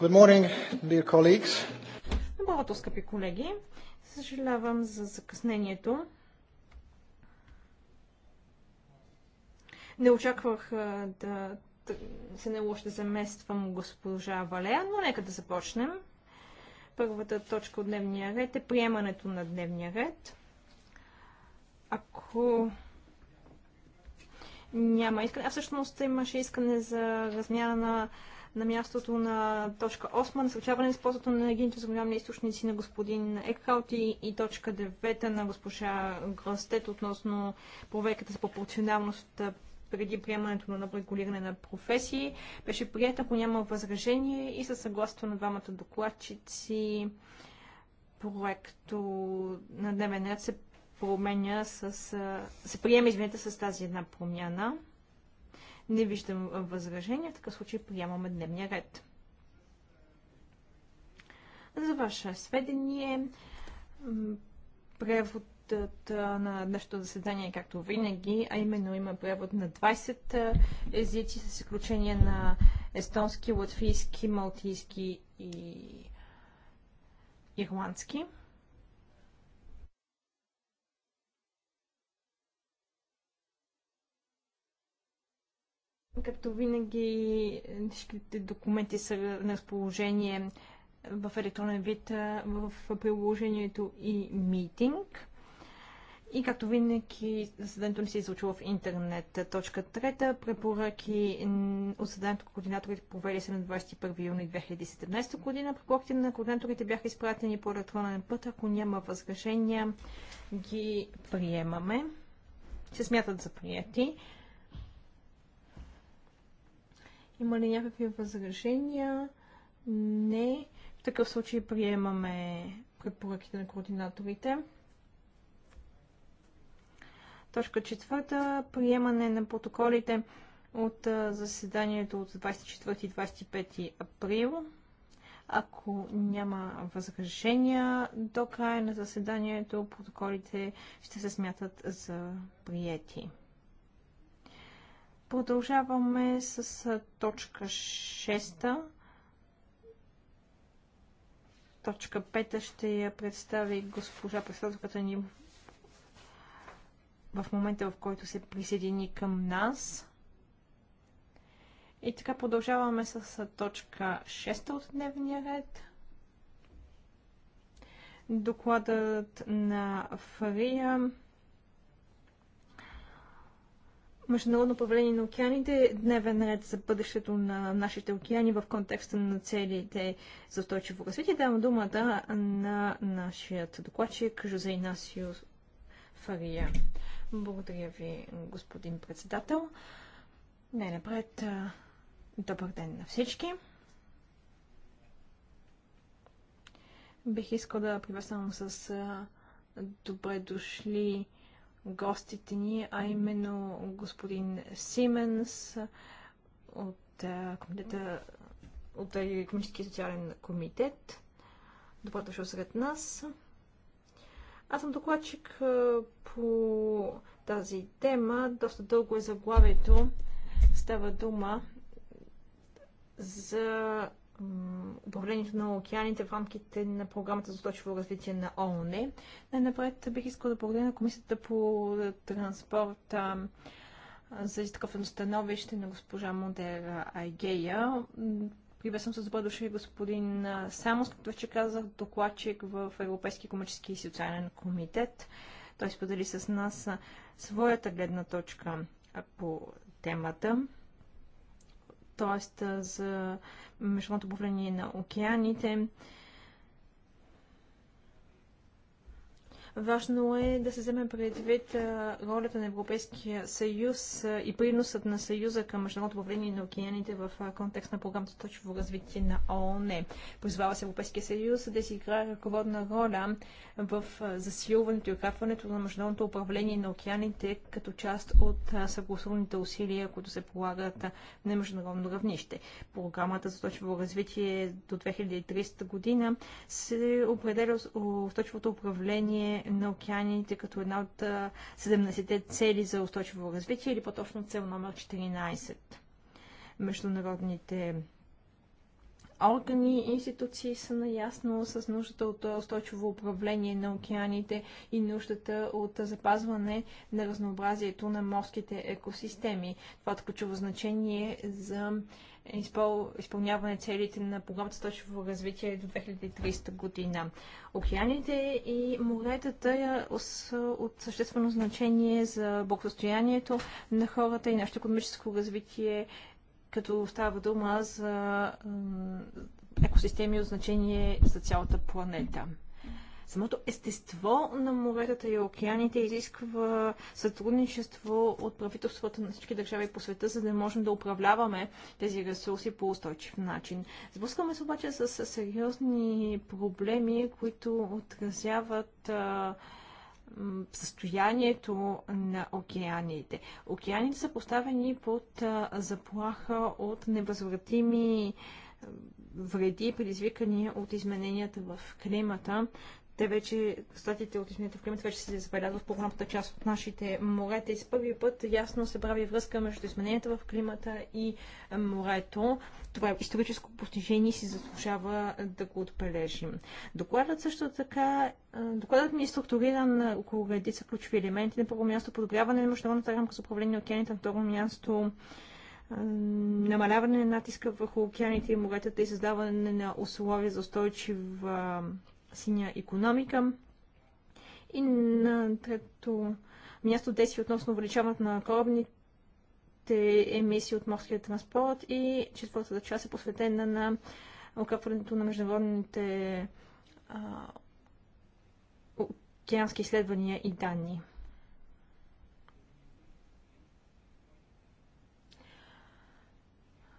Good morning, dear colleagues. Доброто, скъпи колеги. Съжалявам за закъснението. Не очаквах да се наложи да замествам госпожа Валея, но нека да започнем. Първата точка от дневния ред е приемането на дневния ред. Ако няма искане, а всъщност имаше искане за размяна на на мястото на точка 8, насърчаване на използването на енергийните възобновяеми източници на господин Екхалт и, и точка 9 на госпожа Гръстет относно проверката за пропорционалност преди приемането на ново регулиране на професии. Беше прията, ако няма възражение и със съгласство на двамата докладчици проекто на дневен ред се променя с, се приема, извинете, с тази една промяна. Не виждам възражения, в такъв случай приемаме дневния ред. За ваше сведение, преводът на днешното заседание, както винаги, а именно има превод на 20 езици, с изключение на естонски, латвийски, малтийски и ирландски. Както винаги, всичките документи са на разположение в електронен вид в приложението и митинг. И както винаги, заседанието ни се излучва в интернет. Точка трета. Препоръки от заседанието координаторите провели се на 21 юни 2017 година. Препоръките на координаторите бяха изпратени по електронен път. Ако няма възражения, ги приемаме. Се смятат за прияти. Има ли някакви възражения? Не. В такъв случай приемаме препоръките на координаторите. Точка четвърта. Приемане на протоколите от заседанието от 24 и 25 април. Ако няма възражения до края на заседанието, протоколите ще се смятат за приети. Продължаваме с точка 6. Точка 5 ще я представи госпожа председателката ни в момента, в който се присъедини към нас. И така продължаваме с точка 6 от дневния ред. Докладът на Фария международно управление на океаните, е дневен ред за бъдещето на нашите океани в контекста на целите за устойчиво развитие. Давам думата на нашият докладчик Жозе Инасио Фария. Благодаря ви, господин председател. Най-напред, добър ден на всички. Бих искал да приветствам с добре дошли гостите ни, а именно господин Сименс от, комитета, от Економически и социален комитет. Добро дошъл сред нас. Аз съм докладчик по тази тема. Доста дълго е заглавието. Става дума за управлението на океаните в рамките на програмата за устойчиво развитие на ООН. Най-напред бих искал да благодаря на Комисията по транспорта за такъв становище на госпожа Модер Айгея. Приветствам с добре и господин Самос, като вече казах, докладчик в Европейски комически и социален комитет. Той сподели с нас своята гледна точка по темата т.е. за международното управление на океаните, Важно е да се вземе предвид ролята на Европейския съюз и приносът на съюза към международното управление на океаните в контекст на програмата точно развитие на ООН. Призвава се Европейския съюз да си играе ръководна роля в засилването и укрепването на международното управление на океаните като част от съгласуваните усилия, които се полагат на международно равнище. Програмата за точно развитие до 2030 година се определя устойчивото управление на океаните като една от 17-те цели за устойчиво развитие или по-точно цел номер 14. Международните органи и институции са наясно с нуждата от устойчиво управление на океаните и нуждата от запазване на разнообразието на морските екосистеми. Това е ключово значение за изпълняване целите на програмата сточево развитие до 2030 година. Океаните и моретата са от съществено значение за благосостоянието на хората и нашето економическо развитие като става дума за екосистеми от значение за цялата планета. Самото естество на моретата и океаните изисква сътрудничество от правителствата на всички държави по света, за да можем да управляваме тези ресурси по устойчив начин. Сблъскваме се обаче с сериозни проблеми, които отразяват а, състоянието на океаните. Океаните са поставени под заплаха от невъзвратими вреди, предизвикани от измененията в климата, те вече, статите от изменението в климата вече се забелязват в по-голямата част от нашите морета и с първи път ясно се прави връзка между измененията в климата и морето. Това е историческо постижение и си заслужава да го отбележим. Докладът също така, докладът ми е структуриран около редица ключови елементи. На първо място подобряване на международната рамка за управление на океаните, на второ място намаляване на натиска върху океаните и моретата и създаване на условия за устойчива синя економика. И на трето място действие относно увеличаването на корабните емисии от морския транспорт. И четвъртата част е посветена на укрепването на международните океански изследвания и данни.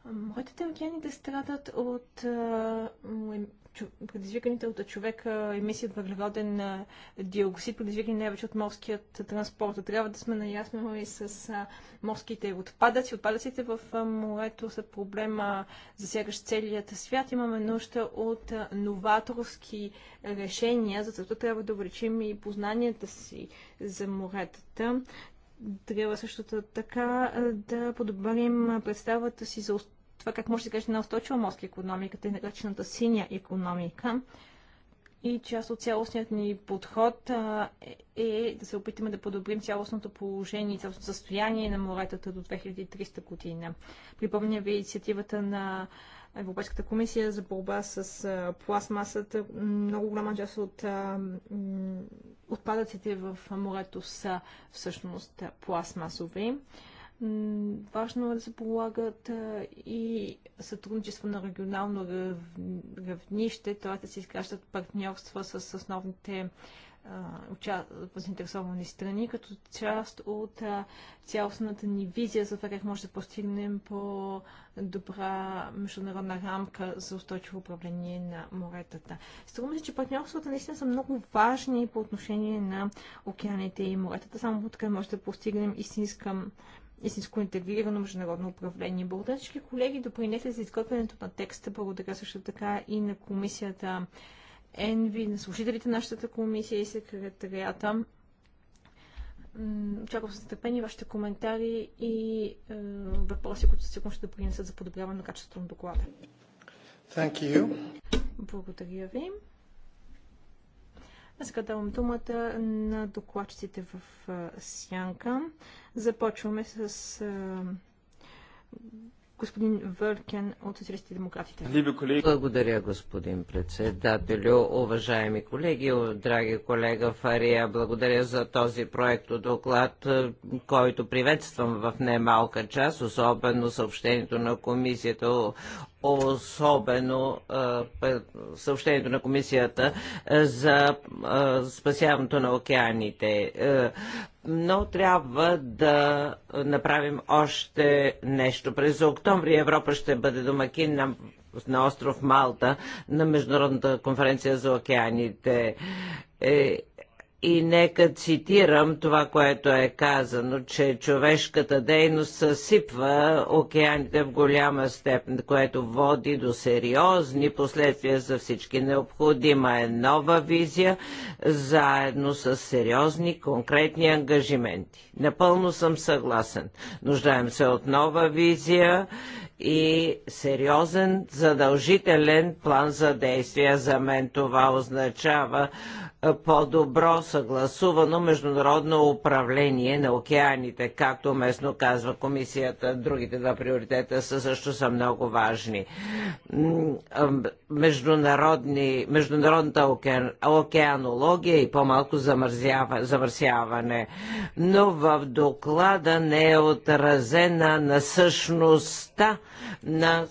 Моите океаните страдат от предизвиканите от човека емисият въглероден диоксид, предизвикани най-вече от морският транспорт. Трябва да сме наясно и с морските отпадъци. Отпадъците в морето са проблема, засягащ целият свят. Имаме нужда от новаторски решения, за това трябва да увеличим и познанията си за моретата. Трябва също така да подобрим представата си за това как може да се каже на устойчива морска економика, тъй е наречената синя економика. И част от цялостният ни подход а, е, е да се опитаме да подобрим цялостното положение и цялостното състояние на моретата до 2300 година. Припомня ви инициативата на Европейската комисия за борба с а, пластмасата. Много голяма част от а, отпадъците в морето са всъщност пластмасови. Важно е да се полагат и сътрудничество на регионално равнище, т.е. да се изграждат партньорства с основните заинтересовани страни, като част от цялостната ни визия за това как може да постигнем по-добра международна рамка за устойчиво управление на моретата. Струва се, че партньорствата наистина са много важни по отношение на океаните и моретата. Само така може да постигнем истинска истинско интегрирано международно управление. Благодаря всички колеги, допринесли за изготвянето на текста. Благодаря също така и на комисията ЕНВИ, на служителите на нашата комисия и секретарията. Очаквам с нетърпение вашите коментари и е, въпроси, които сигурно ще принесат за подобряване на качеството на доклада. Thank you. Благодаря ви сега давам думата на докладчиците в сянка. Започваме с господин Въркен от Социалистите демократите. Благодаря, господин председателю. Уважаеми колеги, драги колега Фария, благодаря за този проект доклад, който приветствам в немалка част, особено съобщението на комисията особено съобщението на комисията за спасяването на океаните. Но трябва да направим още нещо. През октомври Европа ще бъде домакин на на остров Малта на Международната конференция за океаните. Е, и нека цитирам това, което е казано, че човешката дейност съсипва океаните в голяма степен, което води до сериозни последствия за всички. Необходима е нова визия, заедно с сериозни конкретни ангажименти. Напълно съм съгласен. Нуждаем се от нова визия и сериозен задължителен план за действия За мен това означава по-добро съгласувано международно управление на океаните, както местно казва комисията. Другите два приоритета са също са много важни. Международни, международната океан, океанология и по-малко замърсяване. Но в доклада не е отразена на същността на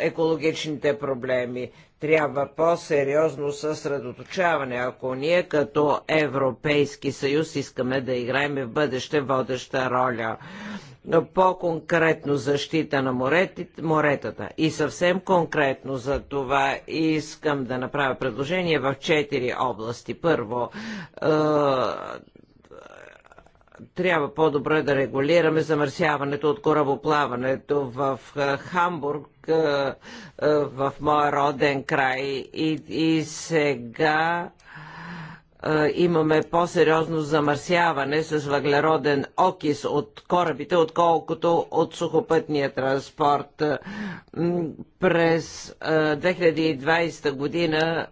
екологичните проблеми. Трябва по-сериозно съсредоточаване, ако ние като Европейски съюз искаме да играем в бъдеще водеща роля. По-конкретно защита на моретите, моретата. И съвсем конкретно за това искам да направя предложение в четири области. Първо, трябва по-добре да регулираме замърсяването от корабоплаването в е, Хамбург, е, е, в моя роден край. И, и сега имаме по-сериозно замърсяване с въглероден окис от корабите, отколкото от сухопътния транспорт през 2020 година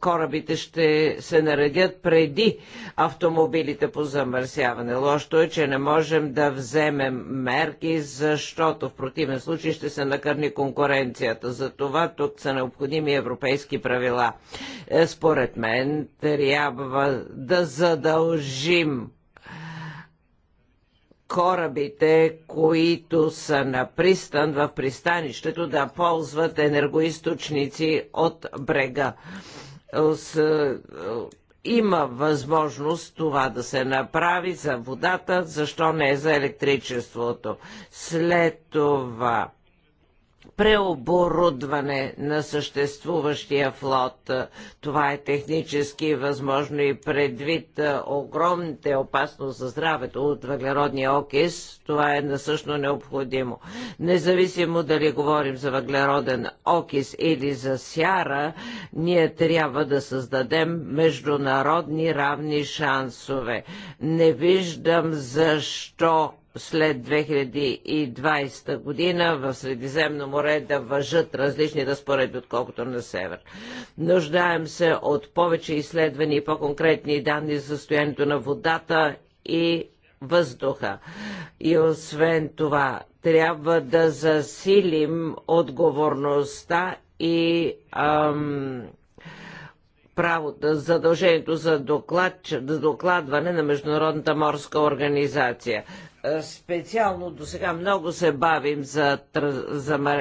корабите ще се наредят преди автомобилите по замърсяване. Лошото е, че не можем да вземем мерки, защото в противен случай ще се накърни конкуренцията. За това тук са необходими европейски правила. Е, според мен трябва да задължим корабите, които са на пристан в пристанището, да ползват енергоисточници от брега. Е, има възможност това да се направи за водата, защо не за електричеството. След това преоборудване на съществуващия флот. Това е технически възможно и предвид огромните опасности за здравето от въглеродния окис, това е насъщно необходимо. Независимо дали говорим за въглероден окис или за сяра, ние трябва да създадем международни равни шансове. Не виждам защо след 2020 година в Средиземно море да въжат различни разпоредби, отколкото на север. Нуждаем се от повече изследвания и по-конкретни данни за състоянието на водата и въздуха. И освен това, трябва да засилим отговорността и ам, правото, задължението за, доклад, за докладване на Международната морска организация. Е, специално до сега много се бавим за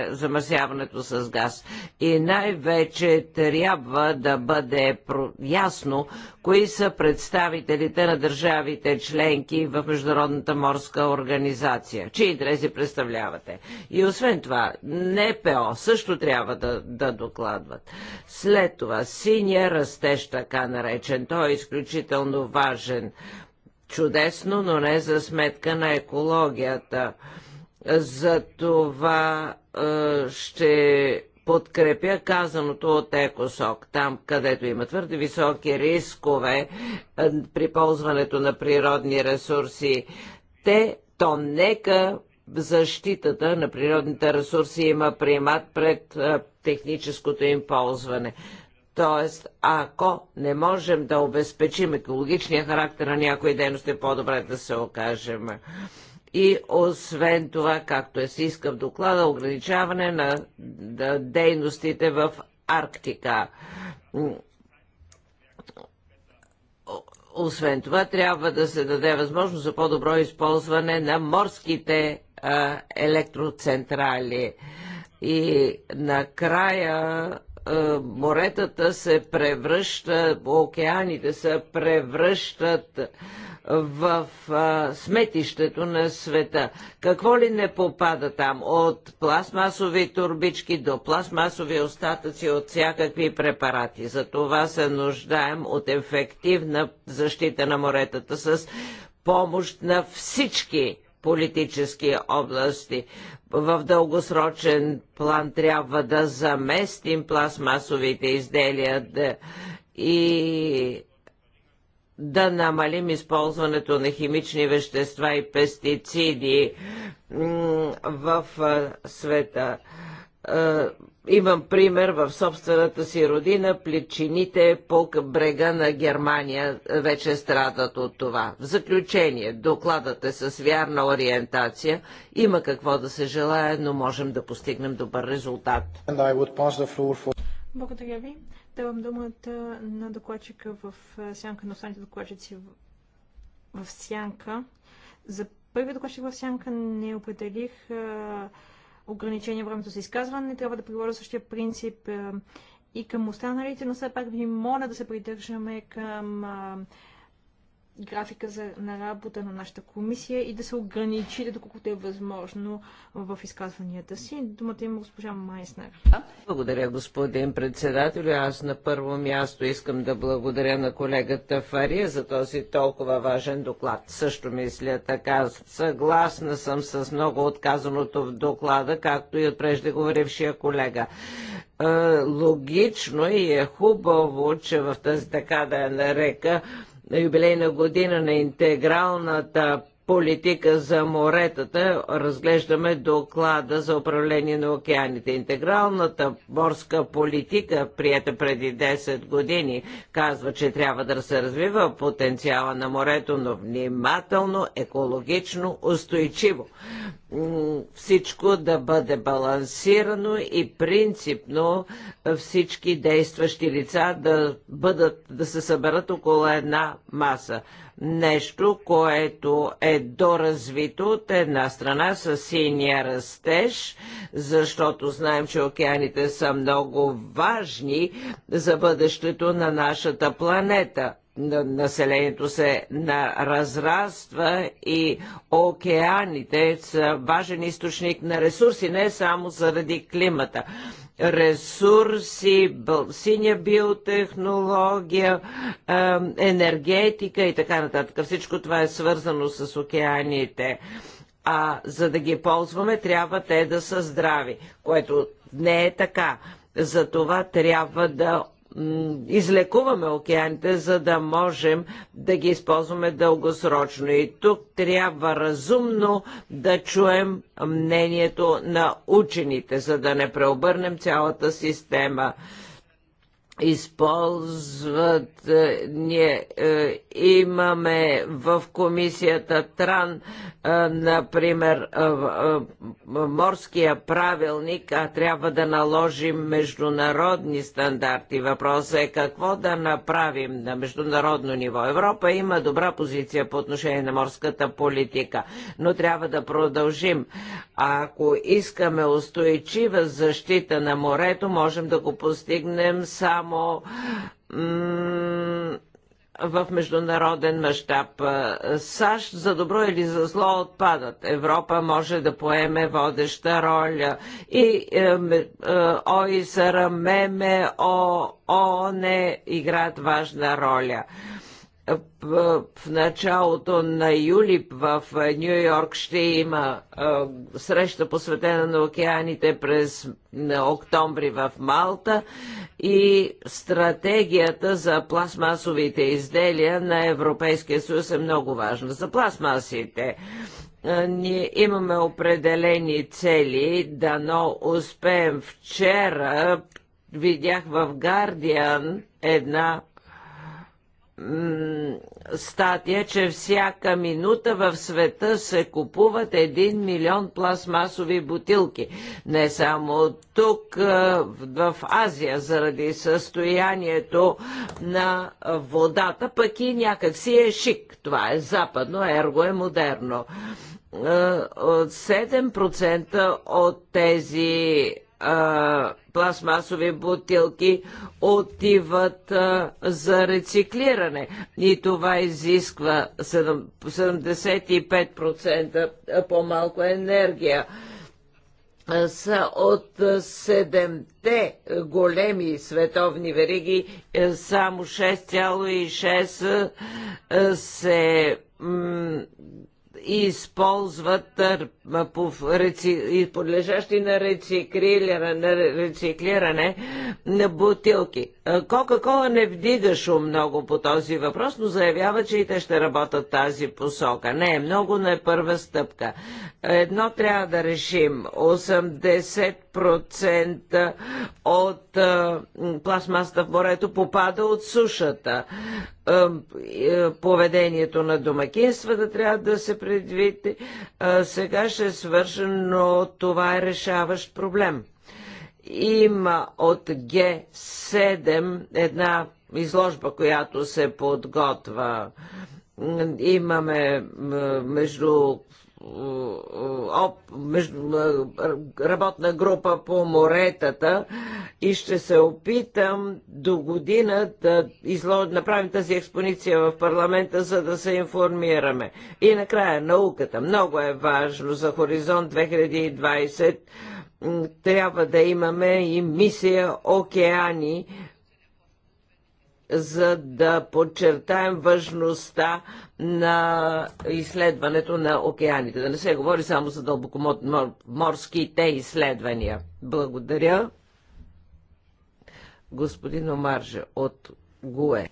замърсяването с газ. И най-вече трябва да бъде ясно кои са представителите на държавите членки в Международната морска организация. Чии интереси представлявате? И освен това, НПО също трябва да, да докладват. След това синия растеж, така наречен, той е изключително важен чудесно, но не за сметка на екологията. За това е, ще подкрепя казаното от ЕКОСОК, там където има твърде високи рискове е, при ползването на природни ресурси. Те, то нека защитата на природните ресурси има примат пред е, техническото им ползване. Т.е. ако не можем да обезпечим екологичния характер на някои дейности, е по-добре да се окажем. И освен това, както е се иска в доклада, ограничаване на дейностите в Арктика. Освен това, трябва да се даде възможност за по-добро използване на морските електроцентрали. И накрая е, моретата се превръщат, океаните се превръщат в а, е, сметището на света. Какво ли не попада там? От пластмасови турбички до пластмасови остатъци от всякакви препарати. За това се нуждаем от ефективна защита на моретата с помощ на всички политически области в дългосрочен план трябва да заместим пластмасовите изделия да, и да намалим използването на химични вещества и пестициди в света Имам пример в собствената си родина, плечините по брега на Германия вече страдат от това. В заключение, докладът е с вярна ориентация. Има какво да се желая, но можем да постигнем добър резултат. For... Благодаря ви. Давам думата на докладчика в е, сянка, на останалите докладчици в сянка. За първи докладчик в сянка не определих е, ограничение времето за изказване. Трябва да приложа същия принцип е, и към останалите, но все пак ви моля да се придържаме към е, графика за, на работа на нашата комисия и да се ограничи, доколкото е възможно в изказванията си. Думата има госпожа Майснер. Благодаря, господин председател. Аз на първо място искам да благодаря на колегата Фария за този толкова важен доклад. Също мисля така. Съгласна съм с много отказаното в доклада, както и от преждеговорившия колега е, логично и е хубаво, че в тази така да я е нарека на юбилейна година на интегралната политика за моретата разглеждаме доклада за управление на океаните. Интегралната морска политика, прията преди 10 години, казва, че трябва да се развива потенциала на морето, но внимателно, екологично, устойчиво всичко да бъде балансирано и принципно всички действащи лица да, бъдат, да се съберат около една маса. Нещо, което е доразвито от една страна с синия растеж, защото знаем, че океаните са много важни за бъдещето на нашата планета населението се разраства и океаните са важен източник на ресурси, не само заради климата. Ресурси, синя биотехнология, енергетика и така нататък. Всичко това е свързано с океаните. А за да ги ползваме, трябва те да са здрави, което не е така. Затова трябва да излекуваме океаните, за да можем да ги използваме дългосрочно. И тук трябва разумно да чуем мнението на учените, за да не преобърнем цялата система използват. Е, ние е, имаме в комисията Тран, е, например, морския правилник, а трябва да наложим международни стандарти. Въпросът е какво да направим на международно ниво. Европа има добра позиция по отношение на морската политика, но трябва да продължим. Ако искаме устойчива защита на морето, можем да го постигнем само само в международен мащаб. САЩ за добро или за зло отпадат. Европа може да поеме водеща роля. И е, е, ОИСР, МЕМЕ, ООН играят важна роля в началото на юли в Нью Йорк ще има среща посветена на океаните през октомври в Малта и стратегията за пластмасовите изделия на Европейския съюз е много важна. За пластмасите ние имаме определени цели, дано успеем вчера видях в Гардиан една статия, че всяка минута в света се купуват 1 милион пластмасови бутилки. Не само тук, в Азия, заради състоянието на водата, пък и някакси е шик. Това е западно, ерго е модерно. 7% от тези а, пластмасови бутилки отиват а, за рециклиране. И това изисква 7, 75% по-малко енергия са от седемте големи световни вериги, само 6,6 се използват по реци... подлежащи на рециклиране, рециклиране на бутилки. Кока-кола не вдига шум много по този въпрос, но заявява, че и те ще работят тази посока. Не, много но е първа стъпка. Едно трябва да решим. 80% от пластмасата в морето попада от сушата. Е, поведението на домакинства да трябва да се предвиди. Е, сега ще е свършен, но това е решаващ проблем. Има от Г7 една изложба, която се подготва имаме между работна група по моретата и ще се опитам до година да изло... направим тази експониция в парламента, за да се информираме. И накрая науката. Много е важно за Хоризонт 2020 трябва да имаме и мисия Океани, за да подчертаем важността на изследването на океаните. Да не се говори само за дълбокоморските изследвания. Благодаря. Господин Омарже от ГУЕ.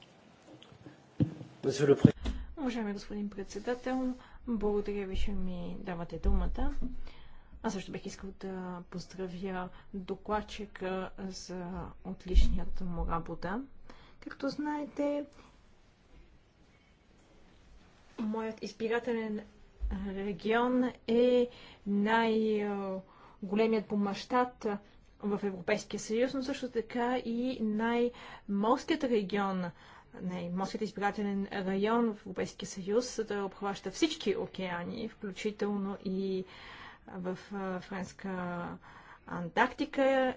Уважаеми господин председател, благодаря ви, че ми давате думата. Аз също бих искал да поздравя докладчика за отличният му работа. Както знаете, Моят избирателен регион е най-големият по мащаб в Европейския съюз, но също така и най-морският регион, най-морският избирателен район в Европейския съюз. да обхваща всички океани, включително и в Френска Антарктика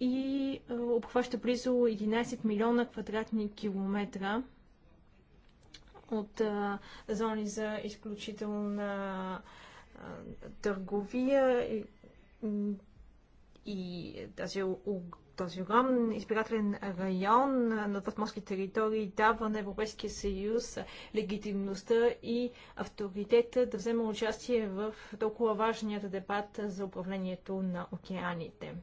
и обхваща близо 11 милиона квадратни километра от а, зони за изключителна а, търговия и, и тази този огромен избирателен район на подморски територии дава на Европейския съюз легитимността и авторитета да взема участие в толкова важният дебат за управлението на океаните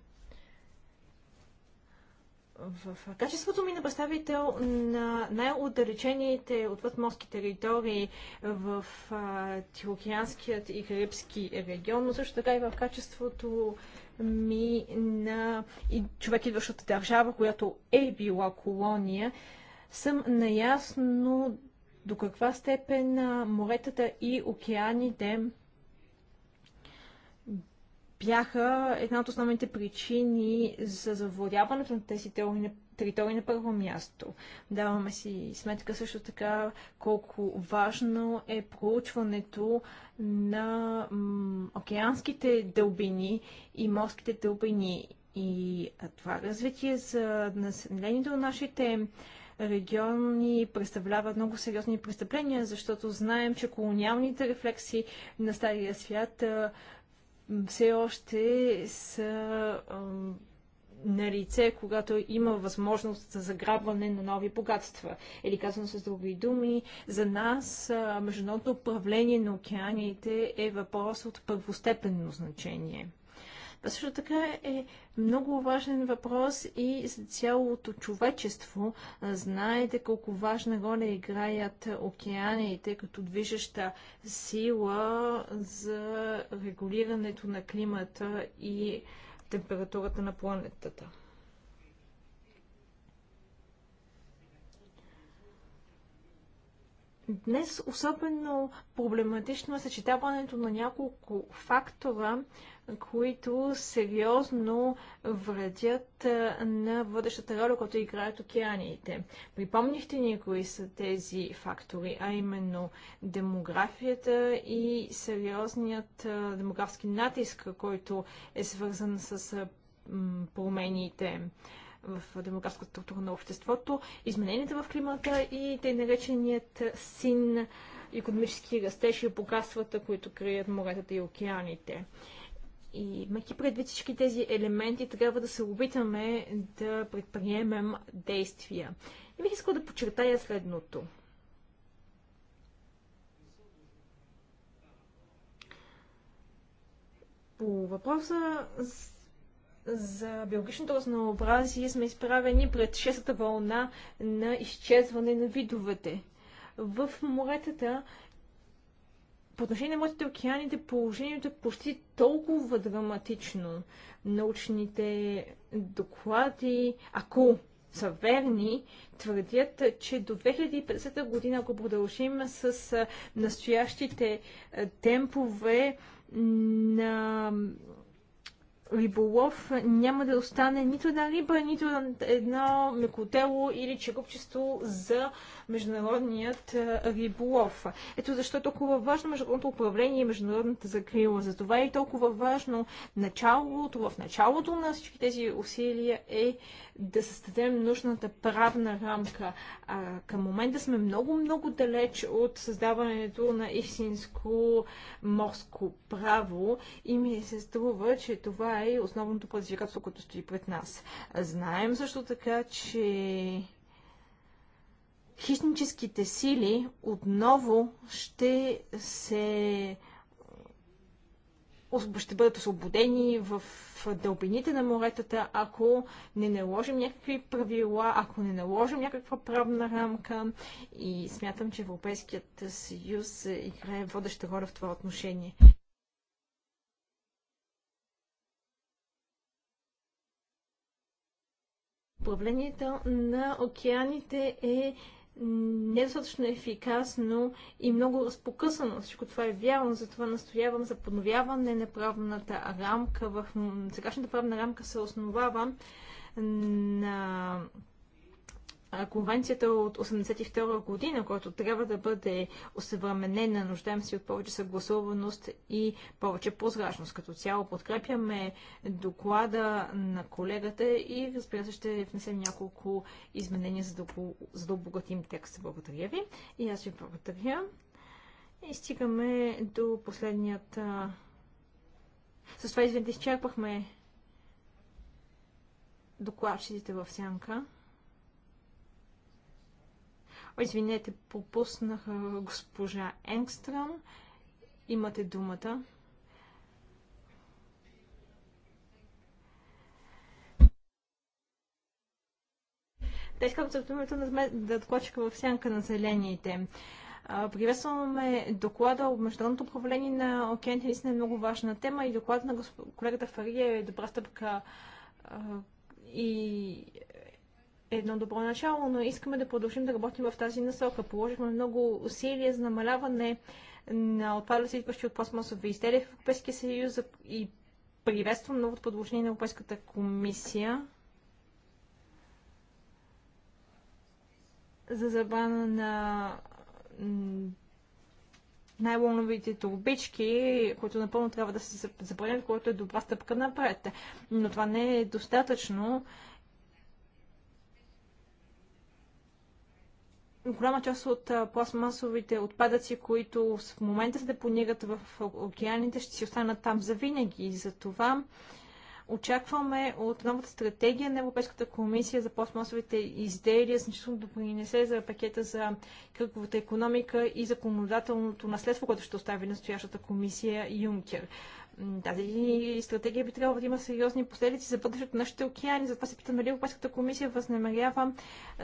в качеството ми на представител на най-отдалечените отвъд морски територии в Тихоокеанският и Карибски регион, но също така и в качеството ми на и човек идващ от държава, която е била колония, съм наясно до каква степен моретата и океаните бяха една от основните причини за завладяването на тези територии на първо място. Даваме си сметка също така колко важно е проучването на океанските дълбини и морските дълбини. И това развитие за населението на нашите региони представляват много сериозни престъпления, защото знаем, че колониалните рефлекси на Стария свят все още са на лице, когато има възможност за заграбване на нови богатства. Или казвам с други думи, за нас международното управление на океаните е въпрос от първостепенно значение – също така е много важен въпрос и за цялото човечество. Знаете колко важна роля играят океаните като движеща сила за регулирането на климата и температурата на планетата. Днес особено проблематично е съчетаването на няколко фактора, които сериозно вредят на водещата роля, която играят океаните. Припомнихте ни кои са тези фактори, а именно демографията и сериозният демографски натиск, който е свързан с промените в демографската структура на обществото, измененията в климата и тъй нареченият син економически растеж и богатствата, които крият моретата и океаните. И имайки предвид всички тези елементи, трябва да се опитаме да предприемем действия. И бих искал да подчертая следното. По въпроса за биологичното разнообразие сме изправени пред шестата вълна на изчезване на видовете. В моретата по отношение на морските океаните, положението е почти толкова драматично. Научните доклади, ако са верни, твърдят, че до 2050 година, ако продължим с настоящите темпове на риболов, няма да остане нито една риба, нито едно мекотело или чекупчество за международният риболов. Ето защо е толкова важно международното управление и международната закрила. Затова е толкова важно началото, в началото на всички тези усилия е да създадем нужната правна рамка. А, към момента сме много-много далеч от създаването на истинско морско право и ми се струва, че това е основното предизвикателство, което стои пред нас. Знаем също така, че хищническите сили отново ще се ще бъдат освободени в дълбините на моретата, ако не наложим някакви правила, ако не наложим някаква правна рамка. И смятам, че Европейският съюз играе водеща роля в това отношение. Управлението на океаните е недостатъчно ефикасно и много разпокъсано. Всичко това е вярно, затова настоявам за подновяване на правната рамка. В сегашната правна рамка се основава на конвенцията от 1982 година, която трябва да бъде осъвременена, нуждаем се от повече съгласуваност и повече прозрачност. Като цяло подкрепяме доклада на колегата и разбира се ще внесем няколко изменения, за да, за да обогатим текста. Благодаря ви и аз ви благодаря. И стигаме до последният... С това, извинете, изчерпахме докладчиците в сянка. Извинете, попуснах госпожа Енгстрам. Имате думата. Те искат автомобилите на да докладчика в сянка на зелените. Приветстваме доклада от Международното управление на океаните. Наистина е много важна тема и доклада на госп... колегата Фария е добра стъпка и едно добро начало, но искаме да продължим да работим в тази насока. Положихме много усилия за намаляване на отпадъци, идващи от пластмасови изделия в Европейския съюз и приветствам новото предложение на Европейската комисия за забрана на най-лоновите турбички, които напълно трябва да се забранят, което е добра стъпка напред. Но това не е достатъчно. голяма част от пластмасовите отпадъци, които в момента се депонират в океаните, ще си останат там винаги. И за това очакваме от новата стратегия на Европейската комисия за пластмасовите изделия значително да принесе за пакета за кръговата економика и законодателното наследство, което ще остави настоящата комисия Юнкер. Тази стратегия би трябвало да има сериозни последици за бъдещето нашите океани. Затова се питам дали Европейската комисия възнамерява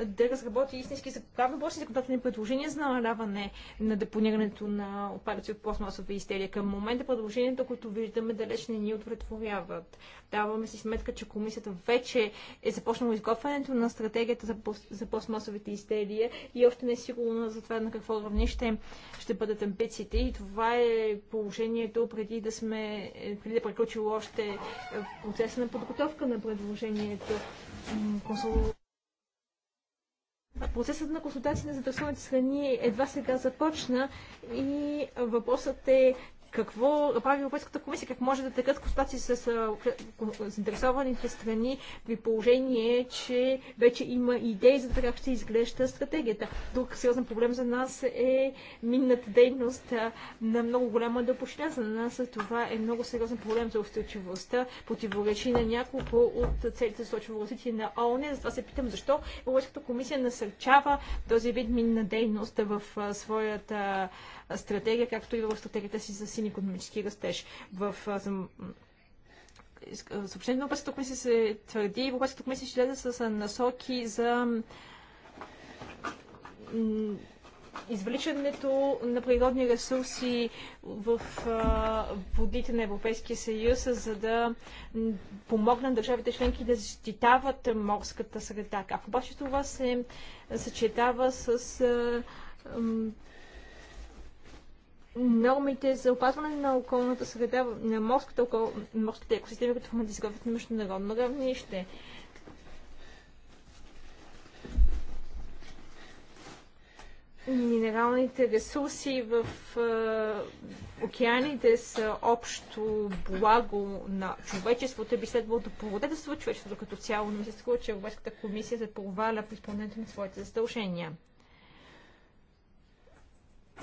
да разработи истински борси законодателни предложения за намаляване на депонирането на отпадъци от пластмасови изделия. Към момента предложението, което виждаме, далеч не ни удовлетворяват. Даваме си сметка, че комисията вече е започнала изготвянето на стратегията за, за пластмасовите изделия и още не е сигурна за това на какво равнище ще бъдат амбициите. И това е положението преди да сме е, преди да приключило още е, процеса на подготовка на предложението. Консул... Процесът на консултация на заинтересованите страни едва сега започна и въпросът е какво прави Европейската комисия, как може да текат консултации с заинтересованите страни при положение, че вече има идеи за това как ще изглежда стратегията. Друг сериозен проблем за нас е минната дейност на много голяма дълбочина. За нас това е много сериозен проблем за устойчивостта, противоречи на няколко от целите за устойчиво развитие на ООН. Затова се питам защо Европейската комисия насърчава този вид минна дейност в своята стратегия, както и в стратегията си за син економически растеж. В съобщението на Европейската комисия се твърди, Европейската комисия ще с насоки за извличането на природни ресурси в водите на Европейския съюз, за да помогнат държавите членки да защитават морската среда. Как обаче това се съчетава с нормите за опазване на околната среда, на морската, окол... морските екосистеми, като в момента на международно равнище. Минералните ресурси в е, океаните са общо благо на човечеството. Би следвало да породетелства човечеството като цяло, но ми се струва, че Европейската комисия се проваля при изпълнението на своите задължения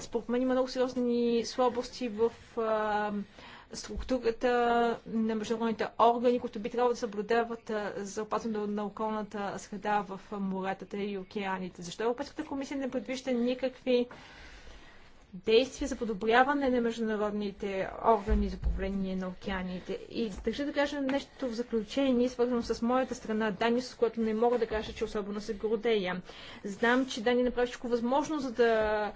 според мен има много сериозни слабости в а, структурата на международните органи, които би трябвало да съблюдават за опазването на околната среда в моретата и океаните. Защо Европейската комисия не предвижда никакви действия за подобряване на международните органи за управление на океаните. И държа да кажа нещо в заключение, свързано с моята страна, Дани, с което не мога да кажа, че особено се гордея. Знам, че Дани направи всичко възможно, за да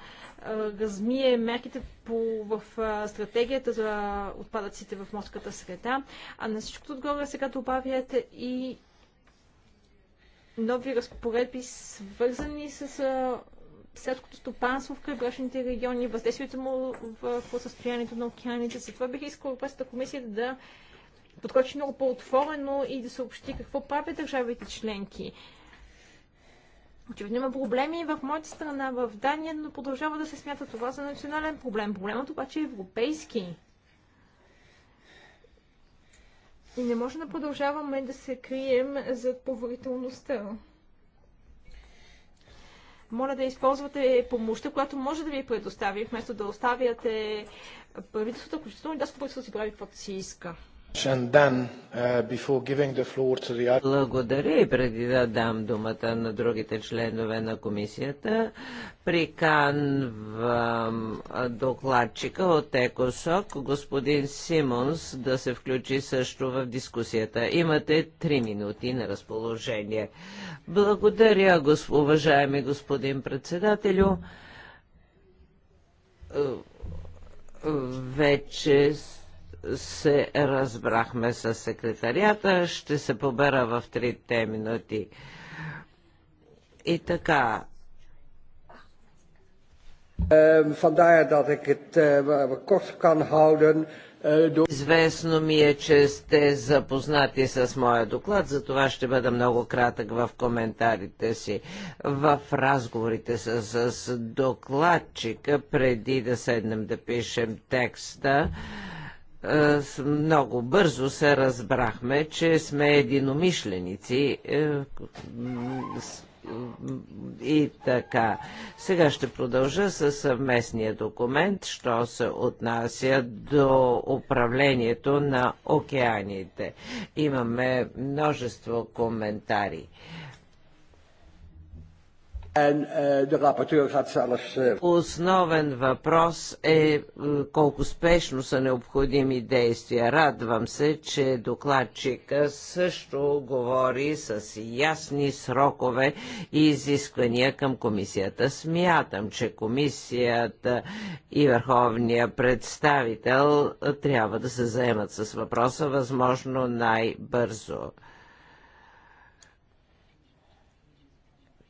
размие мерките по, в стратегията за отпадъците в морската среда, а на всичкото отгоре сега добавяте и нови разпоредби, свързани с селското стопанство в крайбрежните региони, въздействието му в, състоянието на океаните. Затова бих искала Европейската комисия да подходи много по-отворено и да съобщи какво правят държавите членки. Очевидно има проблеми в моята страна, в Дания, но продължава да се смята това за национален проблем. Проблемът обаче е европейски. И не може да продължаваме да се крием зад поверителността. Моля да използвате помощта, която може да ви предостави, вместо да оставяте правителството, включително и да правителството си прави каквото си иска. Uh, Благодаря и преди да дам думата на другите членове на комисията, приканвам докладчика от ЕКОСОК, господин Симонс, да се включи също в дискусията. Имате три минути на разположение. Благодаря, уважаеми господин председателю. Е, вече с се разбрахме с секретарията. Ще се побера в трите минути. И така. Ehm, vandaar dat ik het eh, kort kan houden. Eh, Известно ми е, че сте запознати с моя доклад, за това ще бъда много кратък в коментарите си. В разговорите с, с докладчика, преди да седнем да пишем текста, е, много бързо се разбрахме, че сме единомишленици е, и така. Сега ще продължа с съвместния документ, що се отнася до управлението на океаните. Имаме множество коментари. Eh, eh, Основен въпрос е, е колко спешно са необходими действия. Радвам се, че докладчика също говори с ясни срокове и изисквания към комисията. Смятам, че комисията и върховния представител трябва да се заемат с въпроса възможно най-бързо.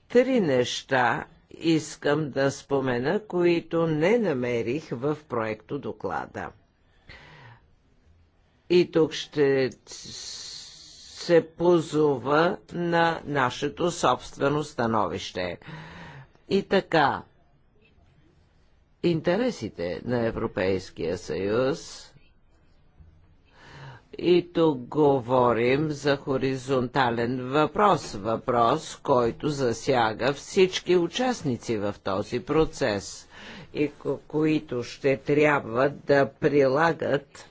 Три неща искам да спомена, които не намерих в проекто доклада. И тук ще се позова на нашето собствено становище. И така, интересите на Европейския съюз и тук говорим за хоризонтален въпрос, въпрос, който засяга всички участници в този процес и ко които ще трябва да прилагат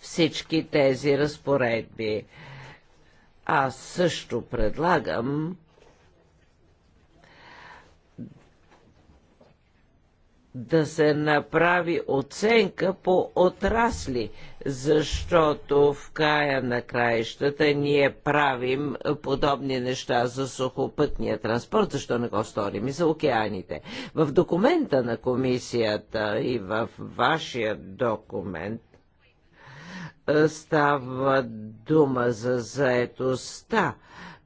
всички тези разпоредби. Аз също предлагам да се направи оценка по отрасли, защото в края на краищата ние правим подобни неща за сухопътния транспорт, защо не го сторим и за океаните. В документа на комисията и в вашия документ става дума за заетостта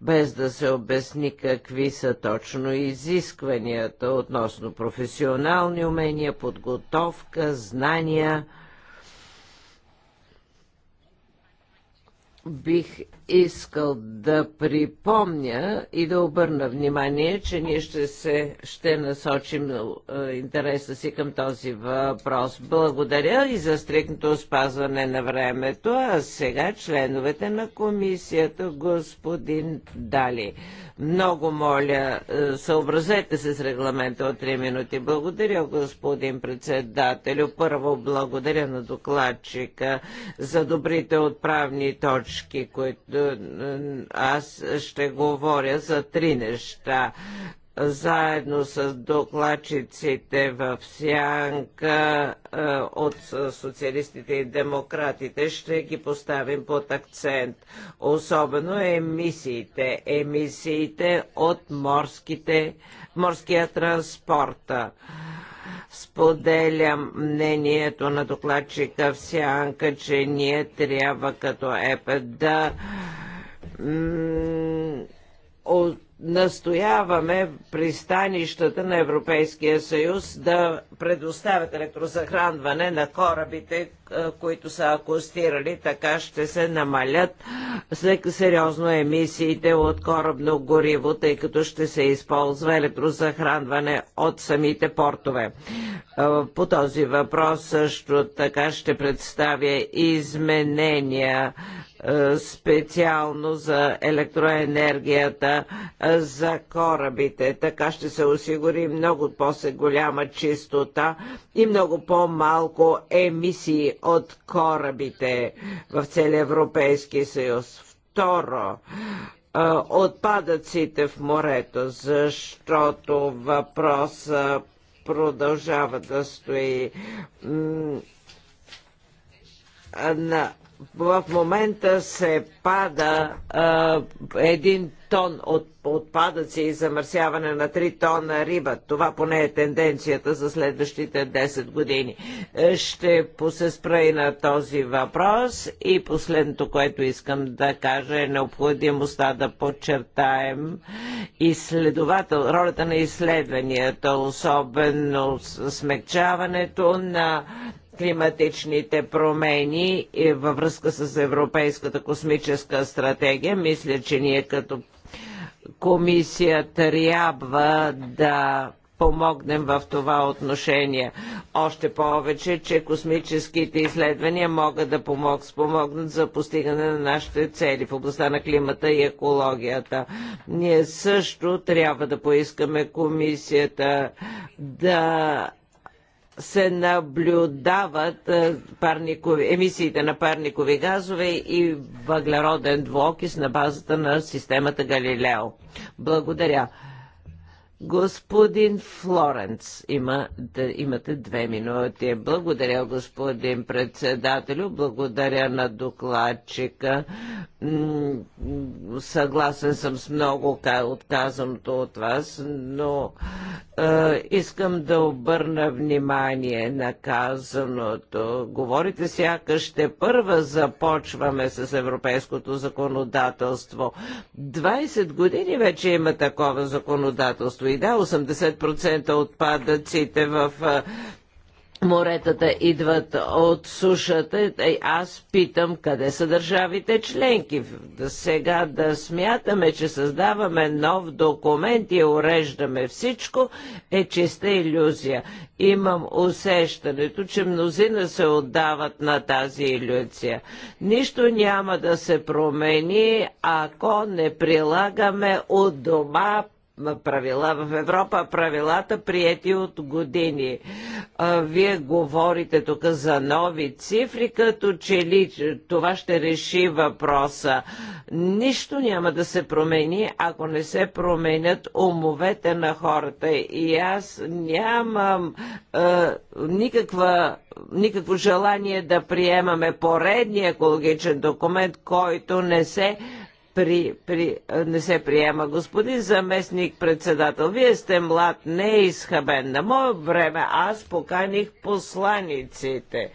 без да се обясни какви са точно изискванията относно професионални умения, подготовка, знания. Бих искал да припомня и да обърна внимание, че ние ще, се, ще насочим е, интереса си към този въпрос. Благодаря и за стрикното спазване на времето, а сега членовете на комисията, господин Дали. Много моля, е, съобразете се с регламента от 3 минути. Благодаря, господин председателю. Първо благодаря на докладчика за добрите отправни точки, които аз ще говоря за три неща заедно с докладчиците в Сянка е, от социалистите и демократите ще ги поставим под акцент. Особено емисиите. Емисиите от морските, морския транспорт. Споделям мнението на докладчика в Сянка, че ние трябва като ЕП да от настояваме пристанищата на Европейския съюз да предоставят електрозахранване на корабите, които са акустирали, така ще се намалят сериозно емисиите от корабно гориво, тъй като ще се използва електрозахранване от самите портове. По този въпрос също така ще представя изменения специално за електроенергията за корабите. Така ще се осигури много по-голяма чистота и много по-малко емисии от корабите в целия Европейски съюз. Второ, отпадъците в морето, защото въпроса продължава да стои на в момента се пада а, един тон от отпадъци и замърсяване на 3 тона риба. Това поне е тенденцията за следващите 10 години. Е, ще се спра и на този въпрос и последното, което искам да кажа е необходимостта да подчертаем изследовател, ролята на изследванията, особено смягчаването на климатичните промени и във връзка с Европейската космическа стратегия. Мисля, че ние като комисия трябва да помогнем в това отношение. Още повече, че космическите изследвания могат да помог, спомогнат за постигане на нашите цели в областта на климата и екологията. Ние също трябва да поискаме комисията да се наблюдават е, парникови, емисиите на парникови газове и въглероден двуокис на базата на системата Галилео. Благодаря. Господин Флоренц, има, да, имате две минути. Благодаря, господин председателю, благодаря на докладчика. Съгласен съм с много отказаното от вас, но е, искам да обърна внимание на казаното. Говорите сякаш ще първа започваме с европейското законодателство. 20 години вече има такова законодателство рибарство. И да, 80% от падъците в моретата идват от сушата. Е, аз питам къде са държавите членки. сега да смятаме, че създаваме нов документ и уреждаме всичко, е чиста иллюзия. Имам усещането, че мнозина се отдават на тази иллюзия. Нищо няма да се промени, ако не прилагаме от дома правила в Европа, правилата приети от години. А, вие говорите тук за нови цифри, като че ли това ще реши въпроса. Нищо няма да се промени, ако не се променят умовете на хората. И аз нямам а, никаква никакво желание да приемаме поредния екологичен документ, който не се при, при, не се приема. Господин заместник председател, вие сте млад, не е изхабен. На мое време аз поканих посланиците,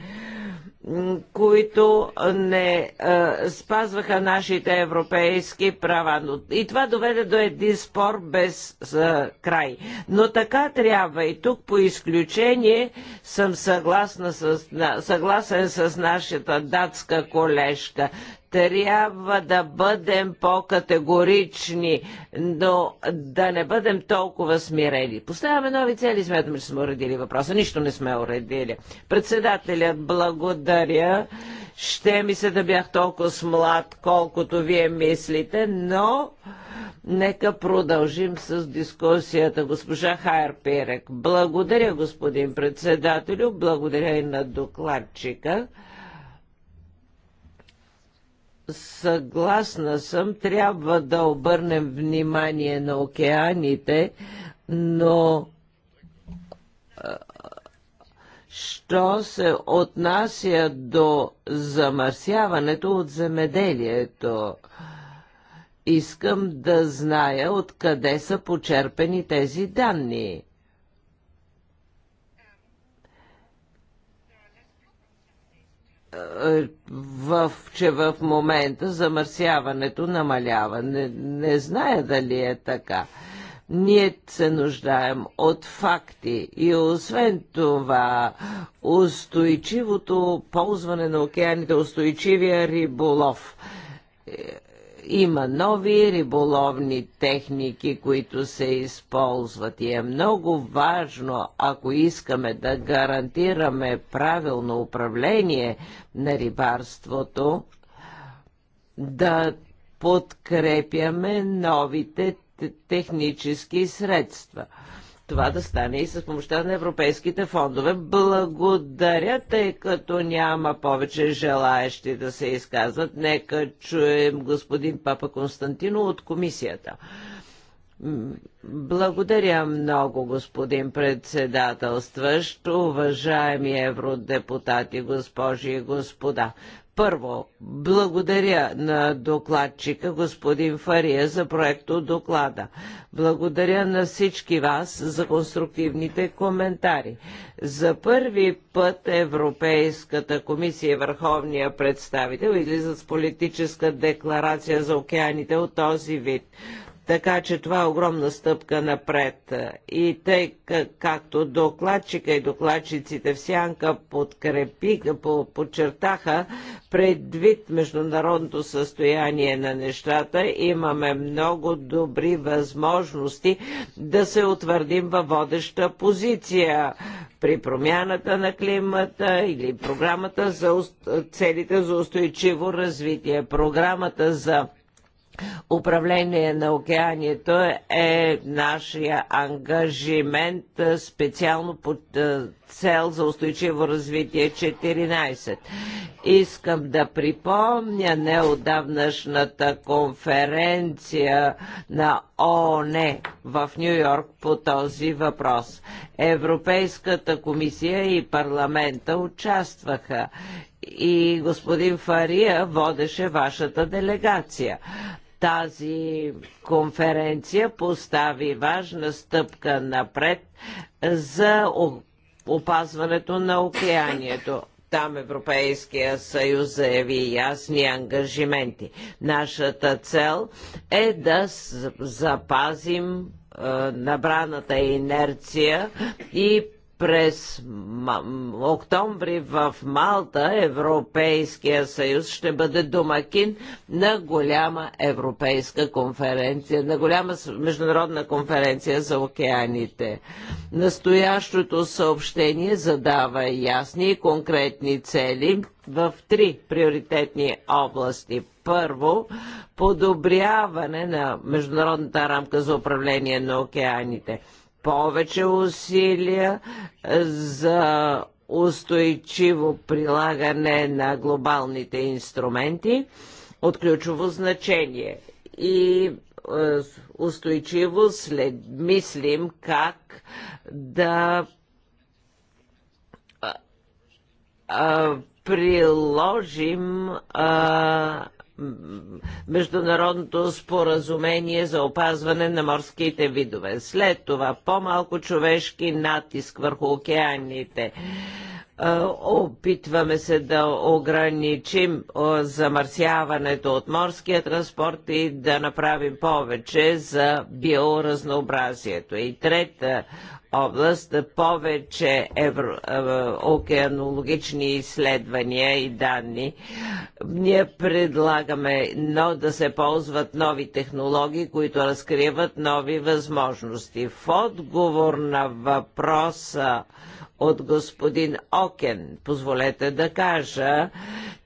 които не а, спазваха нашите европейски права. И това доведе до един спор без а, край. Но така трябва и тук по изключение съм съгласна с, на, съгласен с нашата датска колежка трябва да бъдем по-категорични, но да не бъдем толкова смирени. Поставяме нови цели, смятаме, че сме уредили въпроса. Нищо не сме уредили. Председателят, благодаря. Ще ми се да бях толкова млад, колкото вие мислите, но нека продължим с дискусията. Госпожа Хайер Перек. Благодаря, господин председателю. Благодаря и на докладчика. Съгласна съм, трябва да обърнем внимание на океаните, но що се отнася до замърсяването от земеделието. Искам да зная откъде са почерпени тези данни. в, че в момента замърсяването намалява. Не, не зная дали е така. Ние се нуждаем от факти и освен това устойчивото ползване на океаните, устойчивия риболов е, има нови риболовни техники, които се използват и е много важно, ако искаме да гарантираме правилно управление на рибарството, да подкрепяме новите технически средства – това да стане и с помощта на европейските фондове. Благодаря, тъй като няма повече желаещи да се изказват. Нека чуем господин Папа Константино от комисията. Благодаря много, господин председателстващ, уважаеми евродепутати, госпожи и господа. Първо, благодаря на докладчика господин Фария за проекто доклада. Благодаря на всички вас за конструктивните коментари. За първи път Европейската комисия и Върховния представител излизат с политическа декларация за океаните от този вид. Така че това е огромна стъпка напред. И тъй както докладчика и докладчиците в Сянка подкрепиха, подчертаха, предвид международното състояние на нещата, имаме много добри възможности да се утвърдим във водеща позиция при промяната на климата или програмата за целите за устойчиво развитие, програмата за управление на океанието е нашия ангажимент специално под цел за устойчиво развитие 14. Искам да припомня неодавнашната конференция на ООН в Нью Йорк по този въпрос. Европейската комисия и парламента участваха и господин Фария водеше вашата делегация. Тази конференция постави важна стъпка напред за опазването на океанието. Там Европейския съюз заяви ясни ангажименти. Нашата цел е да запазим е, набраната инерция и през октомври в Малта Европейския съюз ще бъде домакин на голяма европейска конференция, на голяма международна конференция за океаните. Настоящото съобщение задава ясни и конкретни цели в три приоритетни области. Първо, подобряване на международната рамка за управление на океаните – повече усилия за устойчиво прилагане на глобалните инструменти от ключово значение. И устойчиво след, мислим как да приложим а, международното споразумение за опазване на морските видове. След това по-малко човешки натиск върху океаните. Опитваме се да ограничим замърсяването от морския транспорт и да направим повече за биоразнообразието. И трета област повече евро, океанологични изследвания и данни. Ние предлагаме но да се ползват нови технологии, които разкриват нови възможности. В отговор на въпроса от господин Окен. Позволете да кажа,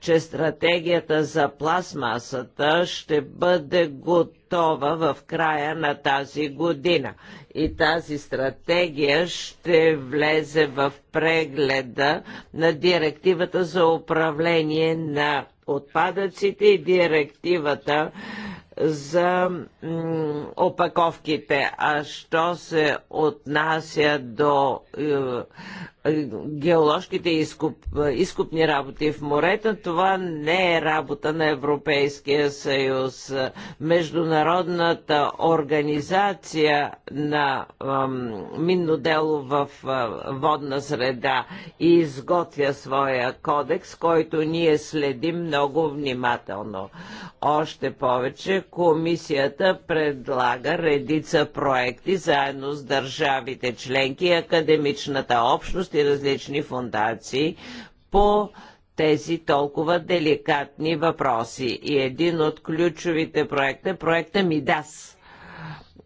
че стратегията за пластмасата ще бъде готова в края на тази година. И тази стратегия ще влезе в прегледа на директивата за управление на отпадъците и директивата за опаковките. А що се отнася до е, е, геоложките изкуп, изкупни работи в морета, това не е работа на Европейския съюз. Международната организация на минно дело в водна среда изготвя своя кодекс, който ние следим много внимателно. Още повече, комисията предлага редица проекти заедно с държавите членки, академичната общност и различни фундации по тези толкова деликатни въпроси. И един от ключовите проекти е проекта МИДАС.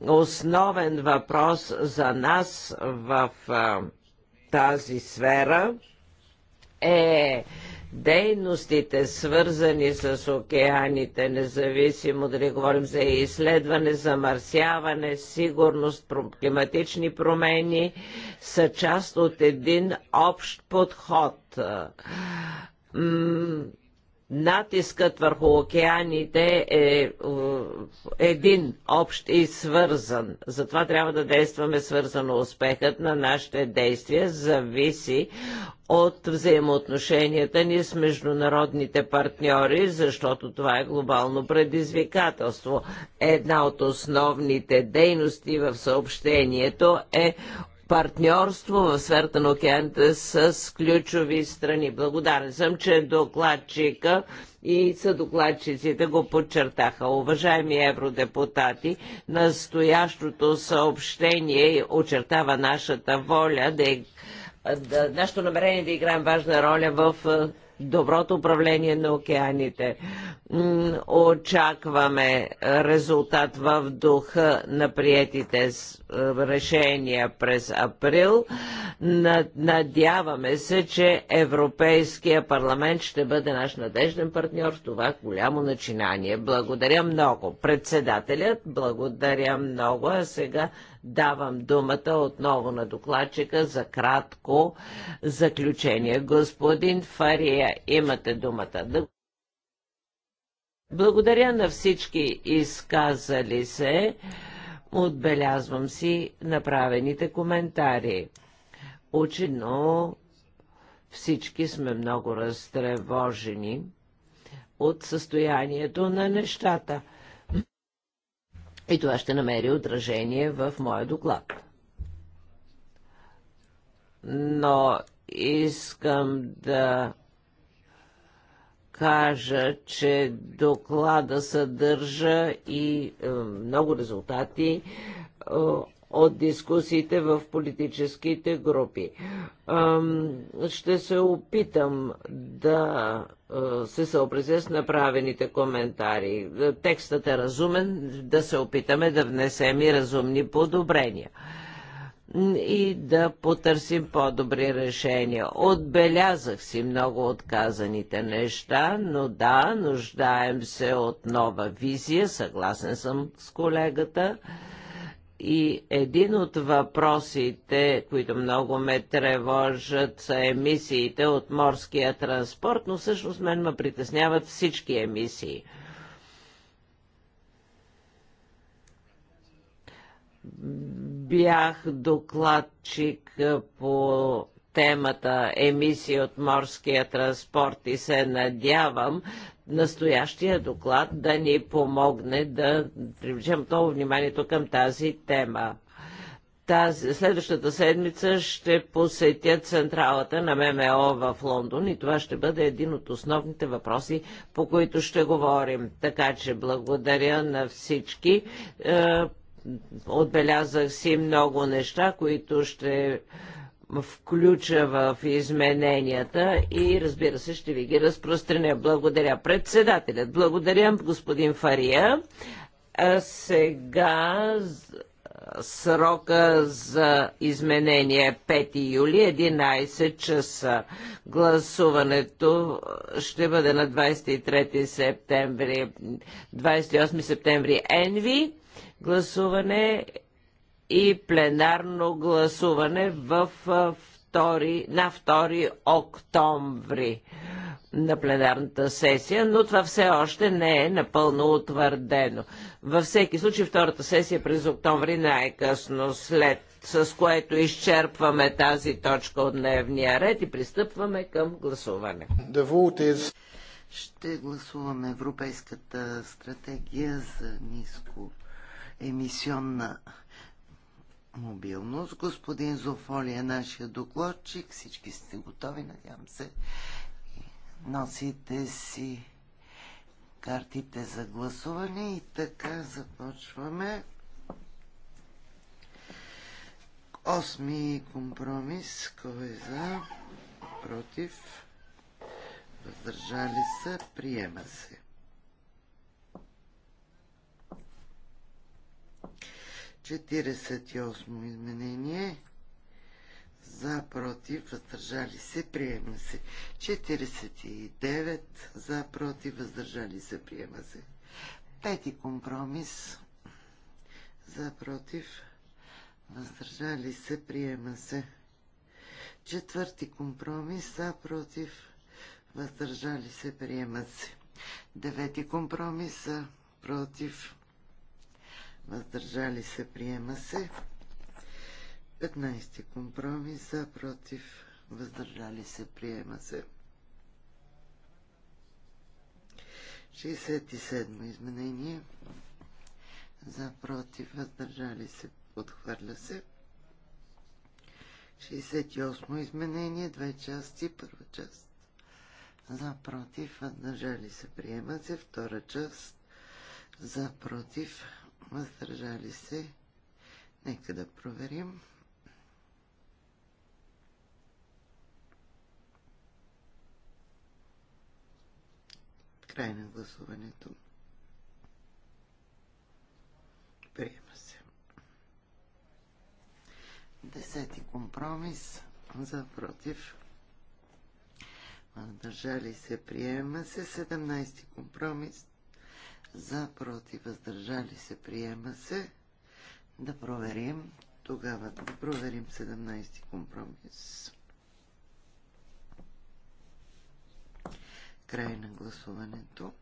Основен въпрос за нас в тази сфера – е дейностите, свързани с океаните, независимо дали говорим за изследване, замърсяване, сигурност, климатични промени, са част от един общ подход Натискът върху океаните е, е един, общ и свързан. Затова трябва да действаме свързано. Успехът на нашите действия зависи от взаимоотношенията ни с международните партньори, защото това е глобално предизвикателство. Една от основните дейности в съобщението е партньорство в сферата на океаните с ключови страни. Благодарен съм, че докладчика и съдокладчиците го подчертаха. Уважаеми евродепутати, настоящото съобщение очертава нашата воля да, е- да нашето намерение да играем важна роля в доброто управление на океаните. Очакваме резултат в духа на приетите е, решения през април. Надяваме се, че Европейския парламент ще бъде наш надежден партньор в това голямо начинание. Благодаря много. Председателят, благодаря много. А сега Давам думата отново на докладчика за кратко заключение. Господин Фария, имате думата. Благодаря на всички изказали се. Отбелязвам си направените коментари. Очевидно всички сме много разтревожени от състоянието на нещата – и това ще намери отражение в моя доклад. Но искам да кажа, че доклада съдържа и е, много резултати е, от дискусиите в политическите групи. Ще се опитам да се съобразя с направените коментари. Текстът е разумен, да се опитаме да внесем и разумни подобрения и да потърсим по-добри решения. Отбелязах си много отказаните неща, но да, нуждаем се от нова визия, съгласен съм с колегата. И един от въпросите, които много ме тревожат, са емисиите от морския транспорт, но всъщност мен ме притесняват всички емисии. Бях докладчик по темата емисии от морския транспорт и се надявам настоящия доклад да ни помогне да привлечем много вниманието към тази тема. Тази, следващата седмица ще посетя централата на ММО в Лондон и това ще бъде един от основните въпроси, по които ще говорим. Така че благодаря на всички. Е, отбелязах си много неща, които ще включа в измененията и разбира се ще ви ги разпространя. Благодаря председателят, благодаря господин Фария. А сега срока за изменение 5 е юли 11 часа. Гласуването ще бъде на 23 септември, 28 септември Енви. Гласуване и пленарно гласуване в, втори, на 2 октомври на пленарната сесия, но това все още не е напълно утвърдено. Във всеки случай втората сесия през октомври най-късно след с което изчерпваме тази точка от дневния ред и пристъпваме към гласуване. Is... Ще гласуваме Европейската стратегия за ниско емисионна мобилност. Господин Зофоли е нашия докладчик. Всички сте готови, надявам се. Носите си картите за гласуване и така започваме. Осми компромис. Кой е за? Против? Въздържали се? Приема се. 48 изменение. За, против, въздържали се, приема се. 49 за, против, въздържали се, приема се. Пети компромис. За, против, въздържали се, приема се. Четвърти компромис. За, против, въздържали се, приема се. Девети компромис. За, против, въздържали се, приема се. 15 компромис за, против, въздържали се, приема се. 67 изменение за, против, въздържали се, отхвърля се. 68 изменение, две части, първа част. За, против, въздържали се, приема се, втора част. За, против, въздържали се. Нека да проверим. Край на гласуването. Приема се. Десети компромис за против. Въздържали се. Приема се. 17 компромис за, против, въздържали се, приема се. Да проверим. Тогава да проверим 17 ти компромис. Край на гласуването.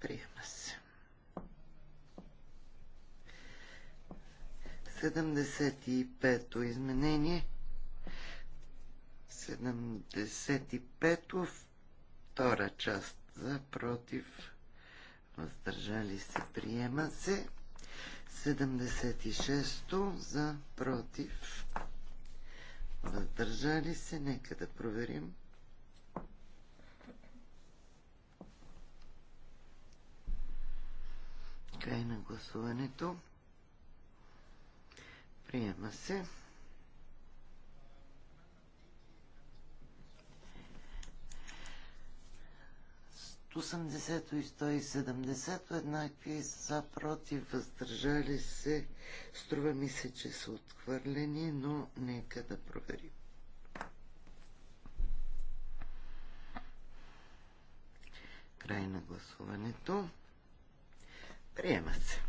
Приема се. 75-то изменение – 75-то, втора част за, против, въздържали се, приема се. 76-то за, против, въздържали се, нека да проверим. Край на гласуването. Приема се. 80 и 170 еднакви са против, въздържали се. Струва ми се, че са отхвърлени, но нека да проверим. Край на гласуването. Приема се.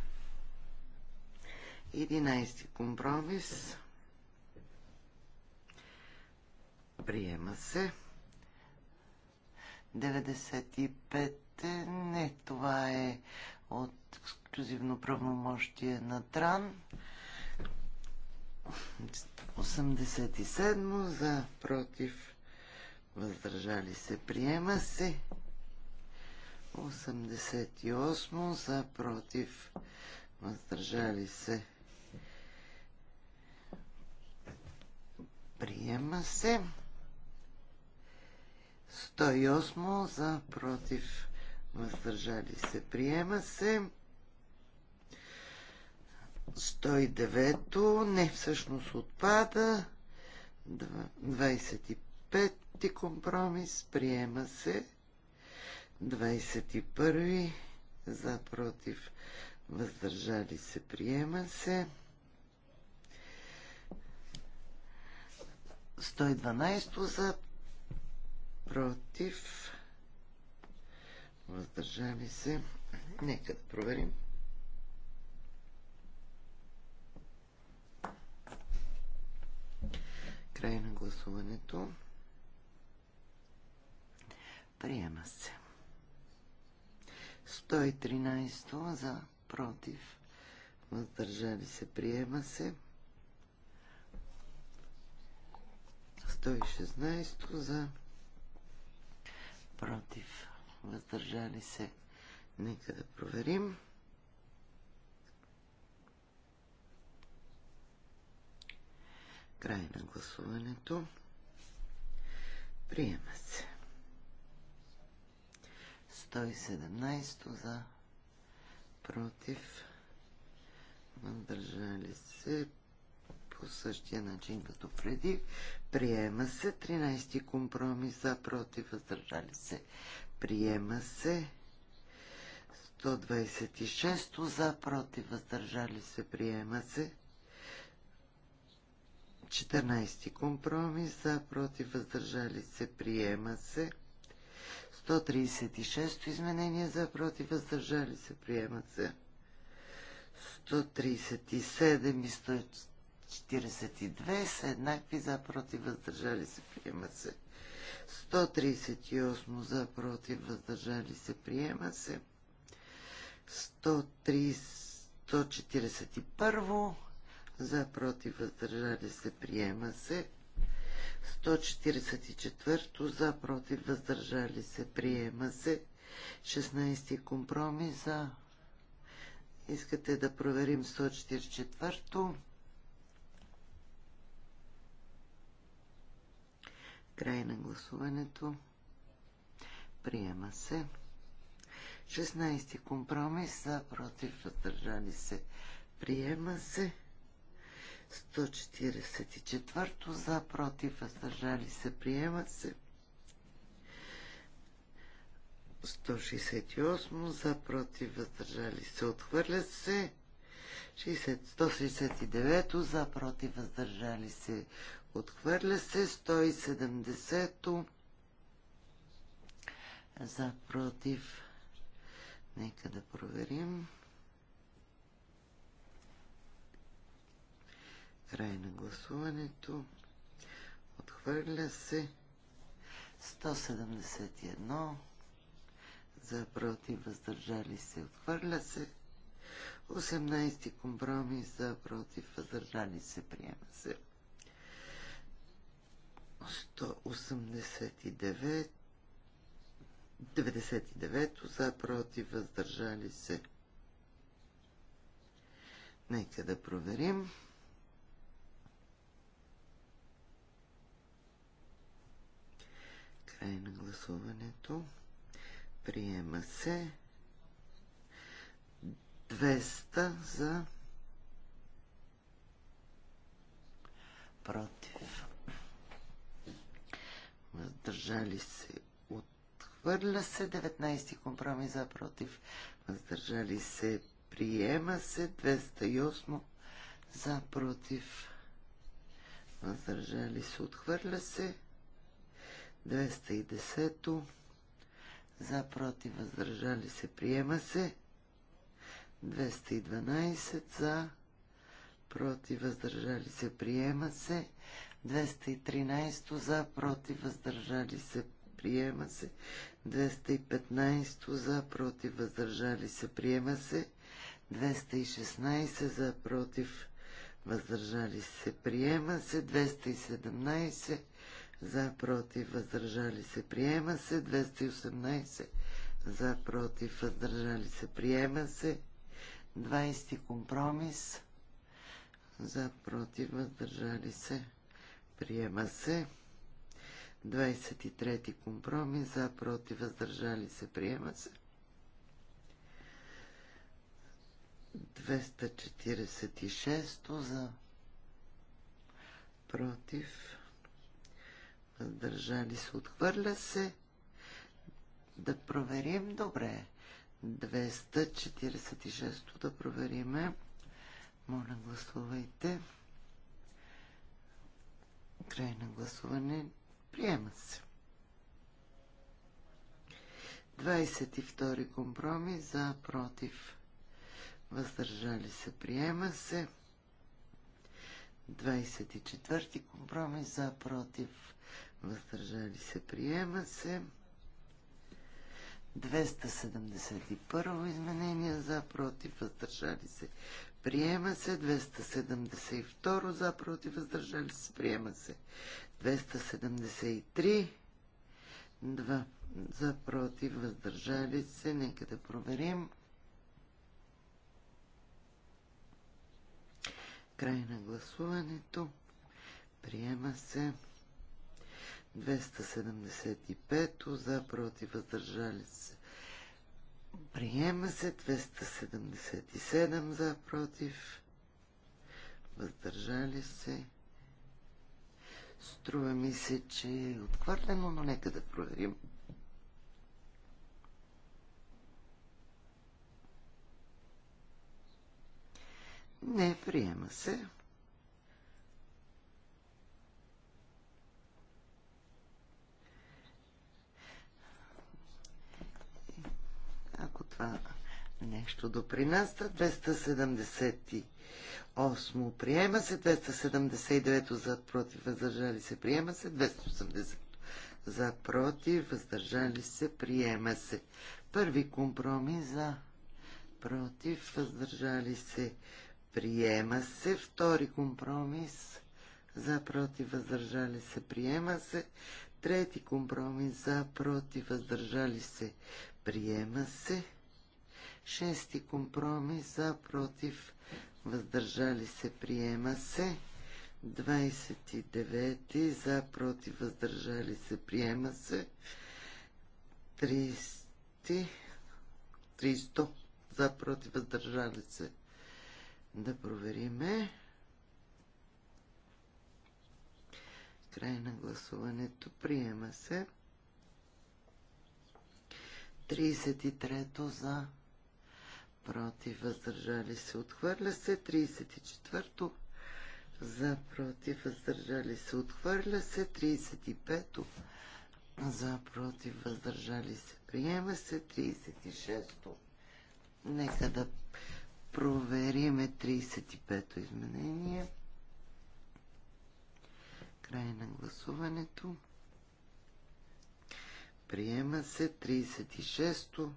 11 компромис. Приема се. 95. Не, това е от ексклюзивно правомощие на Тран. 87 за против въздържали се приема се 88 за против въздържали се приема се 108 за против въздържали се. Приема се. 109 не всъщност отпада. 25 компромис. Приема се. 21 за против въздържали се. Приема се. 112 за против, въздържали се. Нека да проверим. Край на гласуването. Приема се. 113 за против. Въздържали се. Приема се. 116 за против, въздържали се. Нека да проверим. Край на гласуването. Приема се. 117 за против. Въздържали се по същия начин като преди. Приема се 13 компромис за против, въздържали се. Приема се 126 за против, въздържали се. Приема се 14 компромис за против, въздържали се. Приема се 136 изменение за против, въздържали се. Приема се 137 и 100 42 са еднакви за против въздържали се приема се. 138 за против въздържали се приема се. 103, 141 за против въздържали се приема се. 144 за против въздържали се приема се. 16 компромис за Искате да проверим 144-то. Край на гласуването. Приема се. 16 компромис за против въздържали се. Приема се. 144 за против въздържали се. Приема се. 168 за против въздържали се. Отхвърля се. 169 за против въздържали се. Отхвърля се 170-то. За против. Нека да проверим. Край на гласуването. Отхвърля се 171. За против въздържали се. Отхвърля се 18 компромис. За против въздържали се. Приема се. 199 99 за против въздържали се. Нека да проверим. Край на гласуването. Приема се 200 за против въздържали се, отхвърля се, 19 компромис за, против, въздържали се, приема се, 208 за, против, въздържали се, отхвърля се, 210 за, против, въздържали се, приема се, 212 за, против, въздържали се, приема се, 213 за, против, въздържали се, приема се. 215 за, против, въздържали се, приема се. 216 за, против, въздържали се, приема се. 217 за, против, въздържали се, приема се. 218 за, против, въздържали се, приема се. 20 компромис за, против, въздържали се. Приема се. 23 компромис. За, против, въздържали се. Приема се. 246 за против въздържали се отхвърля се да проверим добре 246 да провериме моля гласувайте Край на гласуване. Приема се. 22 компромис за против. Въздържали се. Приема се. 24 компромис за против. Въздържали се. Приема се. 271 изменение за против. Въздържали се. Приема се 272 за против въздържали се. Приема се 273 2 за против въздържали се. Нека да проверим. Край на гласуването. Приема се 275 за против въздържали се. Приема се 277 за против. Въздържали се. Струва ми се, че е отхвърлено, но нека да проверим. Не, приема се. това нещо нас. 278 приема се, 279 за против, въздържали се, приема се, 280 за против, въздържали се, приема се. Първи компромис за против, въздържали се, приема се. Втори компромис за против, въздържали се, приема се. Трети компромис за против, въздържали се, приема се. Шести компромис за против въздържали се приема се. 29 за против въздържали се приема се. 30 300 за против въздържали се. Да провериме. Край на гласуването. Приема се. 33 за против, въздържали се, отхвърля се. 34-то за, против, въздържали се, отхвърля се. 35-то за, против, въздържали се, приема се. 36-то. Нека да провериме 35-то изменение. Край на гласуването. Приема се 36-то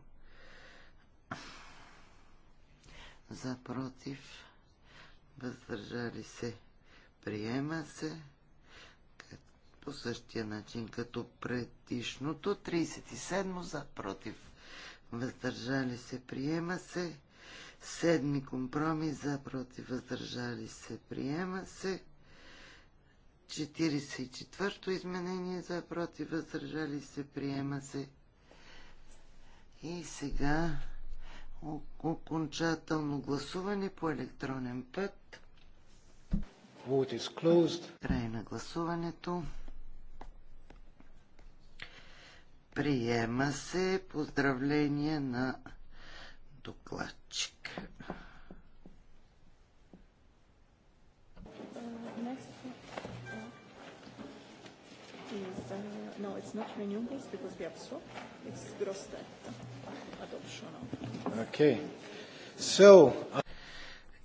за против, въздържали се, приема се по същия начин като предишното. 37 за против, въздържали се, приема се. Седми компромис за против, въздържали се, приема се. 44-то изменение за против, въздържали се, приема се. И сега окончателно гласуване по електронен път. Vote is closed. Край на гласуването. Приема се поздравление на докладчика. No, it's not renewables because we have swap. It's gross debt adoption. Okay. So. Uh,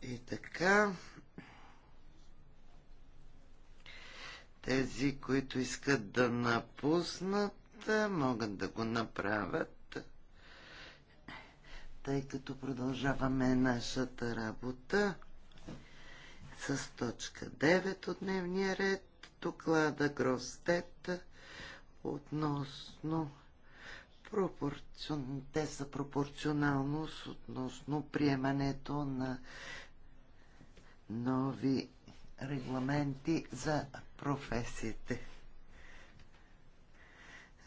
И така. Тези, които искат да напуснат, могат да го направят, тъй като продължаваме нашата работа с точка 9 от дневния ред, доклада Гростет относно пропорцион... те са пропорционалност относно приемането на нови регламенти за професиите.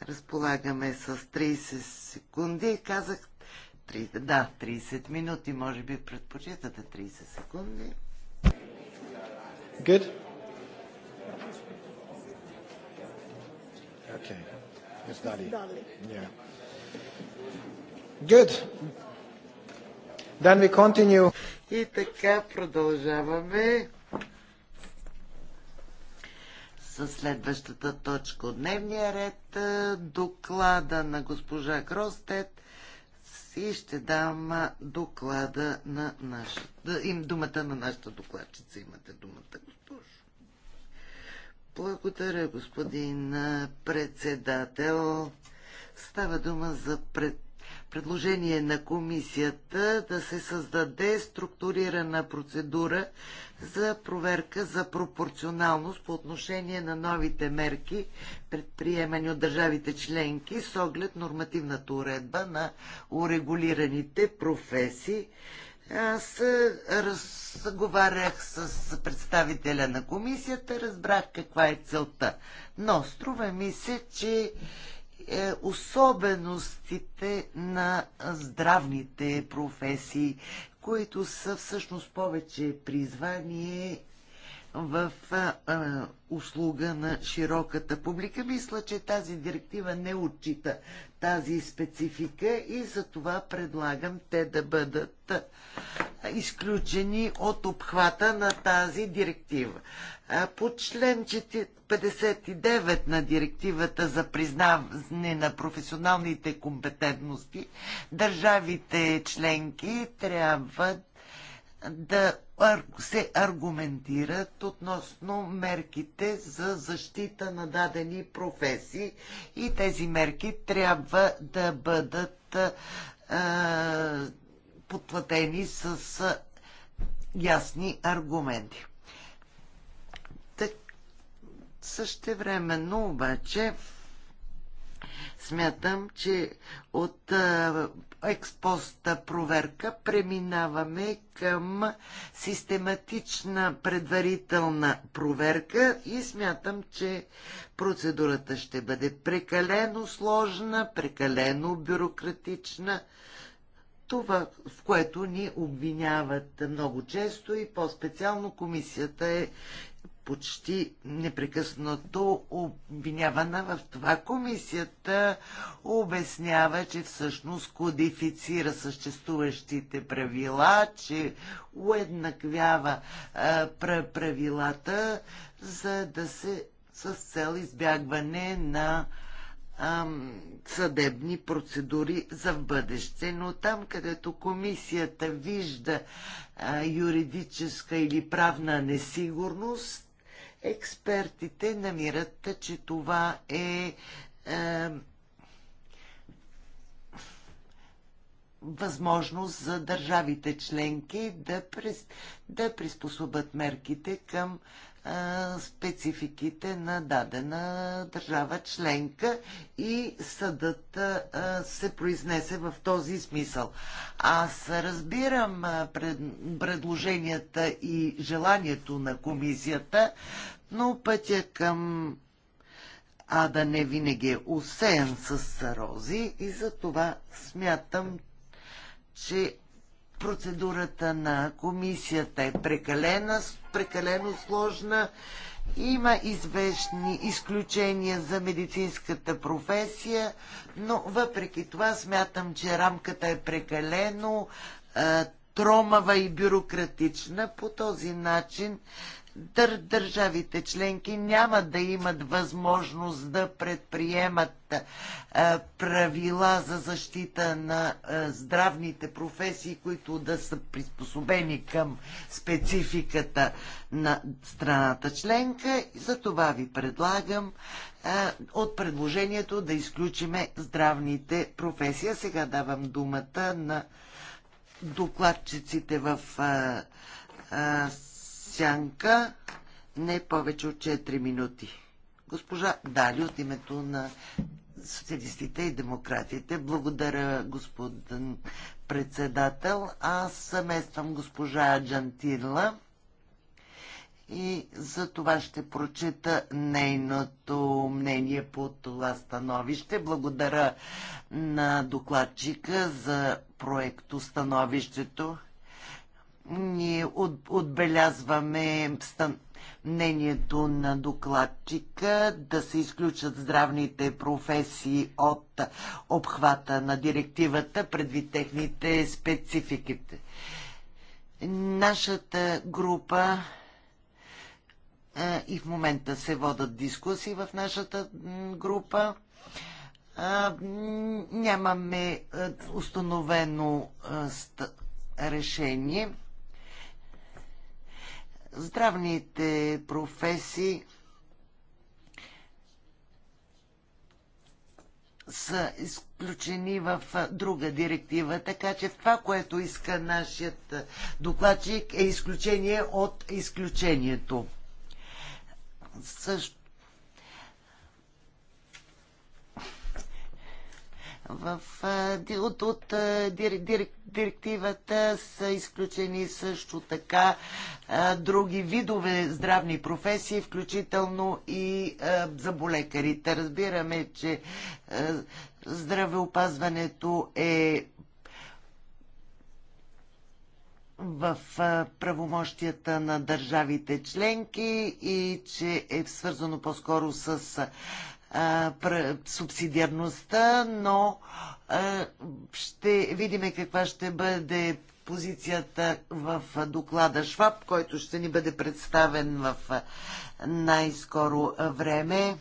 Разполагаме с 30 секунди. Казах 30, да, 30 минути. Може би предпочитате 30 секунди. Good. Okay. It's Dali. Dali. Yeah. Good. Then we continue. И така продължаваме с следващата точка от дневния ред. Доклада на госпожа Гростет и ще дам доклада на нашата, им думата на нашата докладчица. Имате думата, госпожо. Благодаря, господин председател. Става дума за пред... предложение на комисията да се създаде структурирана процедура за проверка за пропорционалност по отношение на новите мерки, предприемани от държавите членки с оглед нормативната уредба на урегулираните професии аз разговарях с представителя на комисията, разбрах каква е целта. Но струва ми се, че е, особеностите на здравните професии, които са всъщност повече призвание в а, а, услуга на широката публика. Мисля, че тази директива не отчита тази специфика и за това предлагам те да бъдат изключени от обхвата на тази директива. По член 59 на директивата за признаване на професионалните компетентности, държавите членки трябва да се аргументират относно мерките за защита на дадени професии и тези мерки трябва да бъдат е, подплатени с ясни аргументи. Също същевременно обаче смятам, че от експоста проверка преминаваме към систематична предварителна проверка и смятам, че процедурата ще бъде прекалено сложна, прекалено бюрократична. Това, в което ни обвиняват много често и по-специално комисията е почти непрекъснато обвинявана в това. Комисията обяснява, че всъщност кодифицира съществуващите правила, че уеднаквява правилата, за да се с цел избягване на съдебни процедури за в бъдеще, но там, където комисията вижда а, юридическа или правна несигурност, експертите намират, че това е, е възможност за държавите членки да, прис, да приспособят мерките към спецификите на дадена държава членка и съдът се произнесе в този смисъл. Аз разбирам предложенията и желанието на комисията, но пътя към Ада не винаги е усеян с рози и за това смятам, че процедурата на комисията е прекалена, прекалено сложна. Има известни изключения за медицинската професия, но въпреки това смятам, че рамката е прекалено тромава и бюрократична. По този начин дър, държавите членки няма да имат възможност да предприемат а, е, правила за защита на а, е, здравните професии, които да са приспособени към спецификата на страната членка. И за това ви предлагам а, е, от предложението да изключиме здравните професии. Сега давам думата на докладчиците в а, а, сянка не повече от 4 минути. Госпожа Дали от името на социалистите и демократите. Благодаря, господин председател. Аз съмествам госпожа Джантила и за това ще прочета нейното мнение по това становище. Благодаря на докладчика за проекто становището ние от, отбелязваме стан, мнението на докладчика да се изключат здравните професии от обхвата на директивата предвид техните спецификите. Нашата група е, и в момента се водат дискусии в нашата група. Е, нямаме е, установено решение здравните професии са изключени в друга директива. Така че това, което иска нашият докладчик е изключение от изключението. Също в, от, от дир, дир, директивата са изключени също така а, други видове здравни професии, включително и а, заболекарите. Разбираме, че а, здравеопазването е в правомощията на държавите членки и че е свързано по-скоро с субсидиарността, но ще видим каква ще бъде позицията в доклада Шваб, който ще ни бъде представен в най-скоро време.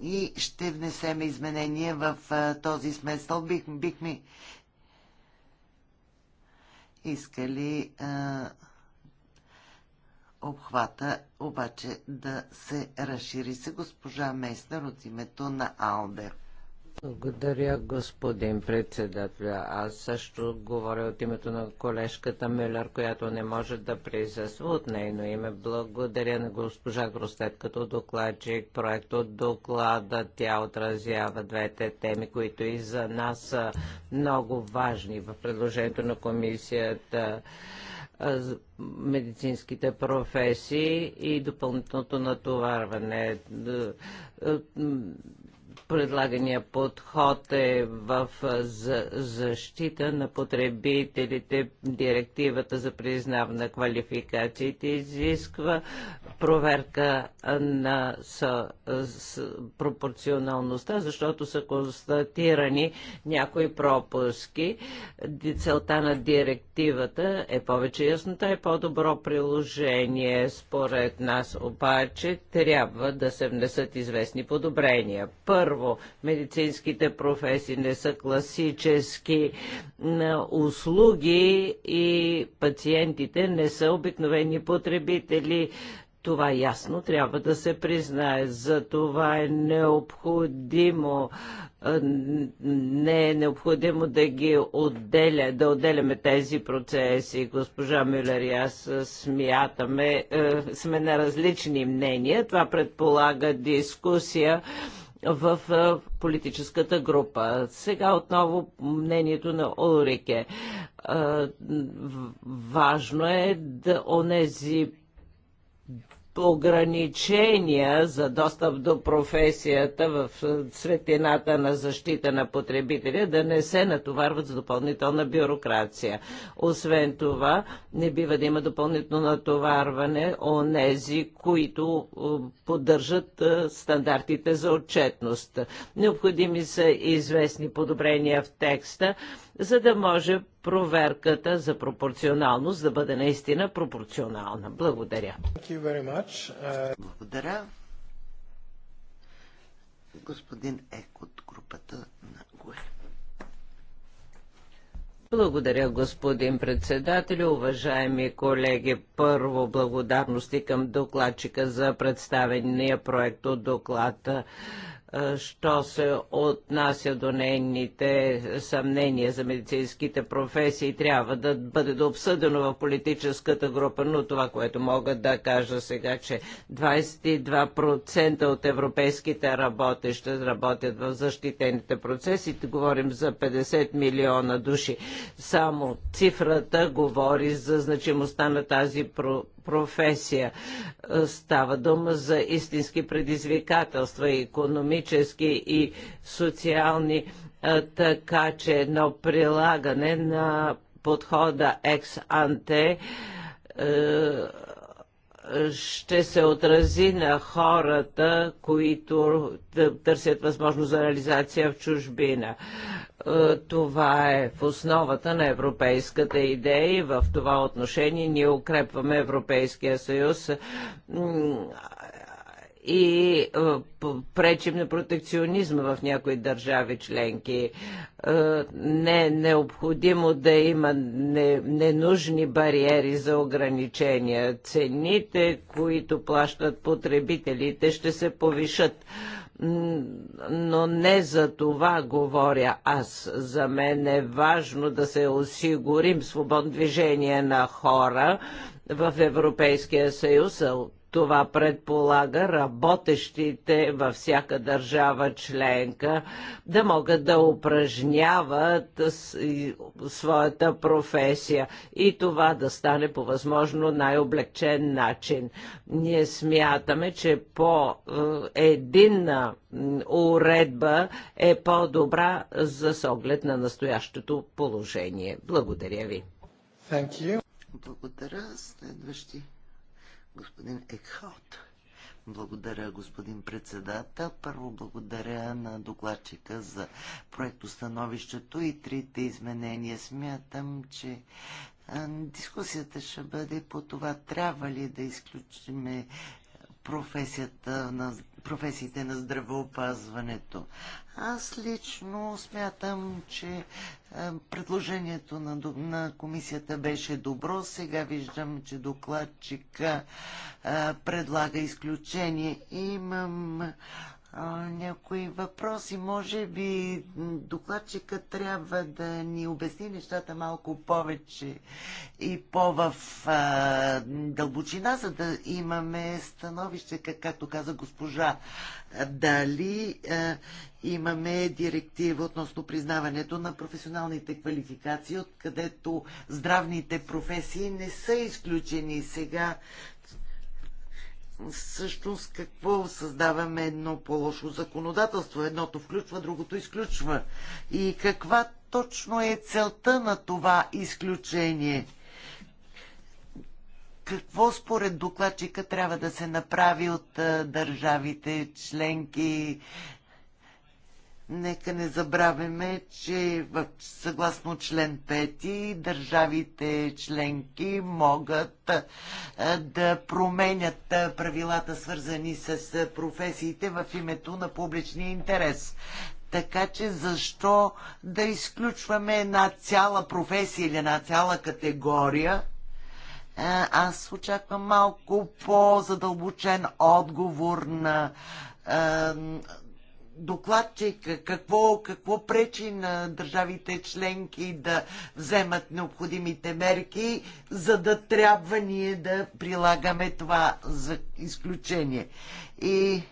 И ще внесем изменения в този смисъл. Бих, ми. искали а, обхвата обаче да се разшири се госпожа Мейснер от името на АЛДЕ. Благодаря, господин председател. Аз също говоря от името на колежката Мюллер, която не може да присъства от нейно име. Благодаря на госпожа Гростет като докладчик. Проект от доклада тя отразява двете теми, които и за нас са много важни в предложението на комисията медицинските професии и допълнителното натоварване. Е, е, предлагания подход е в защита на потребителите. Директивата за признаване на квалификациите изисква проверка на с пропорционалността, защото са констатирани някои пропуски. Целта на директивата е повече яснота и е по-добро приложение. Според нас обаче трябва да се внесат известни подобрения. Първо, медицинските професии не са класически услуги и пациентите не са обикновени потребители това ясно трябва да се признае. За това е необходимо не е необходимо да ги отделя, да отделяме тези процеси. Госпожа Мюлер и аз смятаме, сме на различни мнения. Това предполага дискусия в политическата група. Сега отново мнението на Олрике. Важно е да онези ограничения за достъп до професията в е, светлината на защита на потребителя да не се натоварват с допълнителна бюрокрация. Освен това, не бива да има допълнително натоварване о нези, които е, поддържат е, стандартите за отчетност. Необходими са известни подобрения в текста, за да може проверката за пропорционалност да бъде наистина пропорционална. Благодаря. Uh... Благодаря. Господин Ек от групата на ГУЕ. Благодаря, господин председател. Уважаеми колеги, първо благодарности към докладчика за представения проект от доклада що се отнася до нейните съмнения за медицинските професии, трябва да бъде обсъдено в политическата група, но това, което мога да кажа сега, че 22% от европейските работещи работят в защитените процеси, говорим за 50 милиона души. Само цифрата говори за значимостта на тази професия. Става дума за истински предизвикателства, економически и социални, така че едно прилагане на подхода екс-анте ще се отрази на хората, които търсят възможност за реализация в чужбина. Е, това е в основата на европейската идея и в това отношение ние укрепваме Европейския съюз и е, пречим на протекционизма в някои държави членки. Е, не е необходимо да има ненужни бариери за ограничения. Цените, които плащат потребителите, ще се повишат но не за това говоря аз. За мен е важно да се осигурим свободно движение на хора в Европейския съюз, това предполага работещите във всяка държава членка да могат да упражняват своята професия и това да стане по възможно най-облегчен начин. Ние смятаме, че по-единна е, уредба е по-добра за оглед на настоящото положение. Благодаря ви. Благодаря. Следващи господин Екхаут. Благодаря, господин председател. Първо благодаря на докладчика за проектостановището и трите изменения. Смятам, че дискусията ще бъде по това трябва ли да изключиме професията на професиите на здравеопазването. Аз лично смятам, че е, предложението на, на комисията беше добро. Сега виждам, че докладчика е, предлага изключение. Имам някои въпроси. Може би докладчика трябва да ни обясни нещата малко повече и по-в дълбочина, за да имаме становище, как, както каза госпожа Дали, а, имаме директива относно признаването на професионалните квалификации, откъдето здравните професии не са изключени сега всъщност какво създаваме едно по-лошо законодателство. Едното включва, другото изключва. И каква точно е целта на това изключение? Какво според докладчика трябва да се направи от държавите членки, Нека не забравяме, че в, съгласно член 5 държавите членки могат да променят правилата свързани с професиите в името на публичния интерес. Така че защо да изключваме една цяла професия или една цяла категория? Аз очаквам малко по-задълбочен отговор на докладчик, какво, какво пречи на държавите членки да вземат необходимите мерки, за да трябва ние да прилагаме това за изключение. И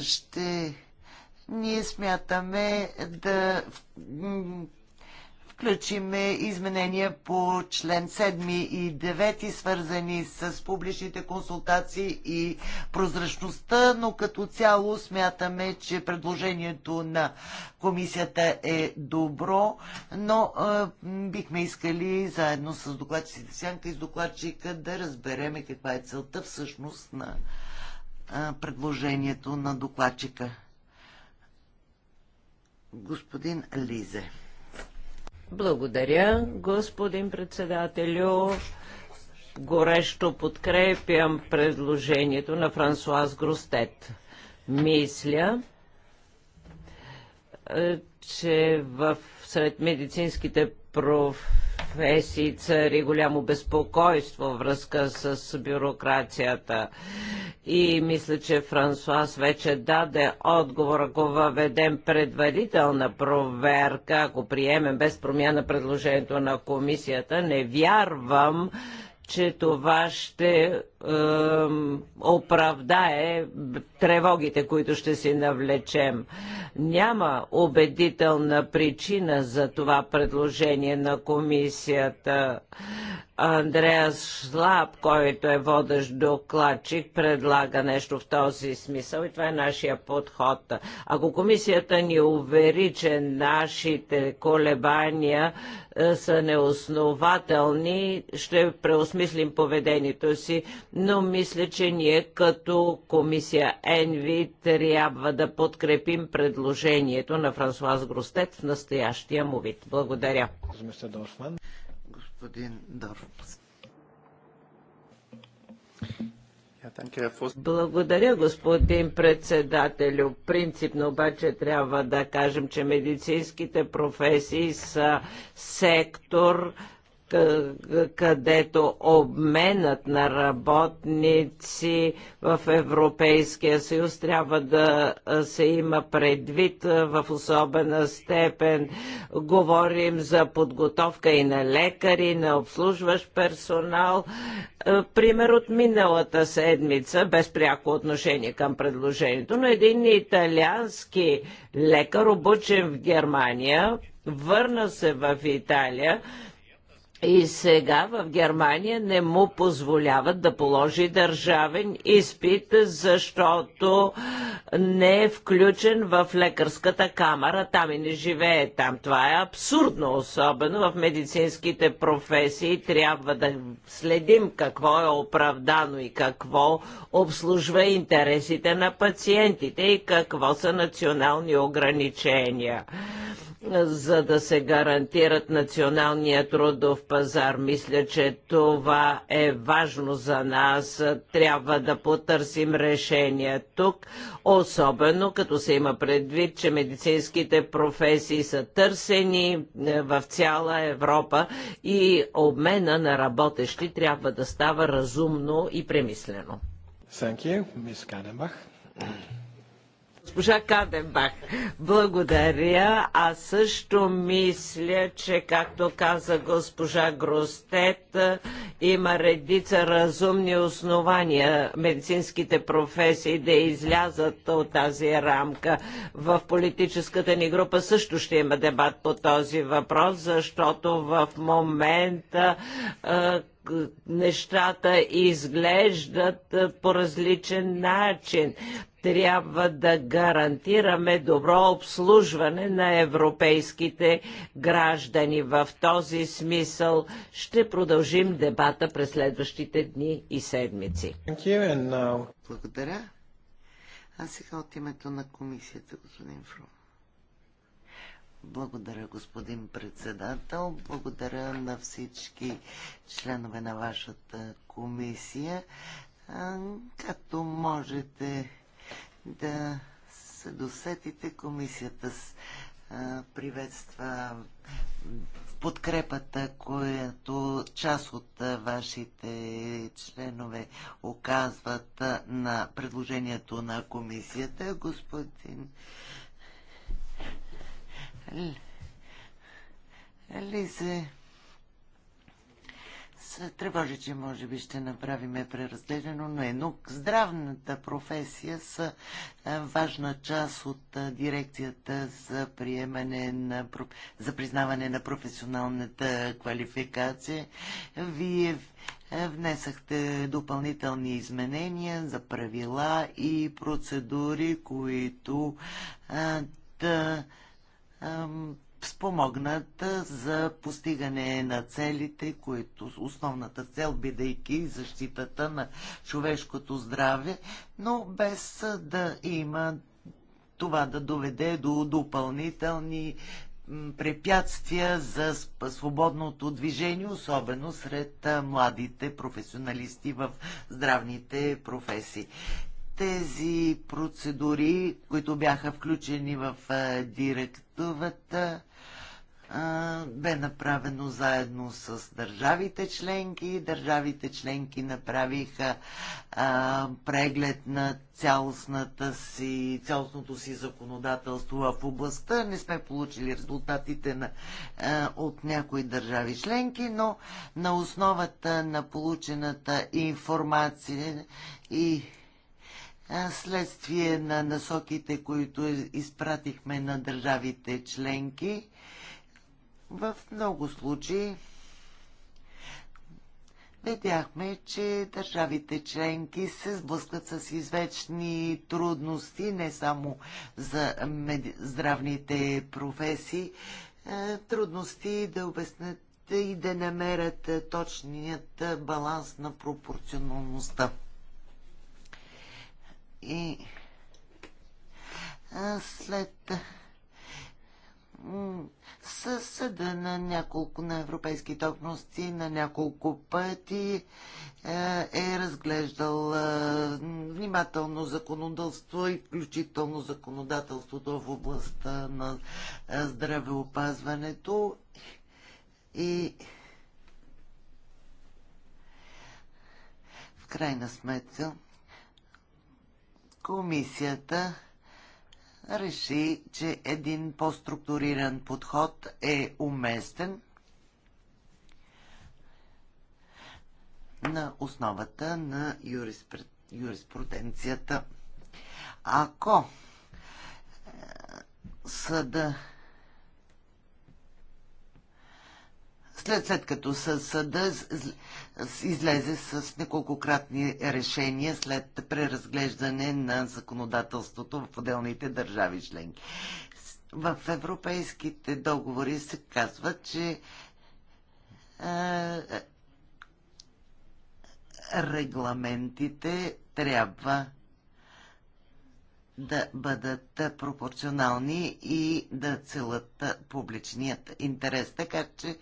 ще ние смятаме да включиме изменения по член 7 и 9, свързани с публичните консултации и прозрачността, но като цяло смятаме, че предложението на комисията е добро, но а, бихме искали заедно с докладчиците Сянка и с докладчика да разбереме каква е целта всъщност на а, предложението на докладчика. Господин Лизе. Благодаря, господин председателю. Горещо подкрепям предложението на Франсуаз Гростет. Мисля, е, че в сред медицинските професии професии цари голямо безпокойство във връзка с бюрокрацията. И мисля, че Франсуас вече даде отговор, ако въведем предварителна проверка, ако приемем без промяна предложението на комисията, не вярвам, че това ще оправдае тревогите, които ще си навлечем. Няма убедителна причина за това предложение на комисията. Андреас Шлаб, който е водещ докладчик, предлага нещо в този смисъл и това е нашия подход. Ако комисията ни увери, че нашите колебания е, са неоснователни, ще преосмислим поведението си, но мисля, че ние като комисия ЕНВИ трябва да подкрепим предложението на Франсуаз Гростет в настоящия му вид. Благодаря. Господин Благодаря, господин председателю. Принципно обаче трябва да кажем, че медицинските професии са сектор, където обменът на работници в Европейския съюз трябва да се има предвид в особена степен. Говорим за подготовка и на лекари, на обслужващ персонал. Е, пример от миналата седмица, без пряко отношение към предложението, но един италиански лекар, обучен в Германия, върна се в Италия, и сега в Германия не му позволяват да положи държавен изпит, защото не е включен в лекарската камера, там и не живее там. Това е абсурдно, особено в медицинските професии. Трябва да следим какво е оправдано и какво обслужва интересите на пациентите и какво са национални ограничения за да се гарантират националния трудов пазар. Мисля, че това е важно за нас. Трябва да потърсим решение тук, особено като се има предвид, че медицинските професии са търсени е, в цяла Европа и обмена на работещи трябва да става разумно и премислено. Thank you, Ms госпожа Каденбах. Благодаря. А също мисля, че както каза госпожа Гростет, има редица разумни основания медицинските професии да излязат от тази рамка. В политическата ни група също ще има дебат по този въпрос, защото в момента нещата изглеждат по различен начин. Трябва да гарантираме добро обслужване на европейските граждани. В този смисъл ще продължим дебата през следващите дни и седмици. Благодаря. А сега от името на комисията, господин Фрум. Благодаря, господин председател. Благодаря на всички членове на вашата комисия. Както можете да се досетите, комисията с приветства подкрепата, която част от вашите членове оказват на предложението на комисията. Господин Лизе се тревожи, че може би ще направиме преразделено, но е. Но здравната професия са е, важна част от е, дирекцията за приемане на, за признаване на професионалната квалификация. Вие е, внесахте допълнителни изменения за правила и процедури, които да спомогнат за постигане на целите, които основната цел бидейки защитата на човешкото здраве, но без да има това да доведе до допълнителни препятствия за свободното движение, особено сред младите професионалисти в здравните професии тези процедури, които бяха включени в директивата, бе направено заедно с държавите членки. Държавите членки направиха а, преглед на цялостната си, цялостното си законодателство в областта. Не сме получили резултатите на, а, от някои държави членки, но на основата на получената информация и следствие на насоките, които изпратихме на държавите членки. В много случаи видяхме, че държавите членки се сблъскват с извечни трудности, не само за здравните професии, е, трудности да обяснят и да намерят точният баланс на пропорционалността. И след съда на няколко на европейските общности на няколко пъти е, е разглеждал внимателно законодателство и включително законодателството в областта на здравеопазването и в крайна сметка комисията реши, че един по-структуриран подход е уместен на основата на юриспруденцията. Ако е, съда след, след като със съда излезе с неколкократни решения след преразглеждане на законодателството в отделните държави членки. В европейските договори се казва, че е, регламентите трябва да бъдат пропорционални и да целят публичният интерес. Така че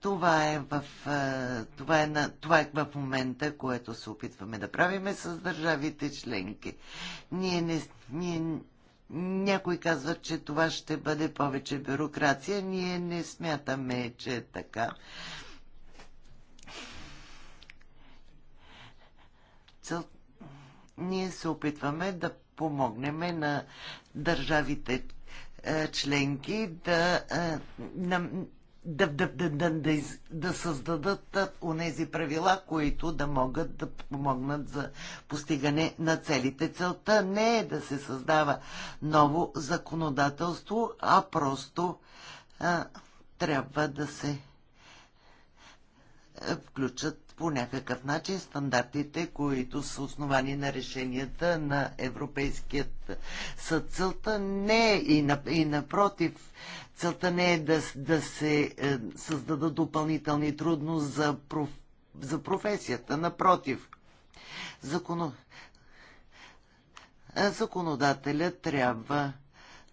това е, в, това, е на, това е в момента, което се опитваме да правиме с държавите членки. Ние не, ние, някои казват, че това ще бъде повече бюрокрация. Ние не смятаме, че е така. Цел... Ние се опитваме да помогнем на държавите членки да, да да, да, да, да, да, из, да създадат онези правила, които да могат да помогнат за постигане на целите. Целта не е да се създава ново законодателство, а просто а, трябва да се включат по някакъв начин стандартите, които са основани на решенията на Европейският съд. Целта не е и, на, и напротив Целта не е да, да се е, създадат допълнителни трудности за, проф, за професията. Напротив, закон, законодателя трябва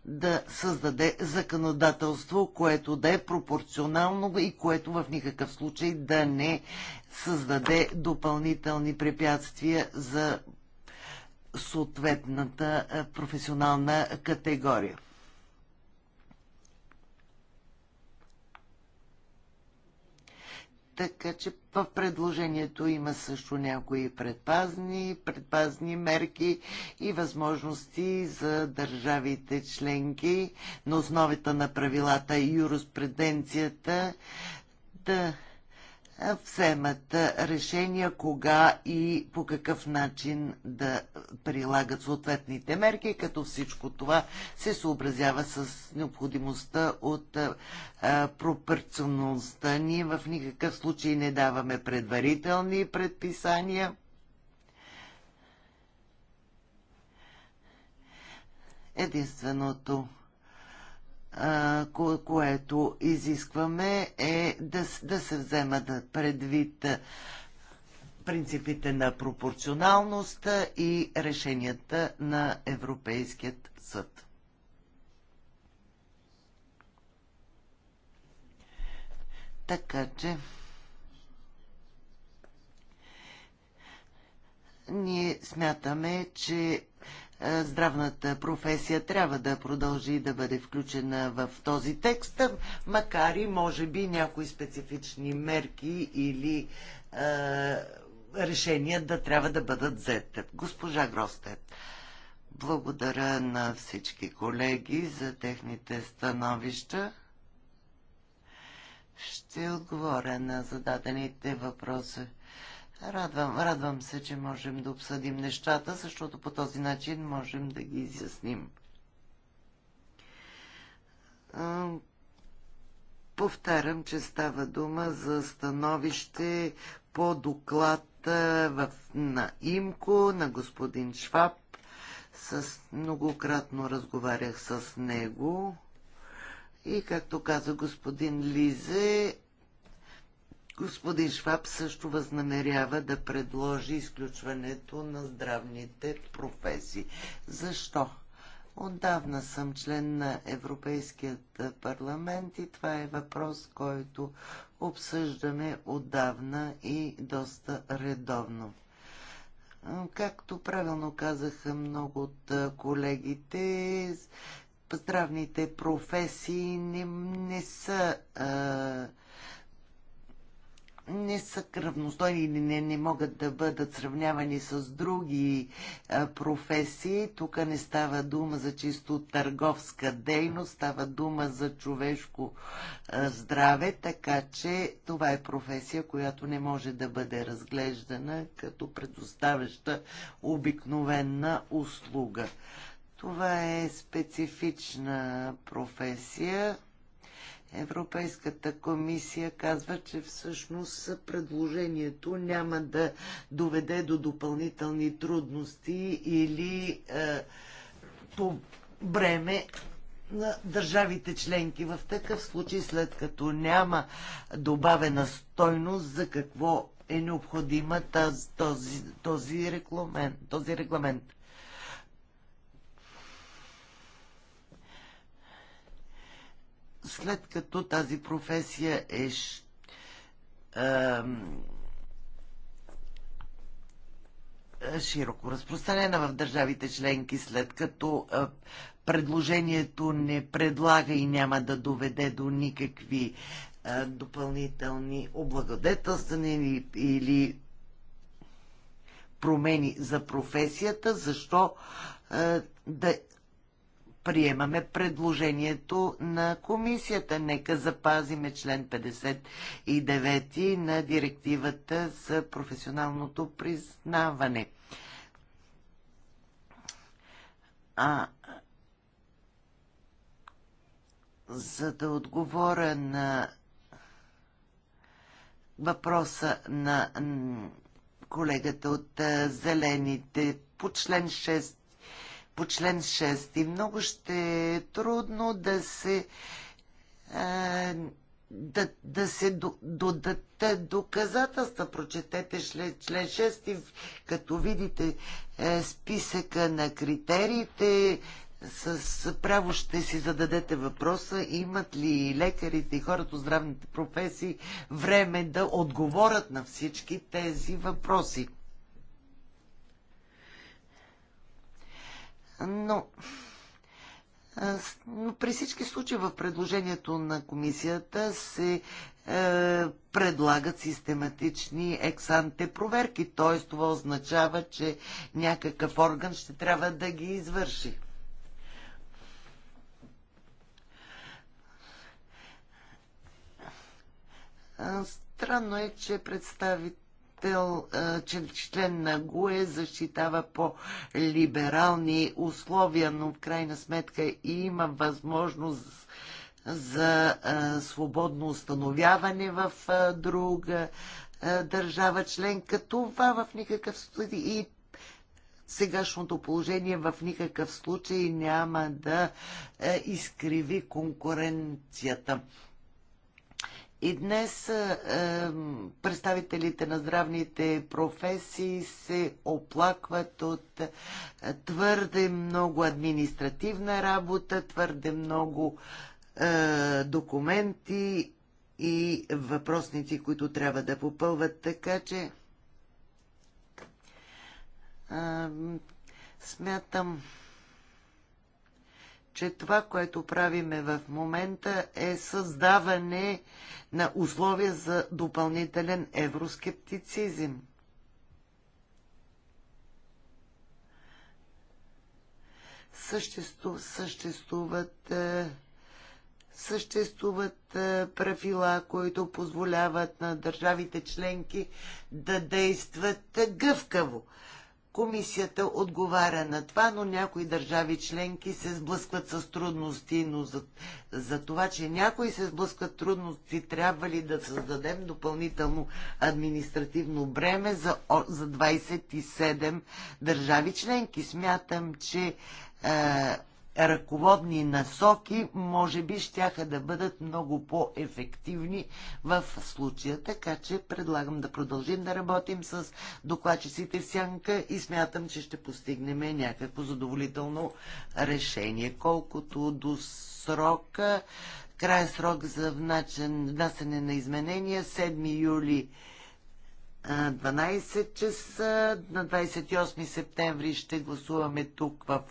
да създаде законодателство, което да е пропорционално и което в никакъв случай да не създаде допълнителни препятствия за съответната е, професионална категория. Така че в предложението има също някои предпазни, предпазни мерки и възможности за държавите членки на основата на правилата и юриспруденцията да вземат решения кога и по какъв начин да прилагат съответните мерки, като всичко това се съобразява с необходимостта от пропорционалността. Ние в никакъв случай не даваме предварителни предписания. Единственото което изискваме е да, да се вземат предвид принципите на пропорционалност и решенията на Европейският съд. Така че ние смятаме, че здравната професия трябва да продължи да бъде включена в този текст, макар и може би някои специфични мерки или решения да трябва да бъдат взете. Госпожа Гростет, благодаря на всички колеги за техните становища. Ще отговоря на зададените въпроси. Радвам, радвам се, че можем да обсъдим нещата, защото по този начин можем да ги изясним. Повтарям, че става дума за становище по доклад в, на Имко, на господин Шваб. С, многократно разговарях с него. И както каза господин Лизе, Господин Шваб също възнамерява да предложи изключването на здравните професии. Защо? Отдавна съм член на Европейският парламент и това е въпрос, който обсъждаме отдавна и доста редовно. Както правилно казаха много от колегите, здравните професии не, не са не са кръвностойни или не, не могат да бъдат сравнявани с други а, професии. Тук не става дума за чисто търговска дейност, става дума за човешко а, здраве, така че това е професия, която не може да бъде разглеждана като предоставяща обикновена услуга. Това е специфична професия Европейската комисия казва, че всъщност предложението няма да доведе до допълнителни трудности или е, по бреме на държавите членки. В такъв случай, след като няма добавена стойност, за какво е необходима този, този, регламент, този регламент. след като тази професия е широко разпространена в държавите членки, след като предложението не предлага и няма да доведе до никакви допълнителни облагодетелствани или промени за професията, защо да приемаме предложението на комисията. Нека запазиме член 59 на директивата за професионалното признаване. А за да отговоря на въпроса на колегата от Зелените по член 6 по член 6. и Много ще е трудно да се да, да се додате доказателства. Прочетете член 6, като видите е, списъка на критериите, с, с право ще си зададете въпроса, имат ли лекарите и хората от здравните професии време да отговорят на всички тези въпроси. Но но при всички случаи в предложението на комисията се е, предлагат систематични ексанте проверки, Тоест, това означава, че някакъв орган ще трябва да ги извърши. Странно е, че представите представител, член на ГУЕ, защитава по-либерални условия, но в крайна сметка и има възможност за свободно установяване в друга държава членка. Това в никакъв случай и сегашното положение в никакъв случай няма да изкриви конкуренцията. И днес е, представителите на здравните професии се оплакват от е, твърде много административна работа, твърде много е, документи и въпросници, които трябва да попълват. Така че смятам, че това, което правиме в момента е създаване на условия за допълнителен евроскептицизъм. Съществу, съществуват е, съществуват е, правила, които позволяват на държавите членки да действат гъвкаво. Комисията отговаря на това, но някои държави членки се сблъскват с трудности, но за, за това, че някои се сблъскват трудности, трябва ли да създадем допълнително административно бреме за, за 27 държави членки? Смятам, че е, ръководни насоки, може би ще да бъдат много по-ефективни в случая. Така че предлагам да продължим да работим с докладчиците в сянка и смятам, че ще постигнем някакво задоволително решение. Колкото до срока, край срок за внасене на изменения 7 юли 12 часа. На 28 септември ще гласуваме тук в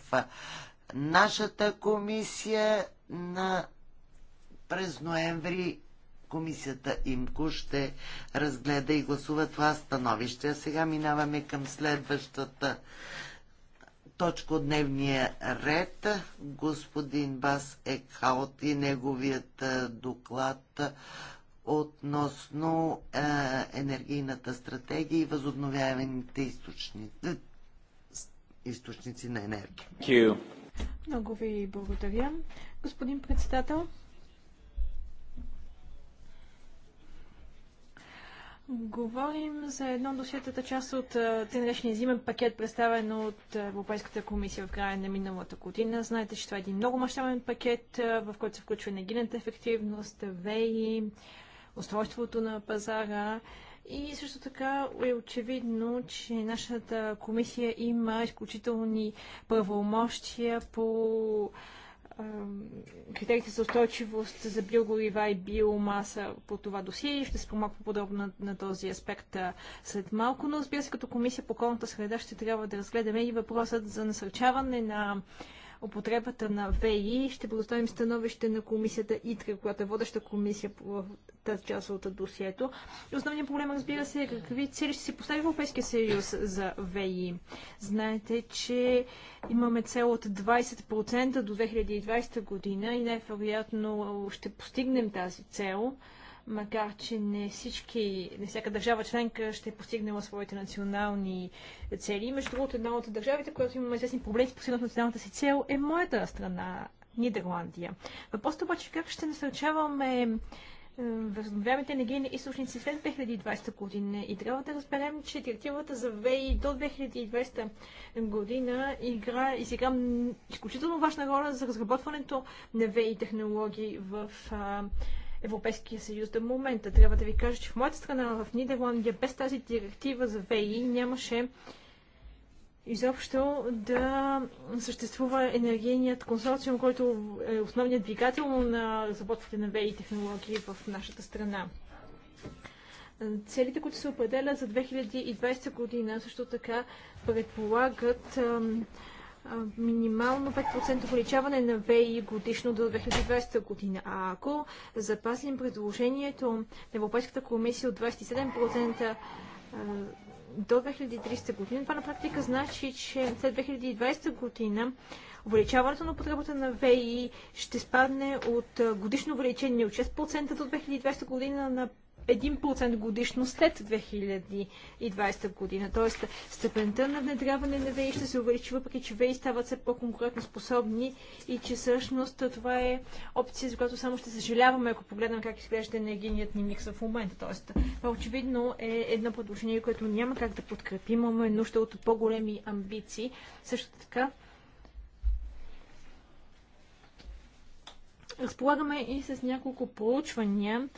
нашата комисия на през ноември комисията ИМКО ще разгледа и гласува това становище. А сега минаваме към следващата точка от дневния ред. Господин Бас Екхаут и неговият доклад относно е, енергийната стратегия и възобновяемите източници, източници на енергия. Много ви благодаря. Господин председател, Говорим за едно до досиетата част от тъй зимен пакет, представен от Европейската комисия в края на миналата година. Знаете, че това е един много мащабен пакет, в който се включва енергийната ефективност, ВЕИ, устройството на пазара и също така е очевидно, че нашата комисия има изключителни правомощия по критериите за устойчивост за биогорива и биомаса по това досие и ще спома по-подробно на, на този аспект след малко. Но разбира се, като комисия по околната среда ще трябва да разгледаме и въпросът за насърчаване на употребата на ВИ. Ще предоставим становище на комисията ИТРА, която е водеща комисия в тази част от досието. основният проблем, разбира се, е какви цели ще си постави Европейския съюз за ВИ. Знаете, че имаме цел от 20% до 2020 година и най-вероятно ще постигнем тази цел макар че не всички, не всяка държава членка ще е постигнала своите национални цели. Между другото, една от държавите, която има известни проблеми с постигнат националната си цел, е моята страна, Нидерландия. Въпросът обаче е как ще насърчаваме възобновяемите енергийни източници след 2020 година и трябва да разберем, че директивата за ВЕИ до 2020 година игра, сега изключително важна роля за разработването на ВЕИ технологии в а, Европейския съюз до момента. Трябва да ви кажа, че в моята страна, в Нидерландия, без тази директива за ВИ нямаше изобщо да съществува енергийният консорциум, който е основният двигател на разработките на ВИ технологии в нашата страна. Целите, които се определят за 2020 година, също така предполагат минимално 5% увеличаване на ВИ годишно до 2020 година. А ако запазим предложението на Европейската комисия от 27% до 2030 година, това на практика значи, че след 2020 година увеличаването на потребата на ВИ ще спадне от годишно увеличение от 6% до 2020 година на 1% годишно след 2020 година. Тоест, степента на внедряване на ВЕИ ще се увеличи, въпреки че ВЕИ стават все по-конкурентно способни и че всъщност това е опция, за която само ще съжаляваме, ако погледнем как изглежда енергийният ни микс в момента. Тоест, това очевидно е едно предложение, което няма как да подкрепим. Имаме нужда от по-големи амбиции. Също така, разполагаме и с няколко проучвания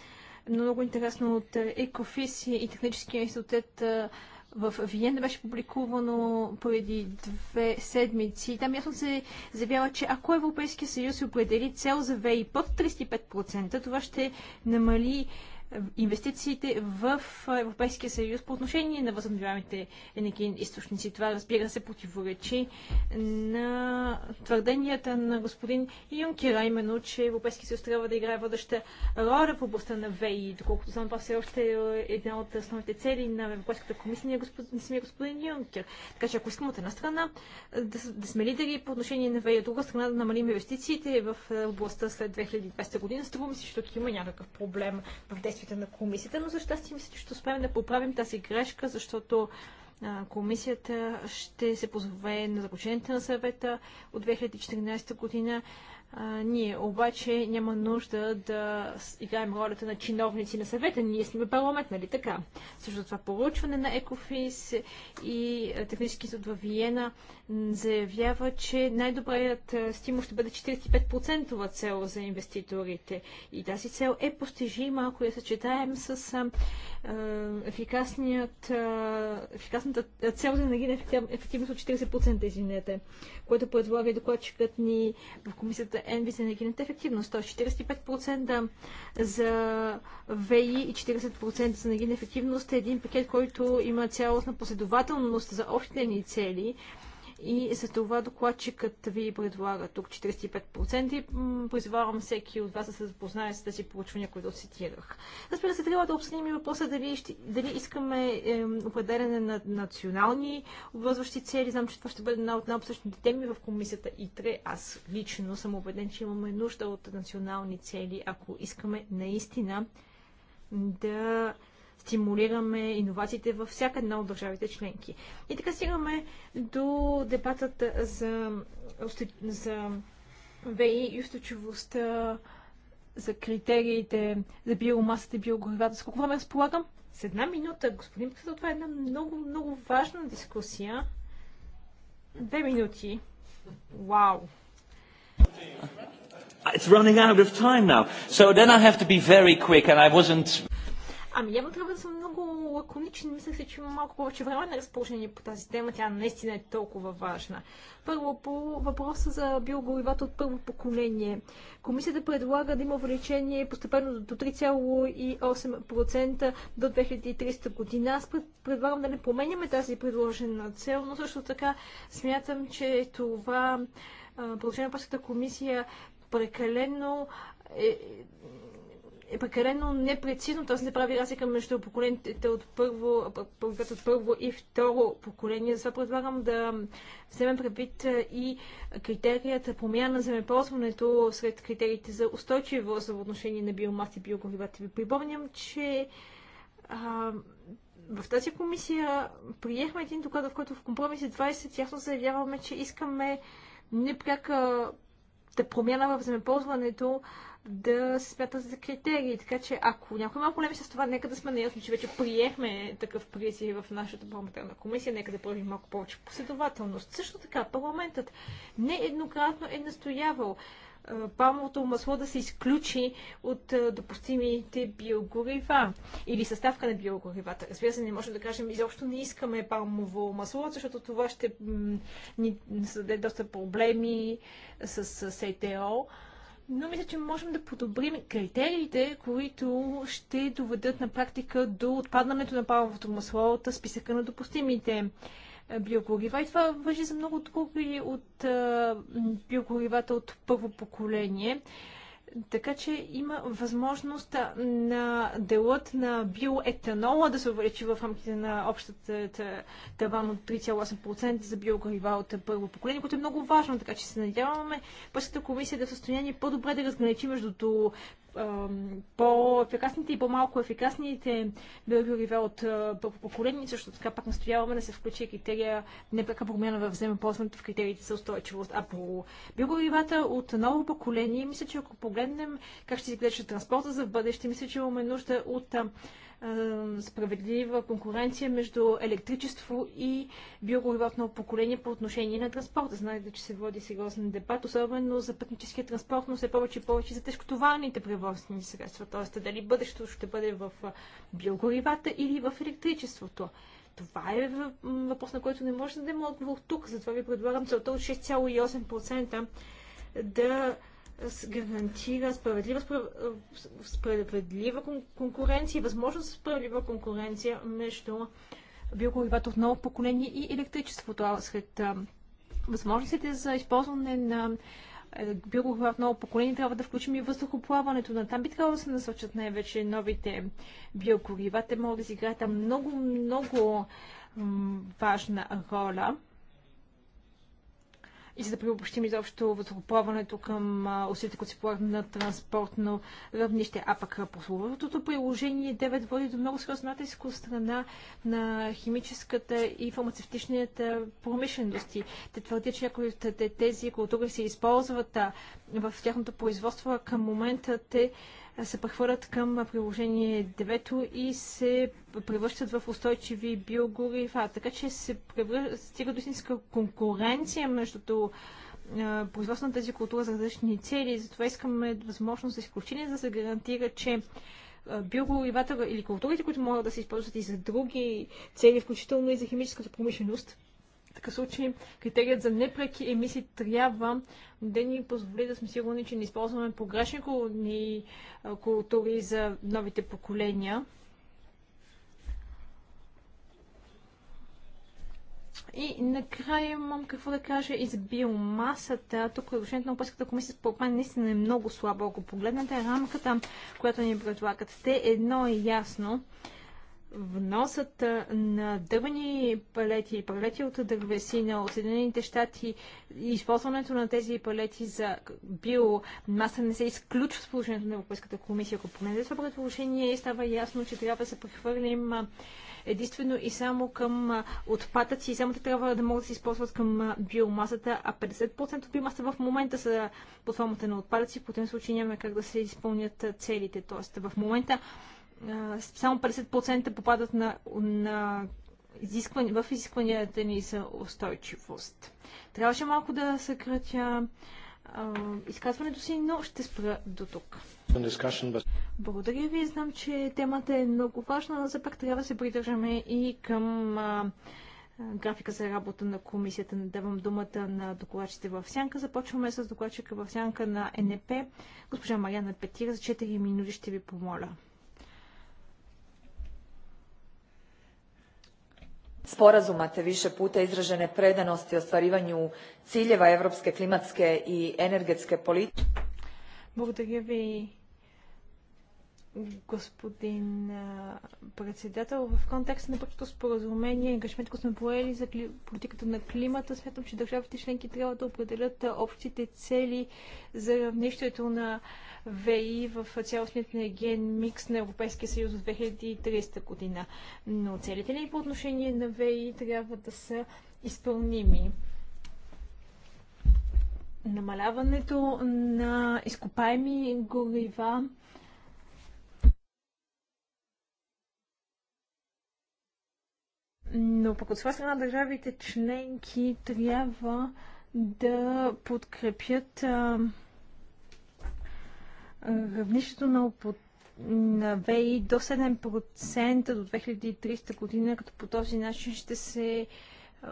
много интересно от Екофис и Техническия институт е, в Виена беше публикувано преди две седмици. Там ясно се заявява, че ако Европейския съюз определи цел за ВИП под 35%, това ще намали инвестициите в Европейския съюз по отношение на възобновяемите енергийни източници. Това, разбира се, противоречи на твърденията на господин Юнкер, а именно, че Европейския съюз трябва да играе водеща роля в областта на ВЕИ. Доколкото знам, това все още е една от основните цели на Европейската комисия на, самия господин Юнкер. Така че, ако искаме от една страна да, да сме лидери по отношение на ВЕИ, от друга страна да намалим инвестициите в областта след 2020 година, струва ми се, че тук има някакъв проблем в действието действията на комисията, но за щастие мисля, че ще успеем да поправим тази грешка, защото комисията ще се позове на заключенията на съвета от 2014 година, а, ние обаче няма нужда да играем ролята на чиновници на съвета. Ние сме парламент, нали така? Също това поручване на Екофис и Технически съд в Виена заявява, че най-добрият стимул ще бъде 45% цел за инвеститорите. И тази цел е постижима, ако я съчетаем с а, ефикасният, а, ефикасната цел за енергийна ефективност от 40%, извинете, което предлага и докладчикът ни в комисията за ЕНВИ за енергийната ефективност, т.е. 45% за ВИ и 40% за енергийна ефективност е един пакет, който има цялостна последователност за общите ни цели и за това докладчикът ви предлага тук 45% призвавам всеки от вас да се запознае с тези получвания, които цитирах. Разбира се, трябва да обсъдим и въпроса дали, дали искаме е, определене на национални обвързващи цели. Знам, че това ще бъде една от най-обсъщните теми в комисията ИТРЕ. Аз лично съм убеден, че имаме нужда от национални цели, ако искаме наистина да стимулираме иновациите във всяка една от държавите членки. И така стигаме до дебатата за, за ВИ и устойчивостта за критериите за биомасата и биогоривата. С колко време разполагам? С една минута, господин Петър, това е една много, много важна дискусия. Две минути. Вау! It's running out of time now. So then I have to be very quick and I wasn't Ами явно трябва да съм много лаконичен. Мисля се, че има малко повече време на разположение по тази тема. Тя наистина е толкова важна. Първо по въпроса за биогоривата от първо поколение. Комисията предлага да има увеличение постепенно до 3,8% до 2300 година. Аз предлагам да не променяме тази предложена цел, но също така смятам, че това предложение на Паската комисия прекалено е, е прекалено непрецизно, т.е. не прави разлика между поколените от първо, от първо и второ поколение. Затова предлагам да вземем предвид и критерията промяна на земеползването сред критериите за устойчиво отношение на биомаси и биогоривата. Ви припомням, че а, в тази комисия приехме един доклад, в който в компромиси 20 ясно заявяваме, че искаме непряка промяна в земеползването да се смята за критерии. Така че ако някой има проблеми с това, нека да сме наясно, че вече приехме такъв призив в нашата парламентарна комисия, нека да проявим малко повече последователност. Също така, парламентът нееднократно е настоявал палмовото масло да се изключи от допустимите биогорива или съставка на биогоривата. Разбира се, не можем да кажем изобщо не искаме палмово масло, защото това ще ни създаде доста проблеми с СТО но мисля, че можем да подобрим критериите, които ще доведат на практика до отпадането на палмовото масло от списъка на допустимите е, биогорива. И това въжи за много други от е, биогоривата от първо поколение. Така че има възможност на делът на биоетанола да се увеличи в рамките на общата таван от 3,8% за биогорива от първо поколение, което е много важно, така че се надяваме Пърската комисия да е в състояние по-добре да разграничи между по-ефикасните и по-малко ефикасните биогориве от първо поколение. Също така пак настояваме да се включи критерия непрека промяна в вземеползването в критериите за устойчивост. А по биогоривата от ново поколение, мисля, че ако погледнем как ще изглежда транспорта за бъдеще, мисля, че имаме нужда от справедлива конкуренция между електричество и биогоривотно поколение по отношение на транспорта. Знаете, че се води сериозен дебат, особено за пътническия транспорт, но все повече и повече за тежкотоварните превозни средства. Тоест, дали бъдещето ще бъде в биогоривата или в електричеството. Това е въпрос, на който не може да има отговор тук. Затова ви предлагам целта от 6,8% да гарантира справедлива, справедлива конкуренция и възможност за справедлива конкуренция между биогоривата от ново поколение и електричеството. А сред възможностите за използване на е, биогорива в ново поколение трябва да включим и въздухоплаването. На там би трябвало да се насочат най-вече новите биогорива. Те могат да изиграят много, много важна роля и за да приобщим изобщо възропроването към усилите, които се полагат на транспортно равнище. А пък прословутото приложение 9 води до много сериозен натиск от страна на химическата и фармацевтичната промишленост. Те твърдят, че някои от тези култури се използват в тяхното производство, а към момента те се прехвърлят към приложение 9 и се превръщат в устойчиви биогорива. Така че се стига до истинска конкуренция между производство на тази култура за различни цели. Затова искаме възможност за изключение, за да се гарантира, че биогоривата или културите, които могат да се използват и за други цели, включително и за химическата промишленост, такъв случай критерият за непреки емисии трябва да ни позволи да сме сигурни, че не използваме погрешни култури за новите поколения. И накрая имам какво да кажа и за биомасата. Тук предложението на опаската комисия според мен наистина е много слабо. Ако погледнете рамката, която ни предлагат, те едно е ясно вносът на дървени палети, палети от дървесина от Съединените щати и използването на тези палети за биомаса не се изключва с положението на Европейската комисия. Ако погледнете това предложение, става ясно, че трябва да се прехвърлим единствено и само към отпадъци и само те трябва да могат да се използват към биомасата, а 50% от биомасата в момента са под формата на отпадъци, в противен случай няма как да се изпълнят целите. Тоест в момента само 50% попадат на, на изисквания, в изискванията ни за устойчивост. Трябваше малко да съкратя изказването си, но ще спра до тук. Благодаря ви. Знам, че темата е много важна, но за пак трябва да се придържаме и към а, графика за работа на комисията. Давам думата на докладчите в сянка. Започваме с докладчика в сянка на НП. Госпожа Марияна Петира, за 4 минути ще ви помоля. sporazuma te više puta izražene predanosti ostvarivanju ciljeva europske klimatske i energetske politike господин председател. В контекста на първото споразумение, ангажимент, който сме поели за политиката на климата, смятам, че държавите членки трябва да определят общите цели за равнището на ВИ в цялостният енергиен микс на Европейския съюз от 2030 година. Но целите ни по отношение на ВИ трябва да са изпълними намаляването на изкопаеми горива Но пък от своя страна държавите членки трябва да подкрепят равнището на, опот... на ВИ до 7% до 2300 година, като по този начин ще се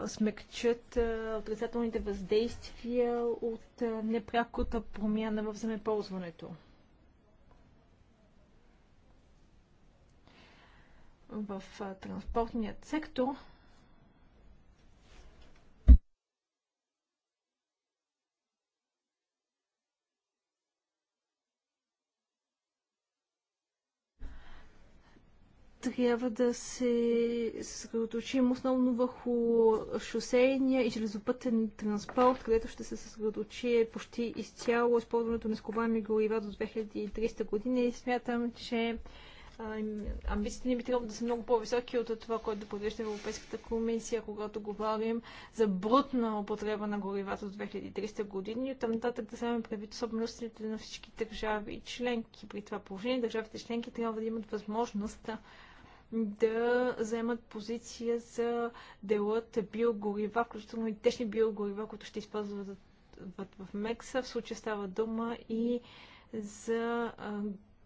смекчат отрицателните въздействия от непрякота промяна в земеползването. в транспортният сектор, трябва да се съсредоточим основно върху шосейния и железопътен транспорт, където ще се съсредоточи почти изцяло използването на изкопаеми горива до 2300 година и смятам, че амбициите ни би трябвало да са много по-високи от това, което подвижда Европейската комисия, когато говорим за брутна употреба на горивата от 2300 години. Там нататък да вземем предвид особеностите на всички държави и членки. При това положение държавите членки трябва да имат възможност да вземат позиция за делът биогорива, включително и течни биогорива, които ще използват в Мекса. В случая става дума и за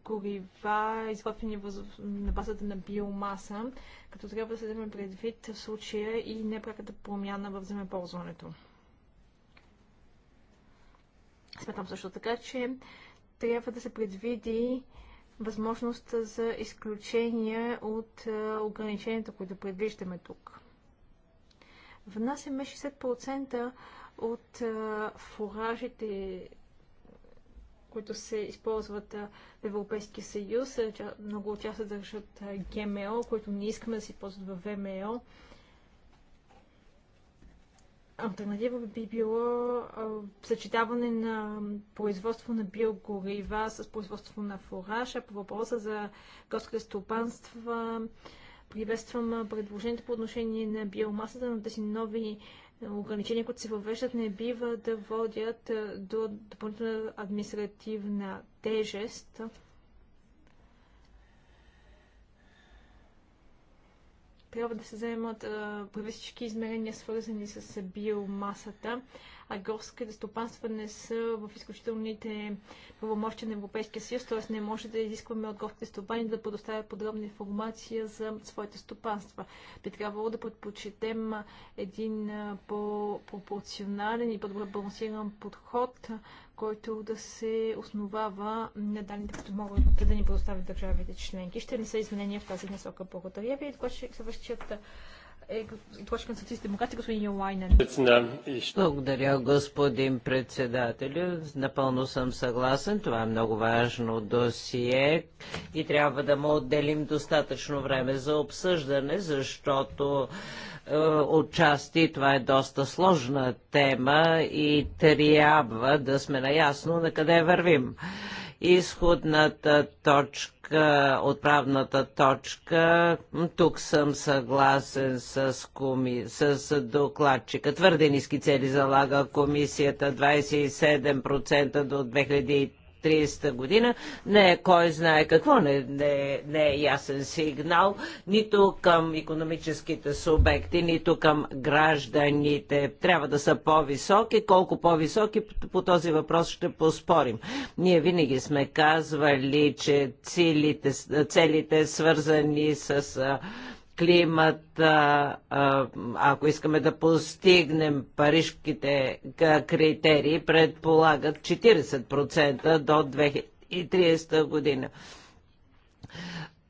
горива, изготвени на базата на биомаса, като трябва да се вземе предвид в случая и непряката промяна в земеползването. Смятам също така, че трябва да се предвиди възможност за изключение от е, ограниченията, които предвиждаме тук. Внасяме 60% от е, фуражите които се използват в Европейския съюз. Е, много от тях съдържат ГМО, които не искаме да се използват в ВМО. Альтернатива би било съчетаване на производство на биогорива с производство на фураж. А по въпроса за горските стопанства, приветствам предложението по отношение на биомасата, но тези нови ограничения, които се въвеждат, не бива да водят до допълнителна административна тежест. Трябва да се вземат преди всички измерения, свързани с биомасата, а горските стопанства не са в изключителните правомощия на Европейския съюз, т.е. не може да изискваме от горските стопани да предоставят подробна информация за своите стопанства. Би трябвало да предпочетем един по-пропорционален и по-добре балансиран подход, който да се основава на данните, които могат да ни предоставят държавите членки. Ще не са изменения в тази насока. Благодаря ви. Следващият е господин Йолайнен. Благодаря, господин председател, Напълно съм съгласен. Това е много важно досие и трябва да му отделим достатъчно време за обсъждане, защото е, отчасти това е доста сложна тема и трябва да сме наясно на къде вървим. Изходната точка, отправната точка, тук съм съгласен с, коми... с докладчика. Твърде ниски цели залага комисията 27% до 2030 30-та година не е кой знае какво, не, не, не е ясен сигнал нито към економическите субекти, нито към гражданите. Трябва да са по-високи. Колко по-високи по този въпрос ще поспорим. Ние винаги сме казвали, че целите, целите свързани с климата, ако искаме да постигнем парижките критерии, предполагат 40% до 2030 година.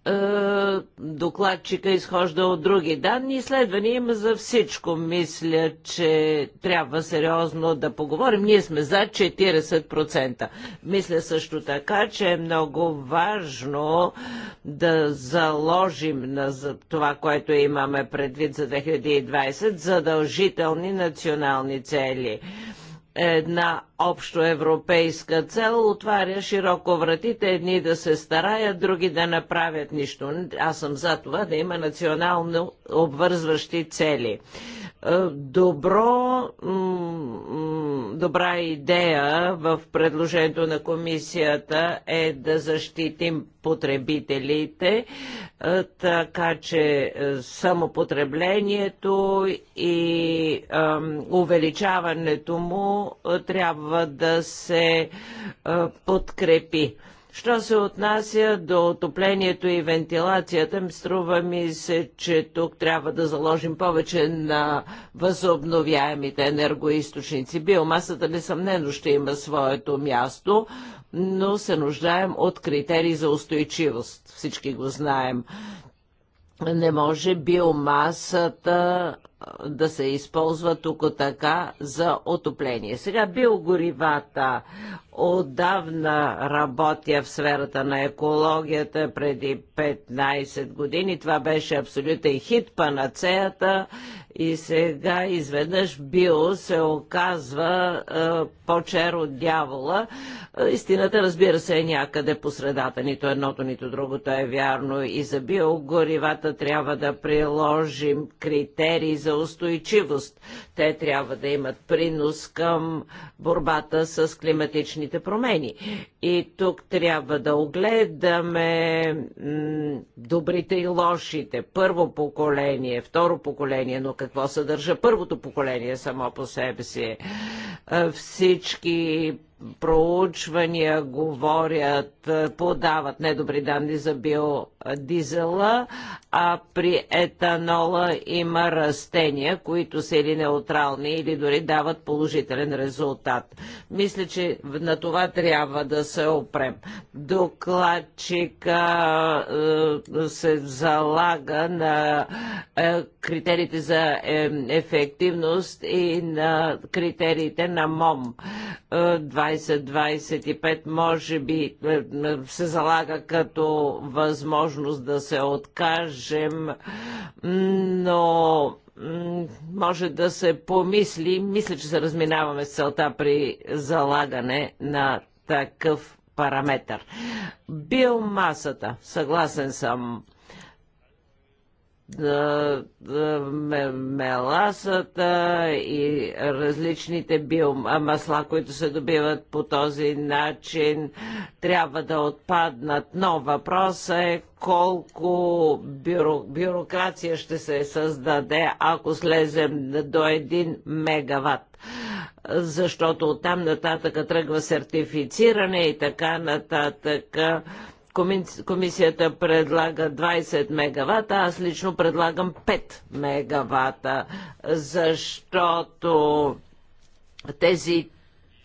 Е, докладчика изхожда от други данни. Изследвания има за всичко. Мисля, че трябва сериозно да поговорим. Ние сме за 40%. Мисля също така, че е много важно да заложим на това, което имаме предвид за 2020, задължителни национални цели една общоевропейска цел отваря широко вратите, едни да се стараят, други да направят нищо. Аз съм за това да има национално обвързващи цели. Е, добро, добра идея в предложението на комисията е да защитим потребителите, е, така че е, самопотреблението и увеличаването му трябва да се подкрепи. Що се отнася до отоплението и вентилацията, струва ми се, че тук трябва да заложим повече на възобновяемите енергоисточници. Биомасата несъмнено ще има своето място, но се нуждаем от критерии за устойчивост. Всички го знаем не може биомасата да се използва тук така за отопление. Сега биогоривата. Отдавна работя в сферата на екологията преди 15 години. Това беше абсолютен хит панацеята и сега изведнъж био се оказва по-чер от дявола. Истината, разбира се, е някъде по средата. Нито едното, нито другото е вярно. И за биогоривата трябва да приложим критерии за устойчивост. Те трябва да имат принос към борбата с климатичните промени. И тук трябва да огледаме добрите и лошите. Първо поколение, второ поколение, но какво съдържа първото поколение само по себе си. Всички проучвания говорят, е, подават недобри данни за биодизела, а при етанола има растения, които са или неутрални, или дори дават положителен резултат. Мисля, че на това трябва да се опрем. Докладчика е, се залага на е, критериите за ефективност и на критериите на МОМ. 2025 може би е, е, се залага като възможност да се откажем, но може да се помисли. Мисля, че се разминаваме с целта при залагане на такъв параметър. Биомасата, съгласен съм, е, е, меласата и различните биомасла, които се добиват по този начин, трябва да отпаднат. Но въпросът е колко бюро, бюрокрация ще се създаде, ако слезем до 1 мегаватт. Защото оттам нататък тръгва сертифициране и така нататък. Комисията предлага 20 мегавата, аз лично предлагам 5 мегавата, защото тези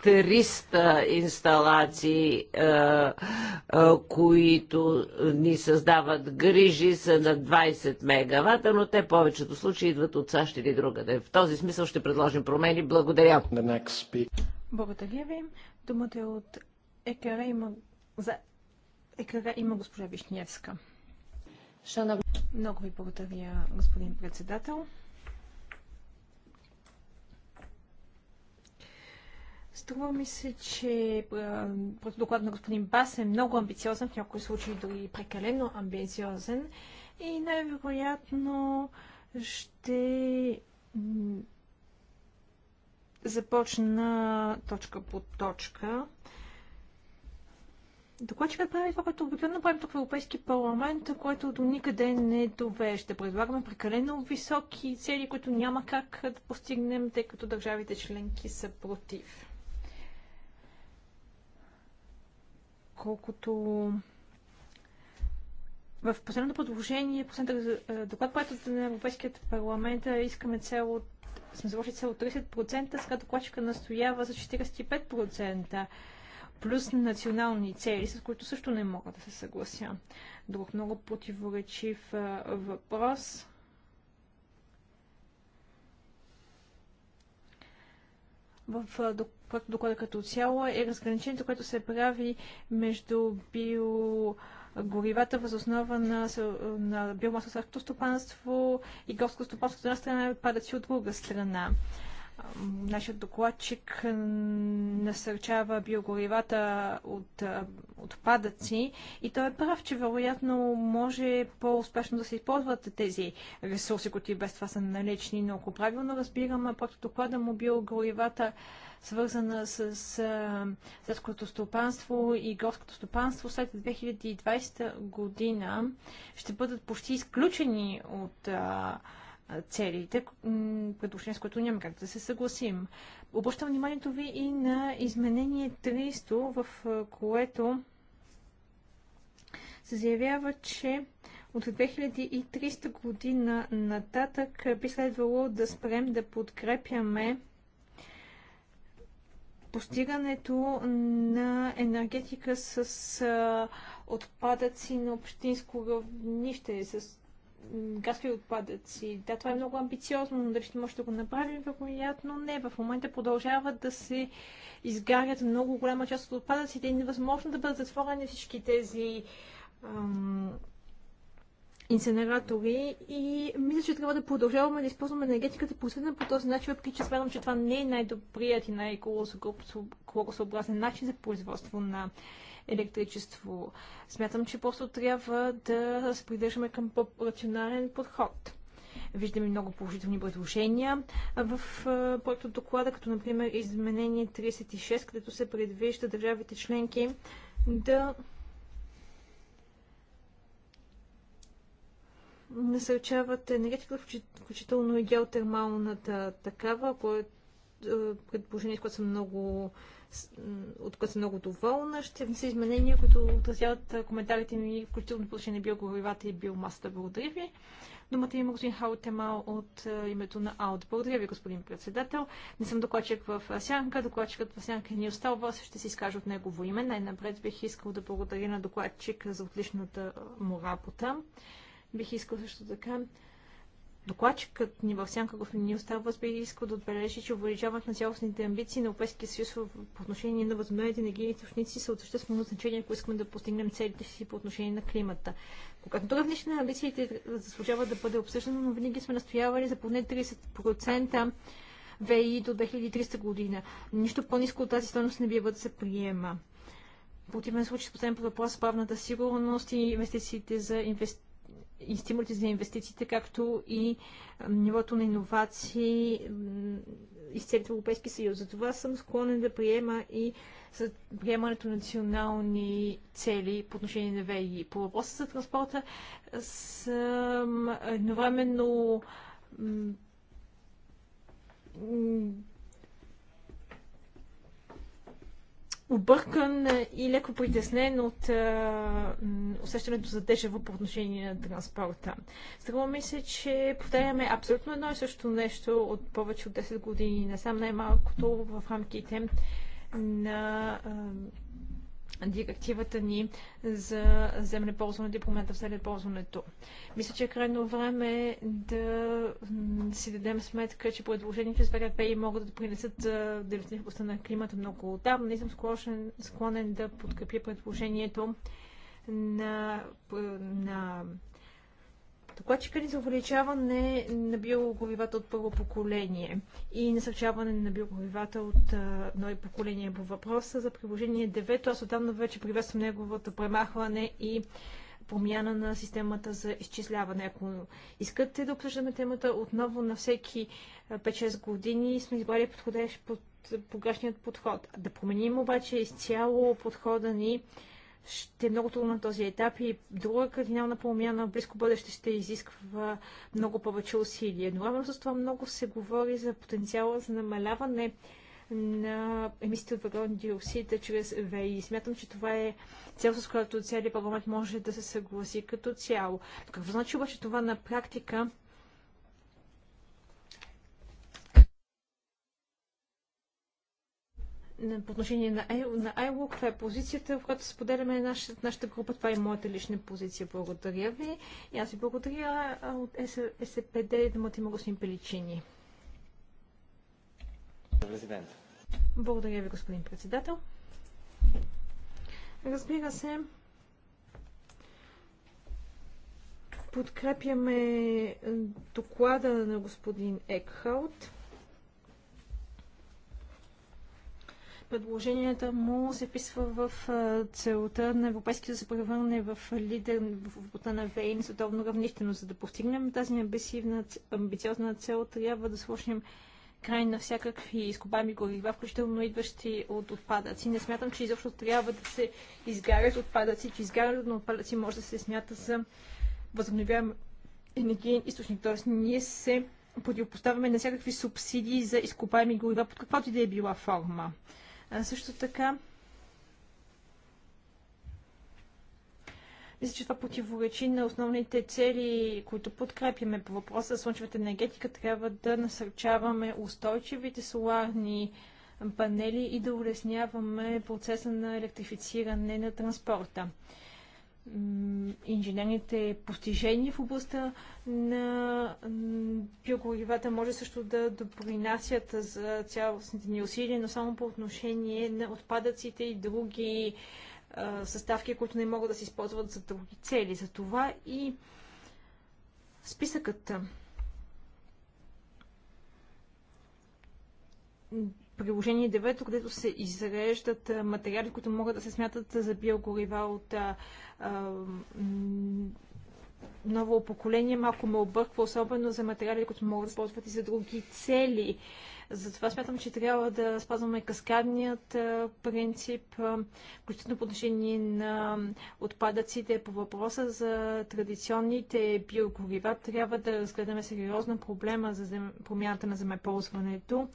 300 инсталации, е, е, които ни създават грижи, са на 20 мегавата, но те повечето случаи идват от САЩ или другаде. В този смисъл ще предложим промени. Благодаря. Благодаря ви. Думата е от Екара има за екара има госпожа Вишневска. Много ви благодаря, господин председател. Струва ми се, че доклад на господин Бас е много амбициозен, в някои случаи дори прекалено амбициозен и най-вероятно ще започна точка по точка. Докладчика прави това, което обикновено правим тук в Европейски парламент, което до никъде не довежда. Предлагаме прекалено високи цели, които няма как да постигнем, тъй като държавите членки са против. Колкото в последното предложение, последната доклад, който е на Европейският парламент искаме цел от сме заложили цел 30%, сега докладчика настоява за 45% плюс национални цели, с които също не мога да се съглася. Друг много противоречив въпрос. В доклада като цяло е разграничението, което се прави между био горивата въз основа на, на биомасово стопанство и горско стопанство от една страна и отпадъци от друга страна. Нашият докладчик насърчава биогоривата от отпадъци и той е прав, че вероятно може по-успешно да се използват тези ресурси, които и без това са налични. Но ако правилно разбираме, просто доклада му биогоривата свързана с следското стопанство и горското стопанство след 2020 година ще бъдат почти изключени от а, целите, предложение с което няма как да се съгласим. Обръщам вниманието ви и на изменение 300, в което се заявява, че от 2300 година нататък би следвало да спрем да подкрепяме постигането на енергетика с отпадъци на общинско равнище, с газови отпадъци. Да, това е много амбициозно, но дали ще може да го направим, вероятно не. В момента продължават да се изгарят много голяма част от отпадъците и невъзможно е да бъдат затворени всички тези ам, инсенератори и мисля, че трябва да продължаваме да използваме енергетиката последна по този начин, въпреки че смятам, че това не е най-добрият и най-екологосъобразен начин за производство на електричество. Смятам, че просто трябва да се придържаме към по-рационален подход. Виждаме много положителни предложения в проекта доклада, като например изменение 36, където се предвижда държавите членки да насърчават енергетика, включително и геотермалната такава, което предложение, което съм много от което съм много доволна. Ще внеса изменения, които отразяват коментарите ми, включително по положение на биогоривата и биомасата. Благодаря ви. Думата има господин Хаутемал от името на АОД. Благодаря ви, господин председател. Не съм докладчик в Сянка. Докладчикът в Сянка е ни остава. Ще се изкажа от негово име. Най-напред бих искал да благодаря на докладчик за отличната му работа. Бих искал също така да Докладчикът ни в сянка господин Остарвас би иска да отбележи, че увеличаването на цялостните амбиции на Европейския съюз по отношение на възобновяемите енергийни източници са от съществено значение, ако искаме да постигнем целите си по отношение на климата. Когато тук на амбициите заслужава да бъде обсъждано, но винаги сме настоявали за поне 30% ВИ до 2300 година. Нищо по-низко от тази стоеност не бива да се приема. В противен случай, последен по въпрос, правната сигурност и инвестициите за инвестиции и стимулите за инвестициите, както и нивото на иновации из целите Европейски съюз. Затова съм склонен да приема и за приемането на национални цели по отношение на ВИ. По въпроса за транспорта съм едновременно объркан и леко притеснен от а, усещането за дежава по отношение на транспорта. Струва ми се, че повтаряме абсолютно едно и също нещо от повече от 10 години не сам най-малкото в рамките на а, директивата ни за землеползването и промената в ползването. Мисля, че е крайно време да си дадем сметка, че предложението с ВКПИ могат да принесат дейността на климата много там. Не съм склонен, склонен да подкрепя предложението на, на Докладчика ни за увеличаване на биогоривата от първо поколение и насърчаване на биогоривата от а, нови поколения по въпроса за приложение 9. Аз отдавна вече приветствам неговото премахване и промяна на системата за изчисляване. Ако искате да обсъждаме темата отново на всеки 5-6 години, сме избрали подходящ под погашният подход. Да променим обаче изцяло подхода ни ще е много трудно на този етап и друга кардинална промяна в близко бъдеще ще изисква много повече усилия. Едновременно с това много се говори за потенциала за намаляване на емисиите от въглеродни диоксида чрез веи. Смятам, че това е цел, с която целият парламент може да се съгласи като цяло. Какво значи обаче това на практика по отношение на, на iLook. Това е позицията, в която споделяме нашата, нашата група. Това е моята лична позиция. Благодаря ви. И аз ви благодаря от СПД да има господин Пеличини. Президент. Благодаря ви, господин председател. Разбира се, подкрепяме доклада на господин Екхаут. предложенията му се вписва в целта на Европейския да се превърне в лидер в работа на ВЕИ на световно равнище, но за да постигнем тази амбициозна, амбициозна цел, трябва да сложим край на всякакви изкопаеми горива, включително идващи от отпадъци. Не смятам, че изобщо трябва да се изгарят отпадъци, че изгарянето на отпадъци може да се смята за възобновяем енергиен източник. Тоест, ние се противопоставяме на всякакви субсидии за изкопаеми горива, под каквато и да е била форма. А също така, мисля, че това противоречи на основните цели, които подкрепяме по въпроса за слънчевата енергетика. Трябва да насърчаваме устойчивите соларни панели и да улесняваме процеса на електрифициране на транспорта инженерните постижения в областта на биогоривата може също да допринасят за цялостните ни усилия, но само по отношение на отпадъците и други съставки, които не могат да се използват за други цели. За това и списъкът приложение 9, където се изреждат материали, които могат да се смятат за биогорива от а, а, ново поколение. Малко ме обърква, особено за материали, които могат да използват и за други цели. Затова смятам, че трябва да спазваме каскадният принцип, включително по отношение на отпадъците. По въпроса за традиционните биогорива трябва да разгледаме сериозна проблема за промяната на земеползването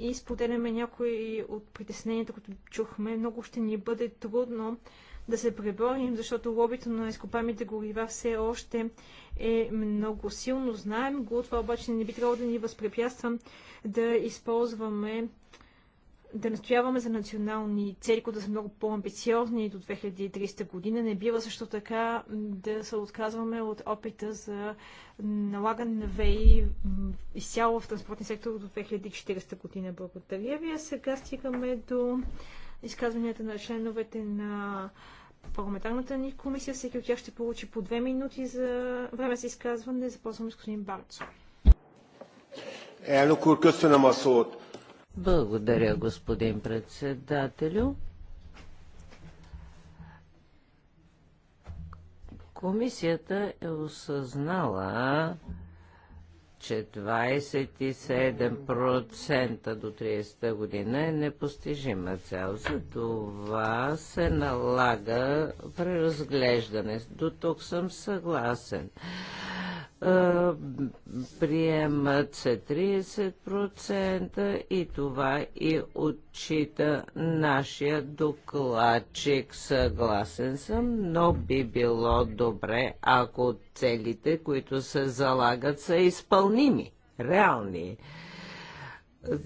и споделяме някои от притесненията, които чухме. Много ще ни бъде трудно да се преборим, защото лобито на изкопамите горива все още е много силно. Знаем го, това обаче не би трябвало да ни възпрепятства да използваме да настояваме за национални цели, които са много по-амбициозни до 2030 година. Не бива също така да се отказваме от опита за налагане на ВЕИ изцяло в транспортния сектор до 2040 година. Благодаря ви. А сега стигаме до изказванията на членовете на парламентарната ни комисия. Всеки от тях ще получи по две минути за време за изказване. Започваме с господин Барцо. Елнök úr, на масоот. Благодаря, господин председателю. Комисията е осъзнала, че 27% до 30-та година е непостижима цел. За това се налага преразглеждане. До тук съм съгласен. Е, приемат се 30% и това и отчита нашия докладчик. Съгласен съм, но би било добре, ако целите, които се залагат, са изпълними, реални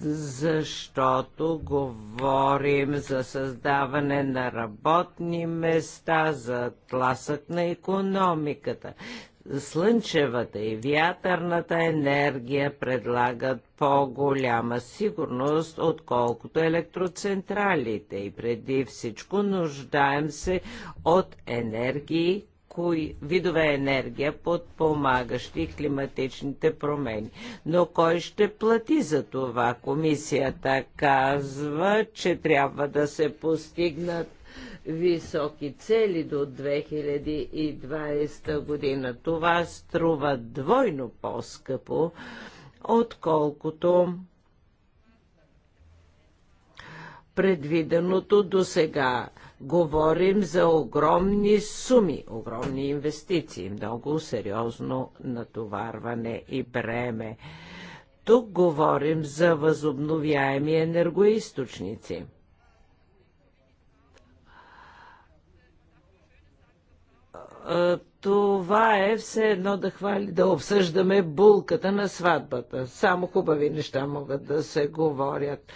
защото говорим за създаване на работни места, за тласък на економиката слънчевата и вятърната енергия предлагат по-голяма сигурност, отколкото електроцентралите. И преди всичко нуждаем се от енергии, кои видове енергия подпомагащи климатичните промени. Но кой ще плати за това? Комисията казва, че трябва да се постигнат високи цели до 2020 година. Това струва двойно по-скъпо, отколкото предвиденото до сега. Говорим за огромни суми, огромни инвестиции, много сериозно натоварване и бреме. Тук говорим за възобновяеми енергоисточници – Това е все едно да, хвали, да обсъждаме булката на сватбата. Само хубави неща могат да се говорят.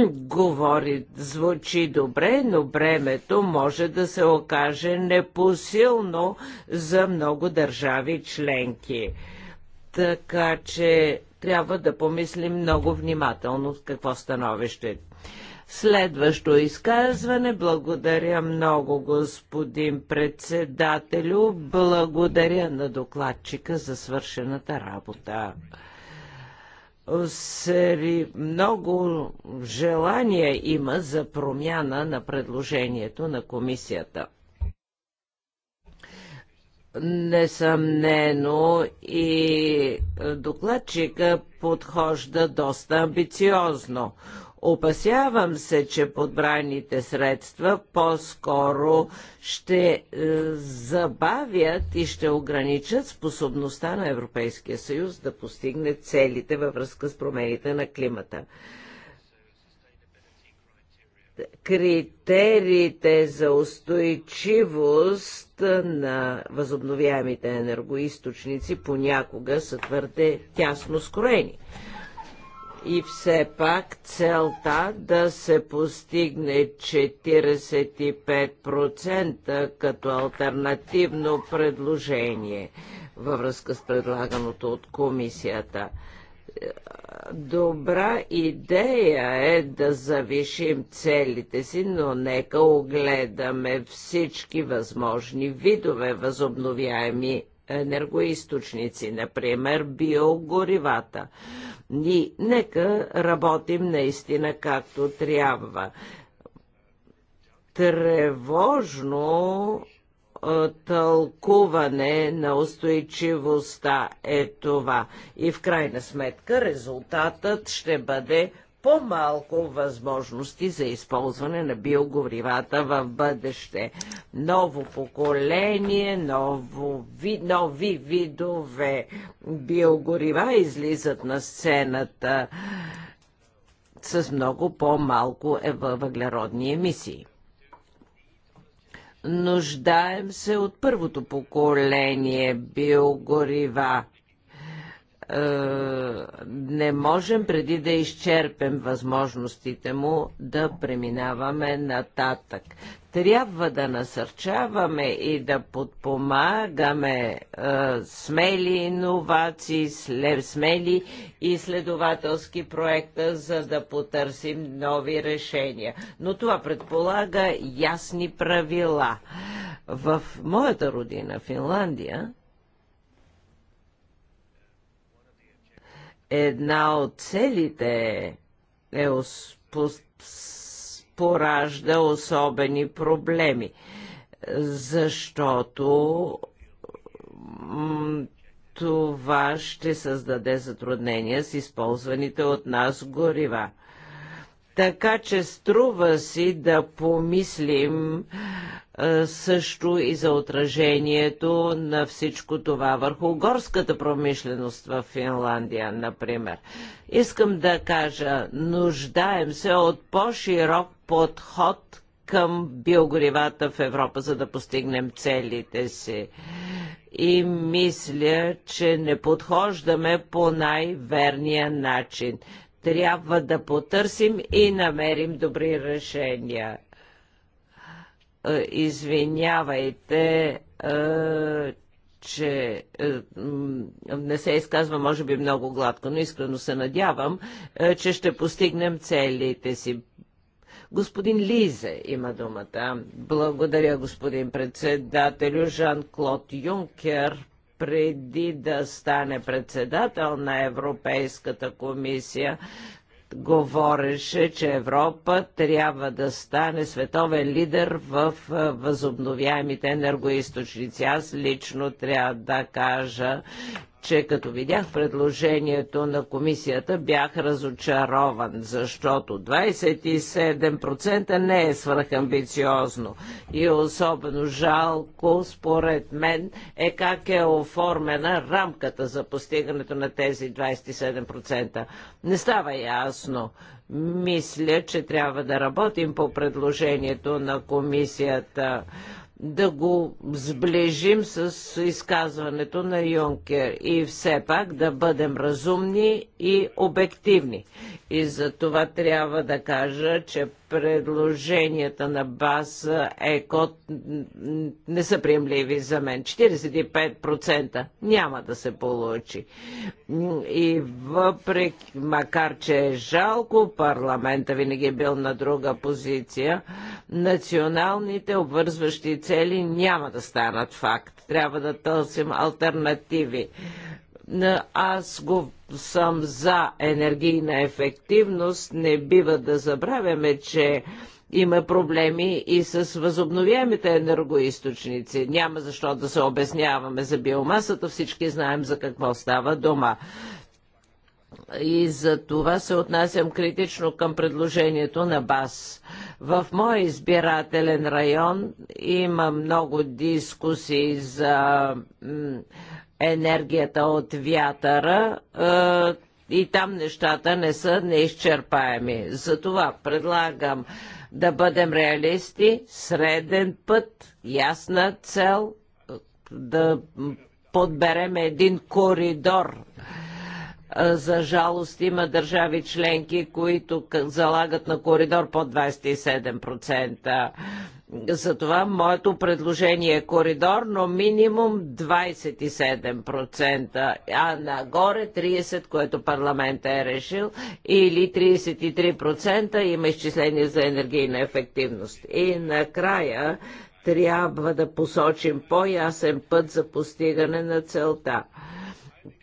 Говори, звучи добре, но бремето може да се окаже непосилно за много държави членки. Така че трябва да помислим много внимателно какво становище Следващо изказване. Благодаря много, господин председателю. Благодаря на докладчика за свършената работа сери, много желание има за промяна на предложението на комисията. Несъмнено и докладчика подхожда доста амбициозно. Опасявам се, че подбраните средства по-скоро ще е, забавят и ще ограничат способността на Европейския съюз да постигне целите във връзка с промените на климата критериите за устойчивост на възобновяемите енергоисточници понякога са твърде тясно скроени и все пак целта да се постигне 45% като альтернативно предложение във връзка с предлаганото от комисията. Добра идея е да завишим целите си, но нека огледаме всички възможни видове възобновяеми енергоисточници, например биогоривата. И нека работим наистина както трябва. Тревожно тълкуване на устойчивостта е това. И в крайна сметка резултатът ще бъде по-малко възможности за използване на биогоривата в бъдеще. Ново поколение, ново, ви, нови видове биогорива излизат на сцената с много по-малко е въглеродни емисии. Нуждаем се от първото поколение биогорива е, не можем преди да изчерпем възможностите му да преминаваме нататък. Трябва да насърчаваме и да подпомагаме е, смели иновации, смели изследователски проекта, за да потърсим нови решения. Но това предполага ясни правила. В моята родина, Финландия, Една от целите е поражда особени проблеми, защото това ще създаде затруднения с използваните от нас горива. Така че струва си да помислим също и за отражението на всичко това върху горската промишленост в Финландия, например. Искам да кажа, нуждаем се от по-широк подход към биогоривата в Европа, за да постигнем целите си. И мисля, че не подхождаме по най-верния начин. Трябва да потърсим и намерим добри решения. Е, извинявайте, е, че е, не се изказва, може би, много гладко, но искрено се надявам, че ще постигнем целите си. Господин Лизе има думата. Благодаря, господин председателю. Жан-Клод Юнкер преди да стане председател на Европейската комисия, говореше, че Европа трябва да стане световен лидер в възобновяемите енергоисточници. Аз лично трябва да кажа, че като видях предложението на комисията, бях разочарован, защото 27% не е свръхамбициозно. И особено жалко, според мен, е как е оформена рамката за постигането на тези 27%. Не става ясно. Мисля, че трябва да работим по предложението на комисията да го сближим с изказването на Юнкер и все пак да бъдем разумни и обективни. И за това трябва да кажа, че предложенията на БАС ЕКО не са приемливи за мен. 45% няма да се получи. И въпреки, макар че е жалко, парламента винаги е бил на друга позиция, националните обвързващи цели няма да станат факт. Трябва да търсим альтернативи. Аз го съм за енергийна ефективност. Не бива да забравяме, че има проблеми и с възобновяемите енергоисточници. Няма защо да се обясняваме за биомасата. Всички знаем за какво става дома. И за това се отнасям критично към предложението на БАС в мой избирателен район има много дискусии за енергията от вятъра и там нещата не са неизчерпаеми. Затова предлагам да бъдем реалисти, среден път, ясна цел, да подберем един коридор за жалост има държави членки, които залагат на коридор под 27%. Затова моето предложение е коридор, но минимум 27%, а нагоре 30%, което парламента е решил, или 33% има изчисление за енергийна ефективност. И накрая трябва да посочим по-ясен път за постигане на целта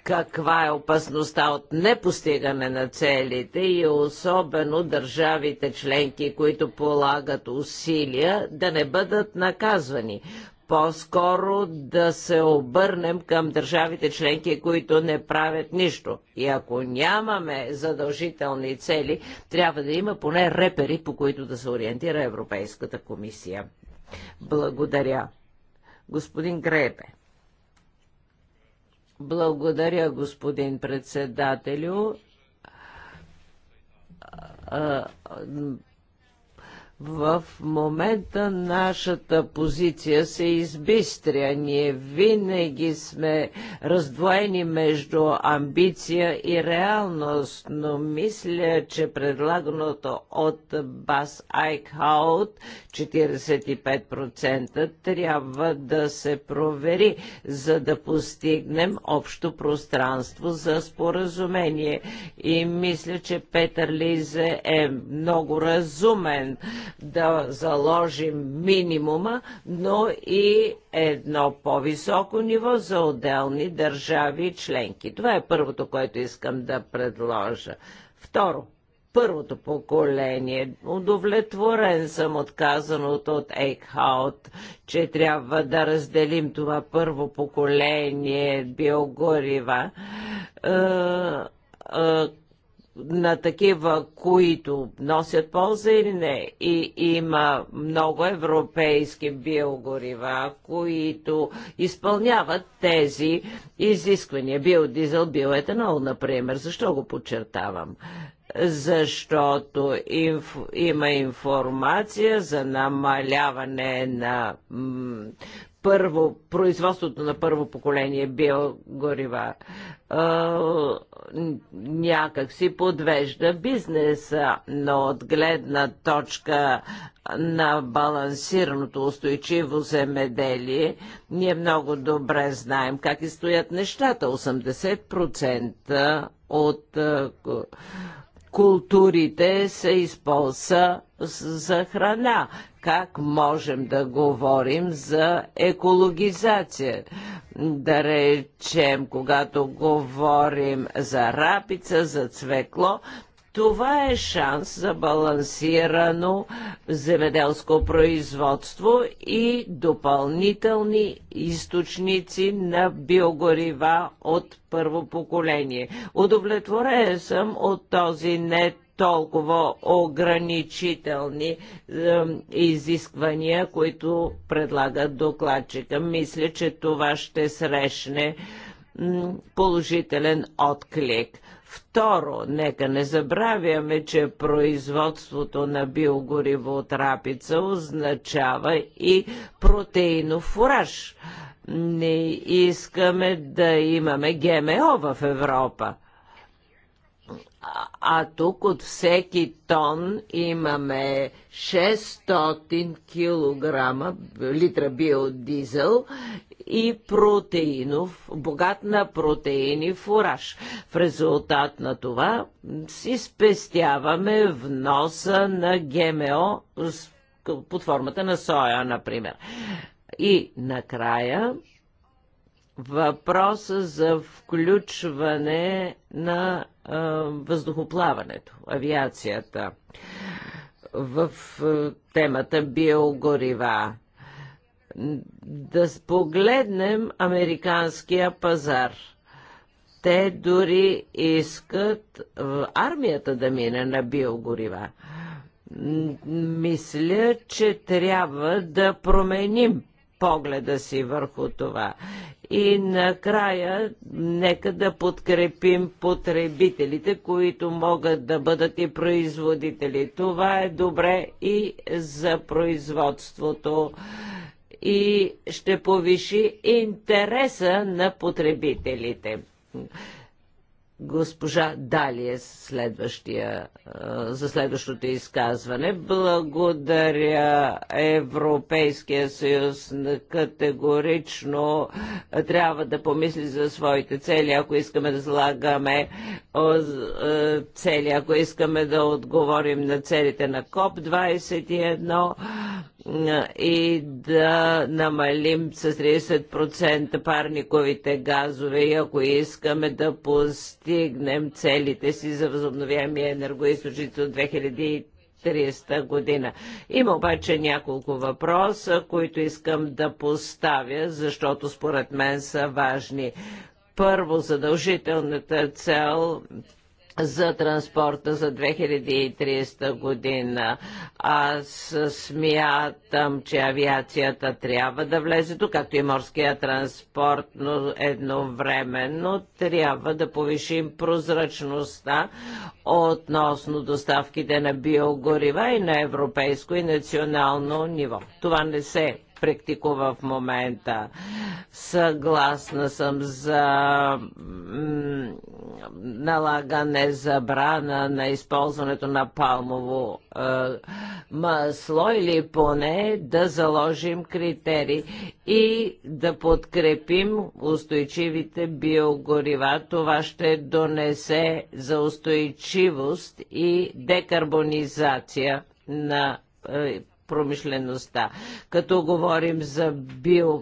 каква е опасността от непостигане на целите и особено държавите членки, които полагат усилия да не бъдат наказвани. По-скоро да се обърнем към държавите членки, които не правят нищо. И ако нямаме задължителни цели, трябва да има поне репери, по които да се ориентира Европейската комисия. Благодаря. Господин Гребе. Благодаря, господин председателю в момента нашата позиция се избистря. Ние винаги сме раздвоени между амбиция и реалност, но мисля, че предлаганото от Бас Айкхаут 45% трябва да се провери, за да постигнем общо пространство за споразумение. И мисля, че Петър Лизе е много разумен да заложим минимума, но и едно по-високо ниво за отделни държави и членки. Това е първото, което искам да предложа. Второ, първото поколение. Удовлетворен съм отказаното от Ейкхаут, че трябва да разделим това първо поколение биогорива, е, е, на такива, които носят полза или не. И има много европейски биогорива, които изпълняват тези изисквания. Биодизел, биоетанол, например. Защо го подчертавам? защото инф, има информация за намаляване на първо, производството на първо поколение биогорива някак си подвежда бизнеса, но от гледна точка на балансираното устойчиво земеделие, ние много добре знаем как и стоят нещата. 80% от културите се използва за храна. Как можем да говорим за екологизация? Да речем, когато говорим за рапица, за цвекло, това е шанс за балансирано земеделско производство и допълнителни източници на биогорива от първо поколение. Удовлетворен съм от този нет толкова ограничителни е, изисквания, които предлагат докладчика. Мисля, че това ще срещне положителен отклик. Второ, нека не забравяме, че производството на биогориво от рапица означава и протеинов фураж. Не искаме да имаме ГМО в Европа а тук от всеки тон имаме 600 кг литра биодизел и протеинов, богат на протеини фураж. В резултат на това си спестяваме вноса на ГМО под формата на соя, например. И накрая въпроса за включване на а, въздухоплаването, авиацията в а, темата биогорива. Да погледнем американския пазар. Те дори искат армията да мине на биогорива. Мисля, че трябва да променим погледа си върху това. И накрая, нека да подкрепим потребителите, които могат да бъдат и производители. Това е добре и за производството и ще повиши интереса на потребителите. Госпожа Далия е следващия, за следващото изказване. Благодаря Европейския съюз категорично трябва да помисли за своите цели, ако искаме да залагаме е, цели, ако искаме да отговорим на целите на КОП-21 и да намалим с 30% парниковите газове, ако искаме да постигнем постигнем целите си за възобновяеми енергоисточници от 2030 година. Има обаче няколко въпроса, които искам да поставя, защото според мен са важни. Първо, задължителната цел за транспорта за 2030 година. Аз смятам, че авиацията трябва да влезе тук, както и морския транспорт, но едновременно трябва да повишим прозрачността относно доставките на биогорива и на европейско и национално ниво. Това не се практикува в момента. Съгласна съм за налагане забрана на използването на палмово е, масло или поне да заложим критерии и да подкрепим устойчивите биогорива. Това ще донесе за устойчивост и декарбонизация на е, промишлеността. Като говорим за био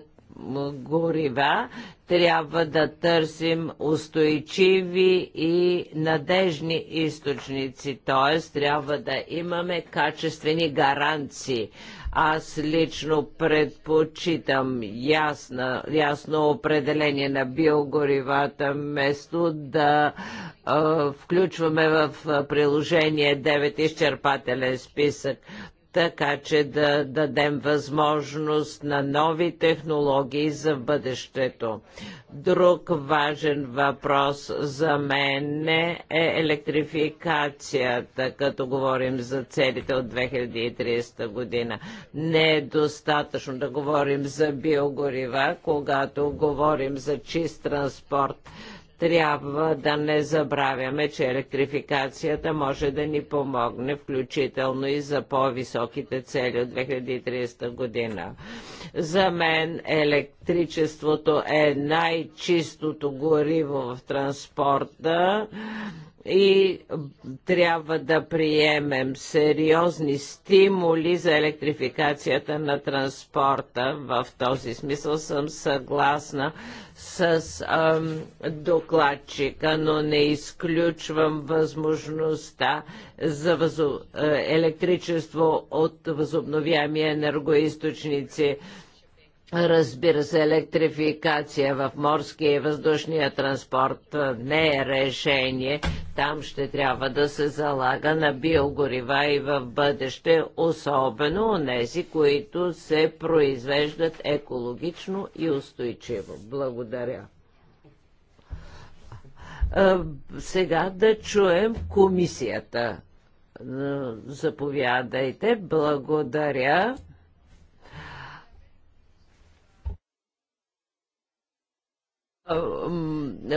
горива, трябва да търсим устойчиви и надежни източници, т.е. трябва да имаме качествени гаранции. Аз лично предпочитам ясна, ясно определение на биогоривата, вместо да е, включваме в приложение 9 изчерпателен списък така че да дадем възможност на нови технологии за бъдещето. Друг важен въпрос за мен е електрификацията, като говорим за целите от 2030 година. Не е достатъчно да говорим за биогорива, когато говорим за чист транспорт трябва да не забравяме, че електрификацията може да ни помогне, включително и за по-високите цели от 2030 година. За мен електричеството е най-чистото гориво в транспорта и трябва да приемем сериозни стимули за електрификацията на транспорта. В този смисъл съм съгласна с ам, докладчика, но не изключвам възможността за възо... Е, електричество от възобновяеми енергоисточници Разбира се, електрификация в морския и въздушния транспорт не е решение. Там ще трябва да се залага на биогорива и в бъдеще, особено нези, които се произвеждат екологично и устойчиво. Благодаря. Сега да чуем комисията. Заповядайте. Благодаря.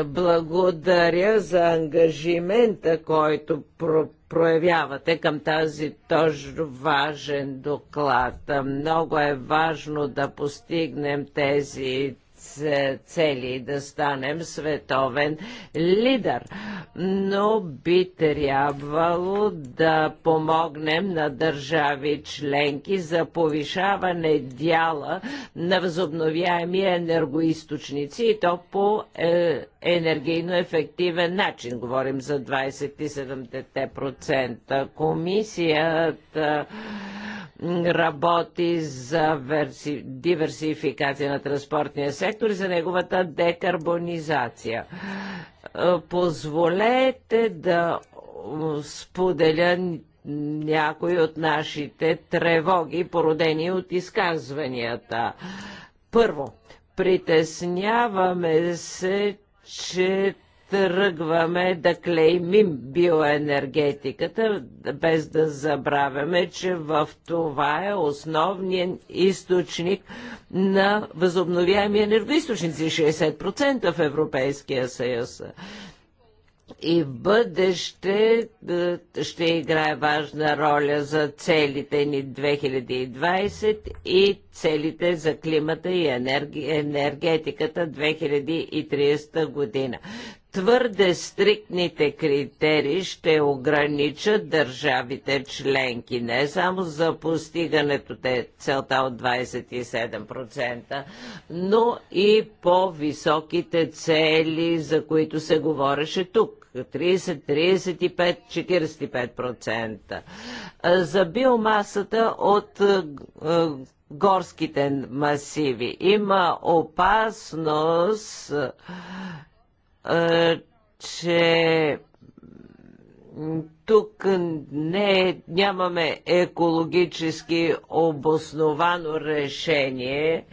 Благодаря за ангажимента, който про проявявате към тази тож важен доклад. Много е важно да постигнем тези цели да станем световен лидер. Но би трябвало да помогнем на държави членки за повишаване дяла на възобновяеми енергоисточници и то по е, енергийно ефективен начин. Говорим за 27%. Комисията работи за верси, диверсификация на транспортния сектор и за неговата декарбонизация. Е, позволете да споделя някои от нашите тревоги, породени от изказванията. Първо, притесняваме се, че тръгваме да клеймим биоенергетиката, без да забравяме, че в това е основният източник на възобновяеми енергоисточници 60% в Европейския съюз и в бъдеще е, ще играе важна роля за целите ни 2020 и целите за климата и енергетиката 2030 година. Твърде стриктните критерии ще ограничат държавите членки не само за постигането те целта от 27%, но и по-високите цели, за които се говореше тук. 30, 35, 45%. За биомасата от е, горските масиви. Има опасност че тук не, нямаме екологически обосновано решение,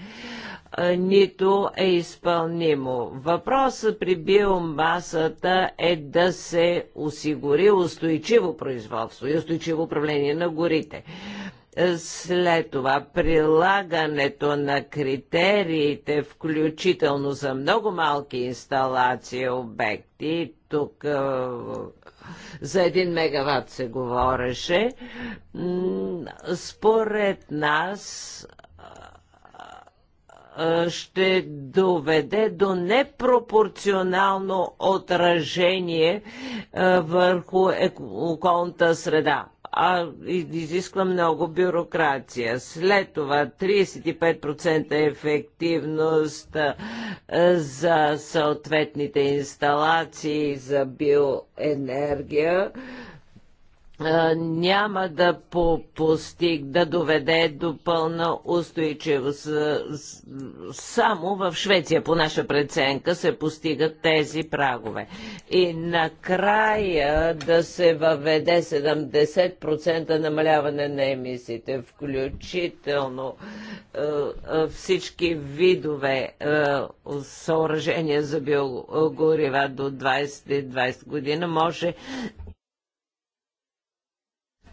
нито е изпълнимо. Въпросът при биомасата е да се осигури устойчиво производство и устойчиво управление на горите. След това прилагането на критериите, включително за много малки инсталации, обекти, тук за един мегаватт се говореше, според нас ще доведе до непропорционално отражение върху околната среда а изисква много бюрокрация. След това 35% ефективност за съответните инсталации за биоенергия няма да постиг, да доведе до пълна устойчивост. Само в Швеция, по наша преценка, се постигат тези прагове. И накрая да се въведе 70% намаляване на емисиите, включително всички видове съоръжения за биогорива до 2020 година, може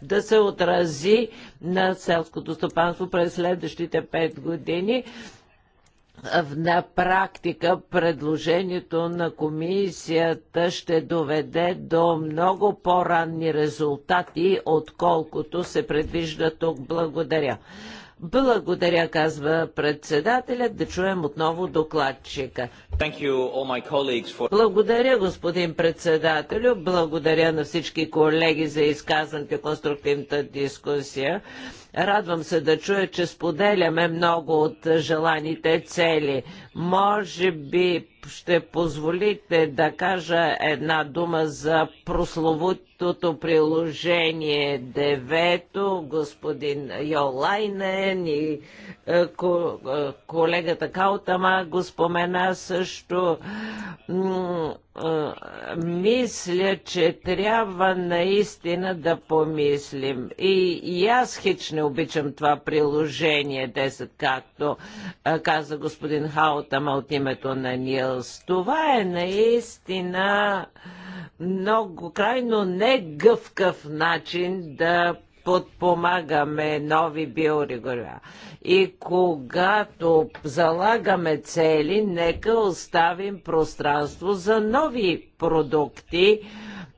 да се отрази на селското стопанство през следващите 5 години. На практика предложението на комисията ще доведе до много по-ранни резултати, отколкото се предвижда тук. Благодаря. Благодаря, казва председателят, да чуем отново докладчика. You, for... Благодаря, господин председателю, благодаря на всички колеги за изказаните конструктивната дискусия. Радвам се да чуя, че споделяме много от желаните цели. Може би ще позволите да кажа една дума за прословутото приложение Девето господин Йолайнен и е, е, колегата Каутама го спомена също мисля, че трябва наистина да помислим. И, и аз хич не обичам това приложение 10, както каза господин Хаутама от името на Нилс. Това е наистина много крайно негъвкав начин да подпомагаме нови биорегорива. И когато залагаме цели, нека оставим пространство за нови продукти,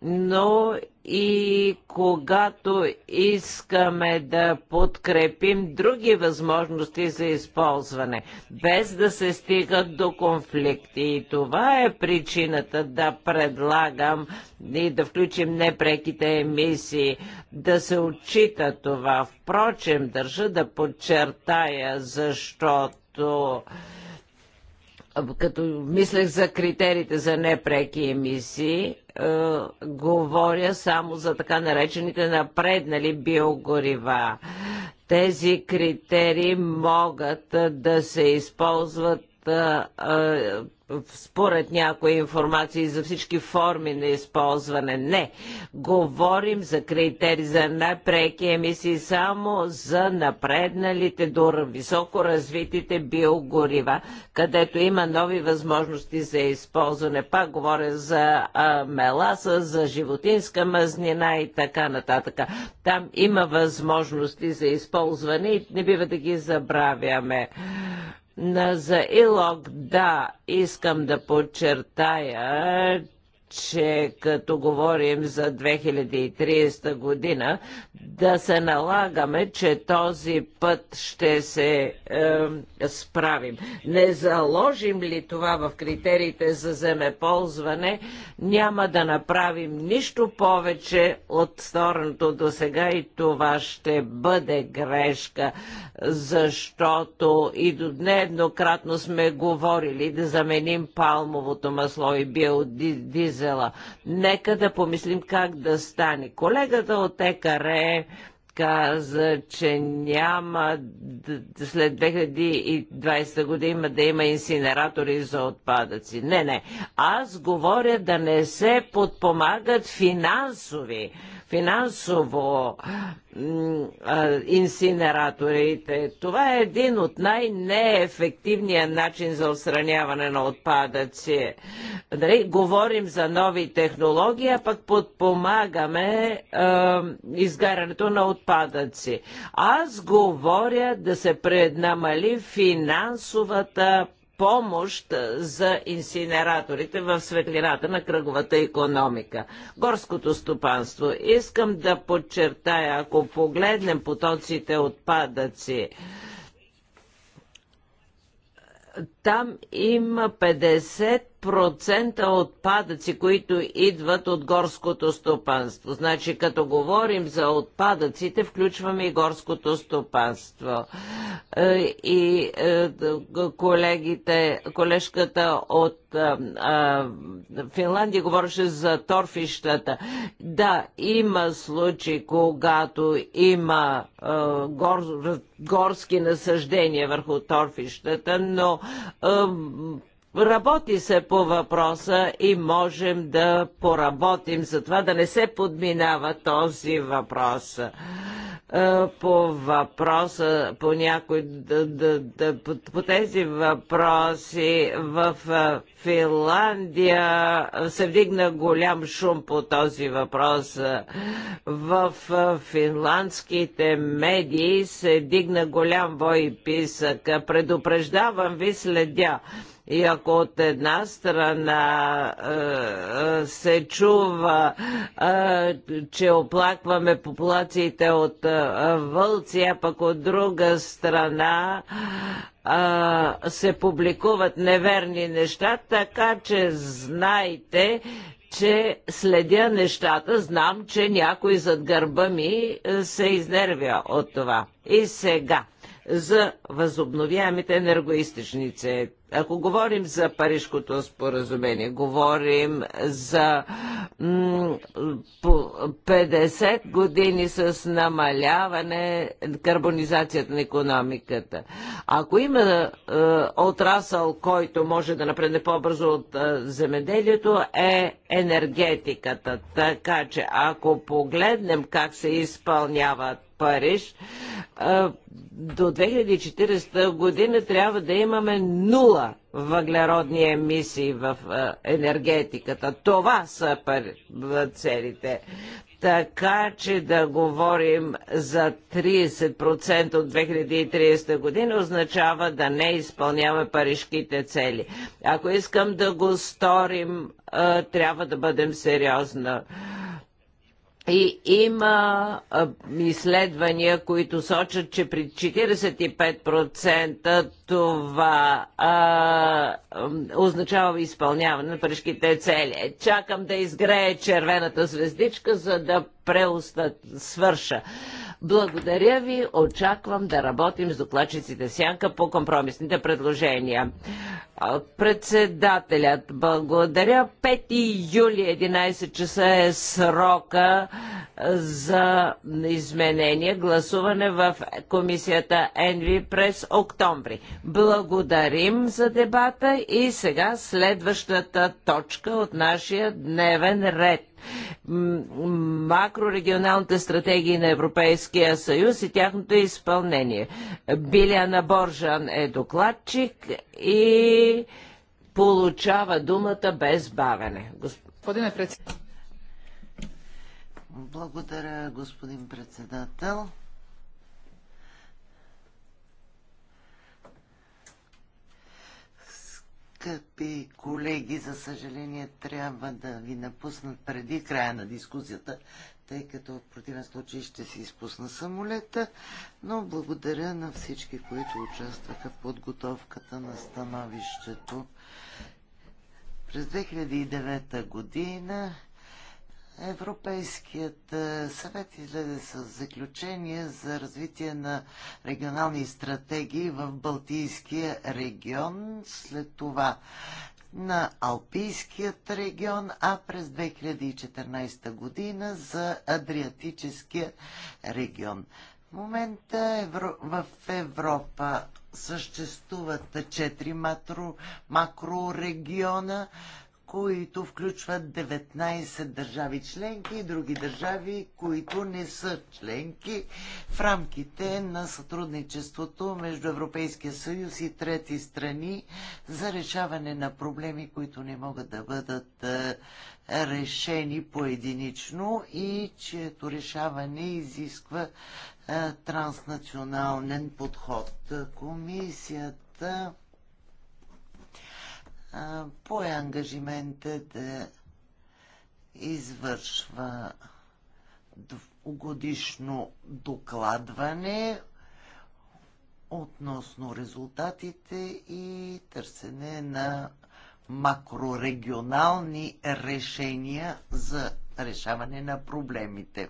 но и когато искаме да подкрепим други възможности за използване, без да се стигат до конфликти. И това е причината да предлагам и да включим непреките емисии, да се отчита това. Впрочем, държа да подчертая, защото като мислех за критериите за непреки емисии, е, говоря само за така наречените напреднали биогорива. Тези критерии могат е, да се използват според някои информации за всички форми на използване. Не. Говорим за критерии за напреки емисии само за напредналите до високо развитите биогорива, където има нови възможности за използване. Пак говоря за а, меласа, за животинска мазнина и така нататък. Там има възможности за използване и не бива да ги забравяме. На, за Илок, да, искам да подчертая, че като говорим за 2030 година, да се налагаме, че този път ще се е, справим. Не заложим ли това в критериите за земеползване, няма да направим нищо повече от стороното до сега и това ще бъде грешка, защото и до дне еднократно сме говорили да заменим палмовото масло и биодизел дизела. Нека да помислим как да стане. Колегата от ЕКАРЕ каза, че няма след 2020 година да има инсинератори за отпадъци. Не, не. Аз говоря да не се подпомагат финансови финансово инсинераторите. Това е един от най-неефективния начин за отстраняване на отпадъци. Дали, говорим за нови технологии, а пък подпомагаме а, изгарянето на отпадъци. Аз говоря да се преднамали финансовата помощ за инсинераторите в светлината на кръговата економика. Горското стопанство. Искам да подчертая, ако погледнем потоците отпадъци, там има 50% отпадъци, които идват от горското стопанство. Значи, като говорим за отпадъците, включваме и горското стопанство. Е, и е, колегите, колежката от е, Финландия говореше за торфищата. Да, има случаи, когато има гор, горски насъждения върху торфищата, но е, работи се по въпроса и можем да поработим за това да не се подминава този въпрос. Е, по въпроса, по някой да, да, да, по, по тези въпроси в е, Финландия е, се вдигна голям шум по този въпрос. В финландските медии се дигна голям вой писък. Предупреждавам ви следя и ако от една страна е, е, се чува, е, че оплакваме популациите от е, вълци, а пък от друга страна е, се публикуват неверни неща, така че знайте, че следя нещата, знам, че някой зад гърба ми е, се изнервя от това. И сега за възобновяемите енергоистичници. Ако говорим за Парижското споразумение, говорим за 50 години с намаляване карбонизацията на економиката. Ако има е, отрасъл, който може да напредне по-бързо от е, земеделието, е енергетиката. Така че ако погледнем как се изпълняват Париж, е, до 2040 година трябва да имаме нула въглеродни емисии в енергетиката. Това са целите. Така че да говорим за 30% от 2030 година означава да не изпълняваме парижките цели. Ако искам да го сторим, трябва да бъдем сериозна. И има изследвания, които сочат, че при 45% това а, означава изпълняване на парижките цели. Чакам да изгрее червената звездичка, за да преустат свърша. Благодаря ви, очаквам да работим с докладчиците сянка по компромисните предложения. Председателят, благодаря. 5 юли 11 часа е срока за изменение, гласуване в комисията ЕНВИ през октомври. Благодарим за дебата и сега следващата точка от нашия дневен ред макрорегионалните стратегии на Европейския съюз и тяхното изпълнение. Биляна Боржан е докладчик и получава думата без бавене. Господине председател. Благодаря, господин председател. Скъпи колеги, за съжаление трябва да ви напуснат преди края на дискусията, тъй като в противен случай ще си изпусна самолета, но благодаря на всички, които участваха в подготовката на становището. През 2009 година Европейският е, съвет излезе с заключение за развитие на регионални стратегии в Балтийския регион, след това на Алпийският регион, а през 2014 година за Адриатическия регион. В момента в Европа съществуват четири макрорегиона. Макро които включват 19 държави членки и други държави, които не са членки в рамките на сътрудничеството между Европейския съюз и трети страни за решаване на проблеми, които не могат да бъдат е, решени поединично и чието решаване изисква е, транснационален подход. Комисията пое ангажимента да извършва годишно докладване относно резултатите и търсене на макрорегионални решения за решаване на проблемите.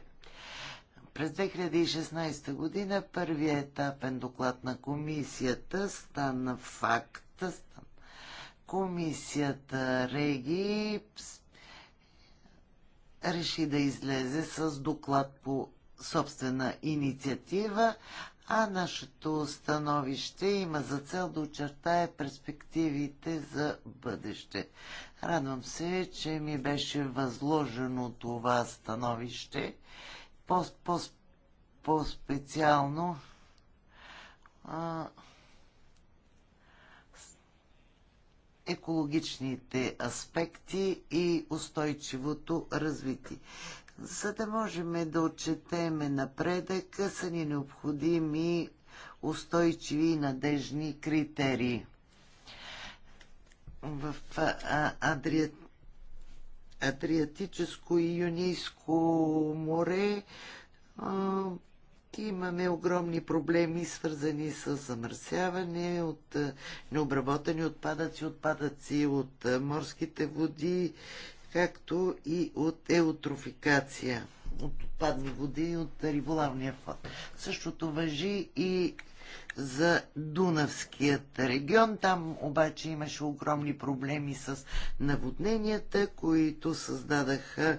През 2016 година първият етапен доклад на комисията стана факт комисията Реги реши да излезе с доклад по собствена инициатива, а нашето становище има за цел да очертае перспективите за бъдеще. Радвам се, че ми беше възложено това становище. По-специално по, по, -по екологичните аспекти и устойчивото развитие. За да можем да отчетеме напредък, са ни необходими устойчиви и надежни критерии. В Адриатическо и Юнийско море имаме огромни проблеми, свързани с замърсяване от е, необработени отпадъци, отпадъци от е, морските води, както и от еутрофикация от отпадни води и от риболавния фонд. Същото въжи и за Дунавският регион. Там обаче имаше огромни проблеми с наводненията, които създадаха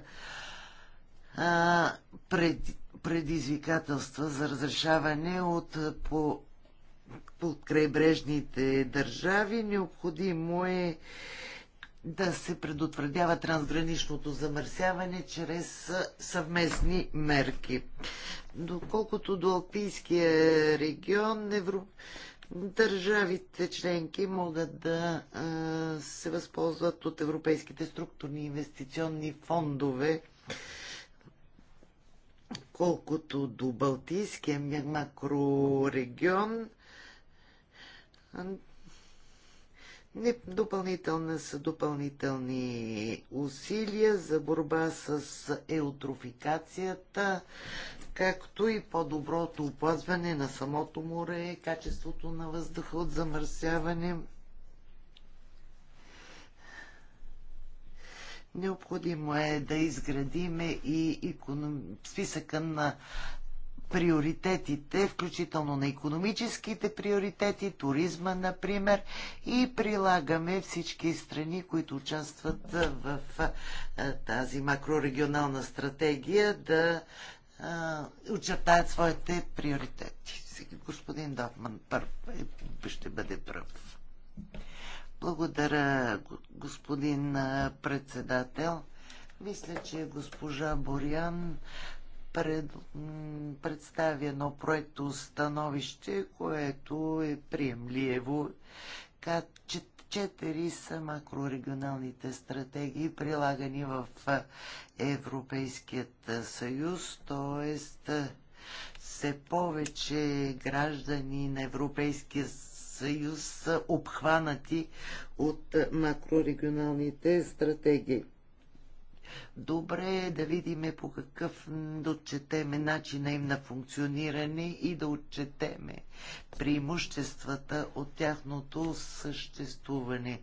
а, пред, предизвикателства за разрешаване от е, по, под крайбрежните държави. Необходимо е да се предотвратява трансграничното замърсяване чрез е, съвместни мерки. Доколкото до Алпийския регион, Евро... държавите членки могат да а, е, се възползват от европейските структурни инвестиционни фондове Колкото до Балтийския макрорегион, не, допълнителна са допълнителни усилия за борба с еутрофикацията, както и по-доброто опазване на самото море, качеството на въздуха от замърсяване. Необходимо е да изградиме и економ... списъка на приоритетите, включително на економическите приоритети, туризма, например, и прилагаме всички страни, които участват в тази макрорегионална стратегия, да очертаят своите приоритети. Господин Дофман първ е, ще бъде пръв. Благодаря, господин председател. Мисля, че госпожа Борян пред, представи едно проекто становище, което е приемливо. Четири са макрорегионалните стратегии, прилагани в Европейският съюз, т.е. все повече граждани на Европейския съюз съюз са обхванати от е, макрорегионалните стратегии. Добре е да видим по какъв да отчетеме начина им на функциониране и да отчетеме преимуществата от тяхното съществуване.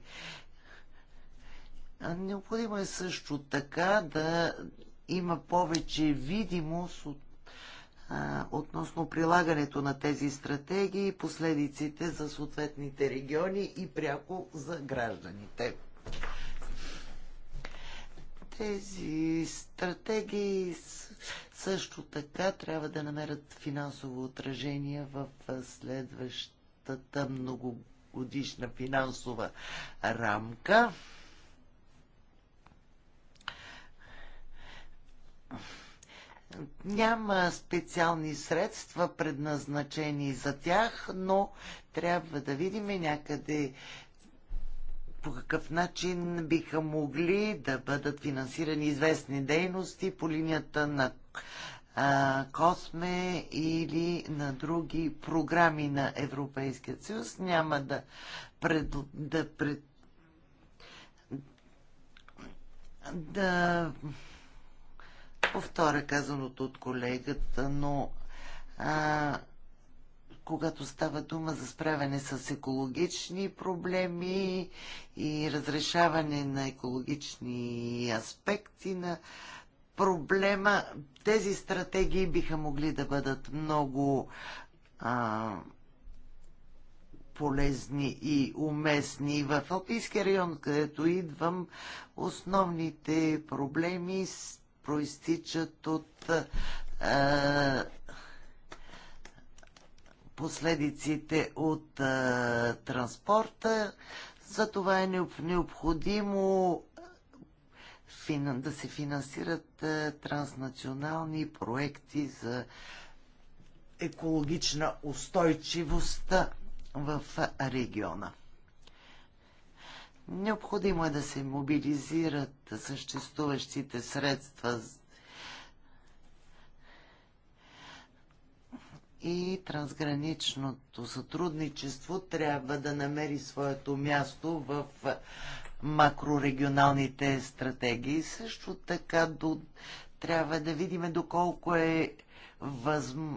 Необходимо е също така да има повече видимост от относно прилагането на тези стратегии, последиците за съответните региони и пряко за гражданите. Тези стратегии също така трябва да намерят финансово отражение в следващата многогодишна финансова рамка. няма специални средства предназначени за тях, но трябва да видим някъде по какъв начин биха могли да бъдат финансирани известни дейности по линията на а, Косме или на други програми на Европейския съюз. Няма да, пред, да, пред, да повторя казаното от колегата, но а, когато става дума за справяне с екологични проблеми и разрешаване на екологични аспекти на проблема, тези стратегии биха могли да бъдат много а, полезни и уместни. В Алпийския район, където идвам, основните проблеми с проистичат от а, последиците от а, транспорта. За това е необходимо да се финансират а, транснационални проекти за екологична устойчивост в региона. Необходимо е да се мобилизират съществуващите средства и трансграничното сътрудничество трябва да намери своето място в макрорегионалните стратегии. Също така до трябва да видим доколко, е,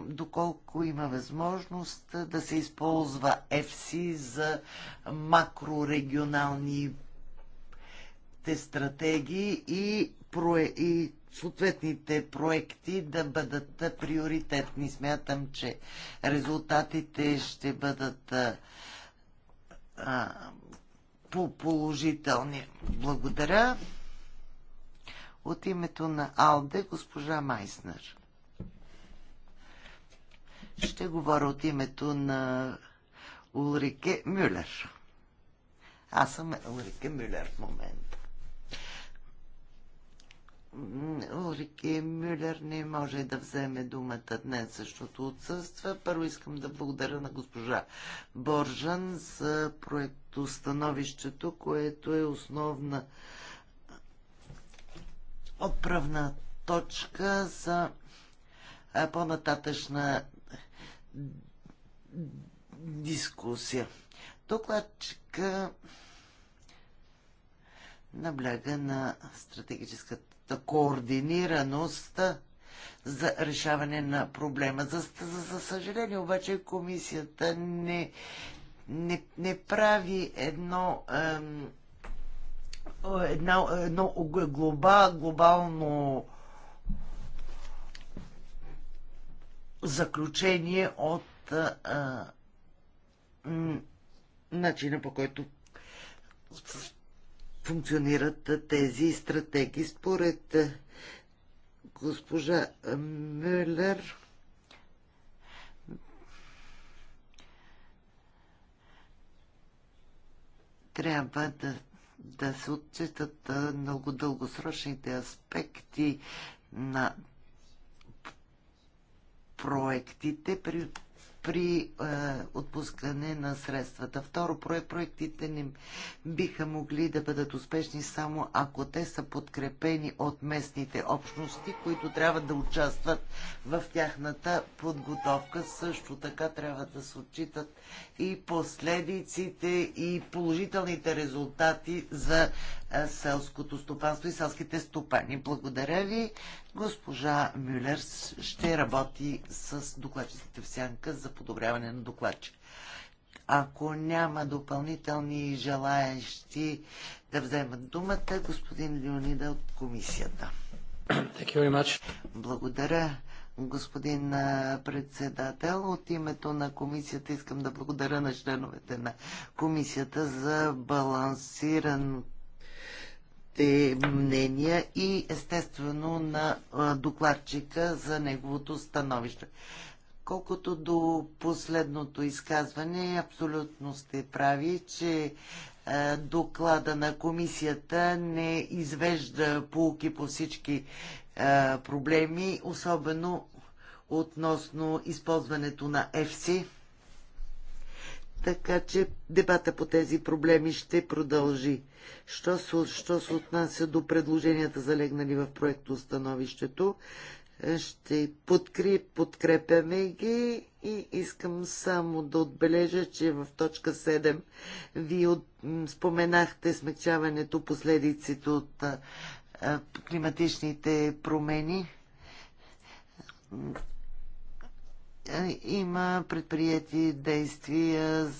доколко има възможност да се използва FC за макрорегионални стратегии и, про... и съответните проекти да бъдат приоритетни. Смятам, че резултатите ще бъдат а, положителни. Благодаря. От името на Алде, госпожа Майснер. Ще говоря от името на Улрике Мюлер. Аз съм Улрике Мюлер в момента. Улрике Мюлер не може да вземе думата днес, защото отсъства. Първо искам да благодаря на госпожа Боржан за становището, което е основна отправна точка за по-нататъчна дискусия. Докладчика набляга на стратегическата координираност за решаване на проблема. За, за, за съжаление обаче комисията не, не, не прави едно ем, една, едно глоба, глобално заключение от а, начина по който функционират тези стратегии. Според госпожа Мюллер, трябва да да се отчитат много дългосрочните аспекти на проектите при, при е, отпускане на средствата. Второ, проектите не биха могли да бъдат успешни само ако те са подкрепени от местните общности, които трябва да участват в тяхната подготовка. Също така трябва да се отчитат и последиците и положителните резултати за селското стопанство и селските стопани. Благодаря ви. Госпожа Мюлер ще работи с докладчиците в сянка за подобряване на докладчик. Ако няма допълнителни желаящи да вземат думата, господин Леонида от комисията. Благодаря господин председател. От името на комисията искам да благодаря на членовете на комисията за балансиран мнения и естествено на докладчика за неговото становище. Колкото до последното изказване, абсолютно сте прави, че доклада на комисията не извежда полки по всички проблеми, особено относно използването на ЕФСИ. Така че дебата по тези проблеми ще продължи. Що се, що се отнася до предложенията, залегнали в проекто становището, ще подкри, подкрепяме ги и искам само да отбележа, че в точка 7 ви от, споменахте смягчаването последиците от климатичните промени. Има предприяти действия,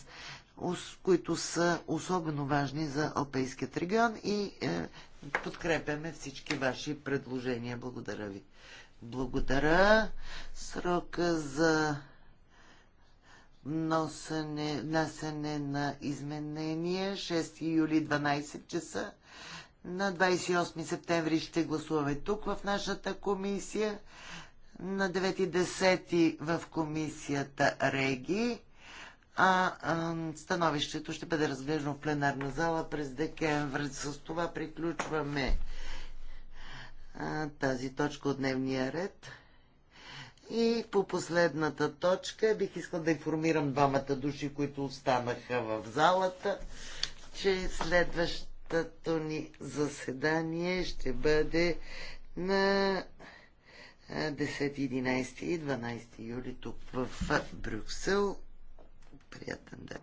които са особено важни за Алпейският регион и подкрепяме всички ваши предложения. Благодаря ви. Благодаря. Срока за носене, насене на изменения 6 юли 12 часа. На 28 септември ще гласуваме тук в нашата комисия. На 9-10 в комисията Реги. А, а становището ще бъде разглеждано в пленарна зала през декември. С това приключваме а, тази точка от дневния ред. И по последната точка бих искал да информирам двамата души, които останаха в залата, че следващ Следващото ни заседание ще бъде на 10, 11 и 12 юли тук в Брюксел. Приятен ден!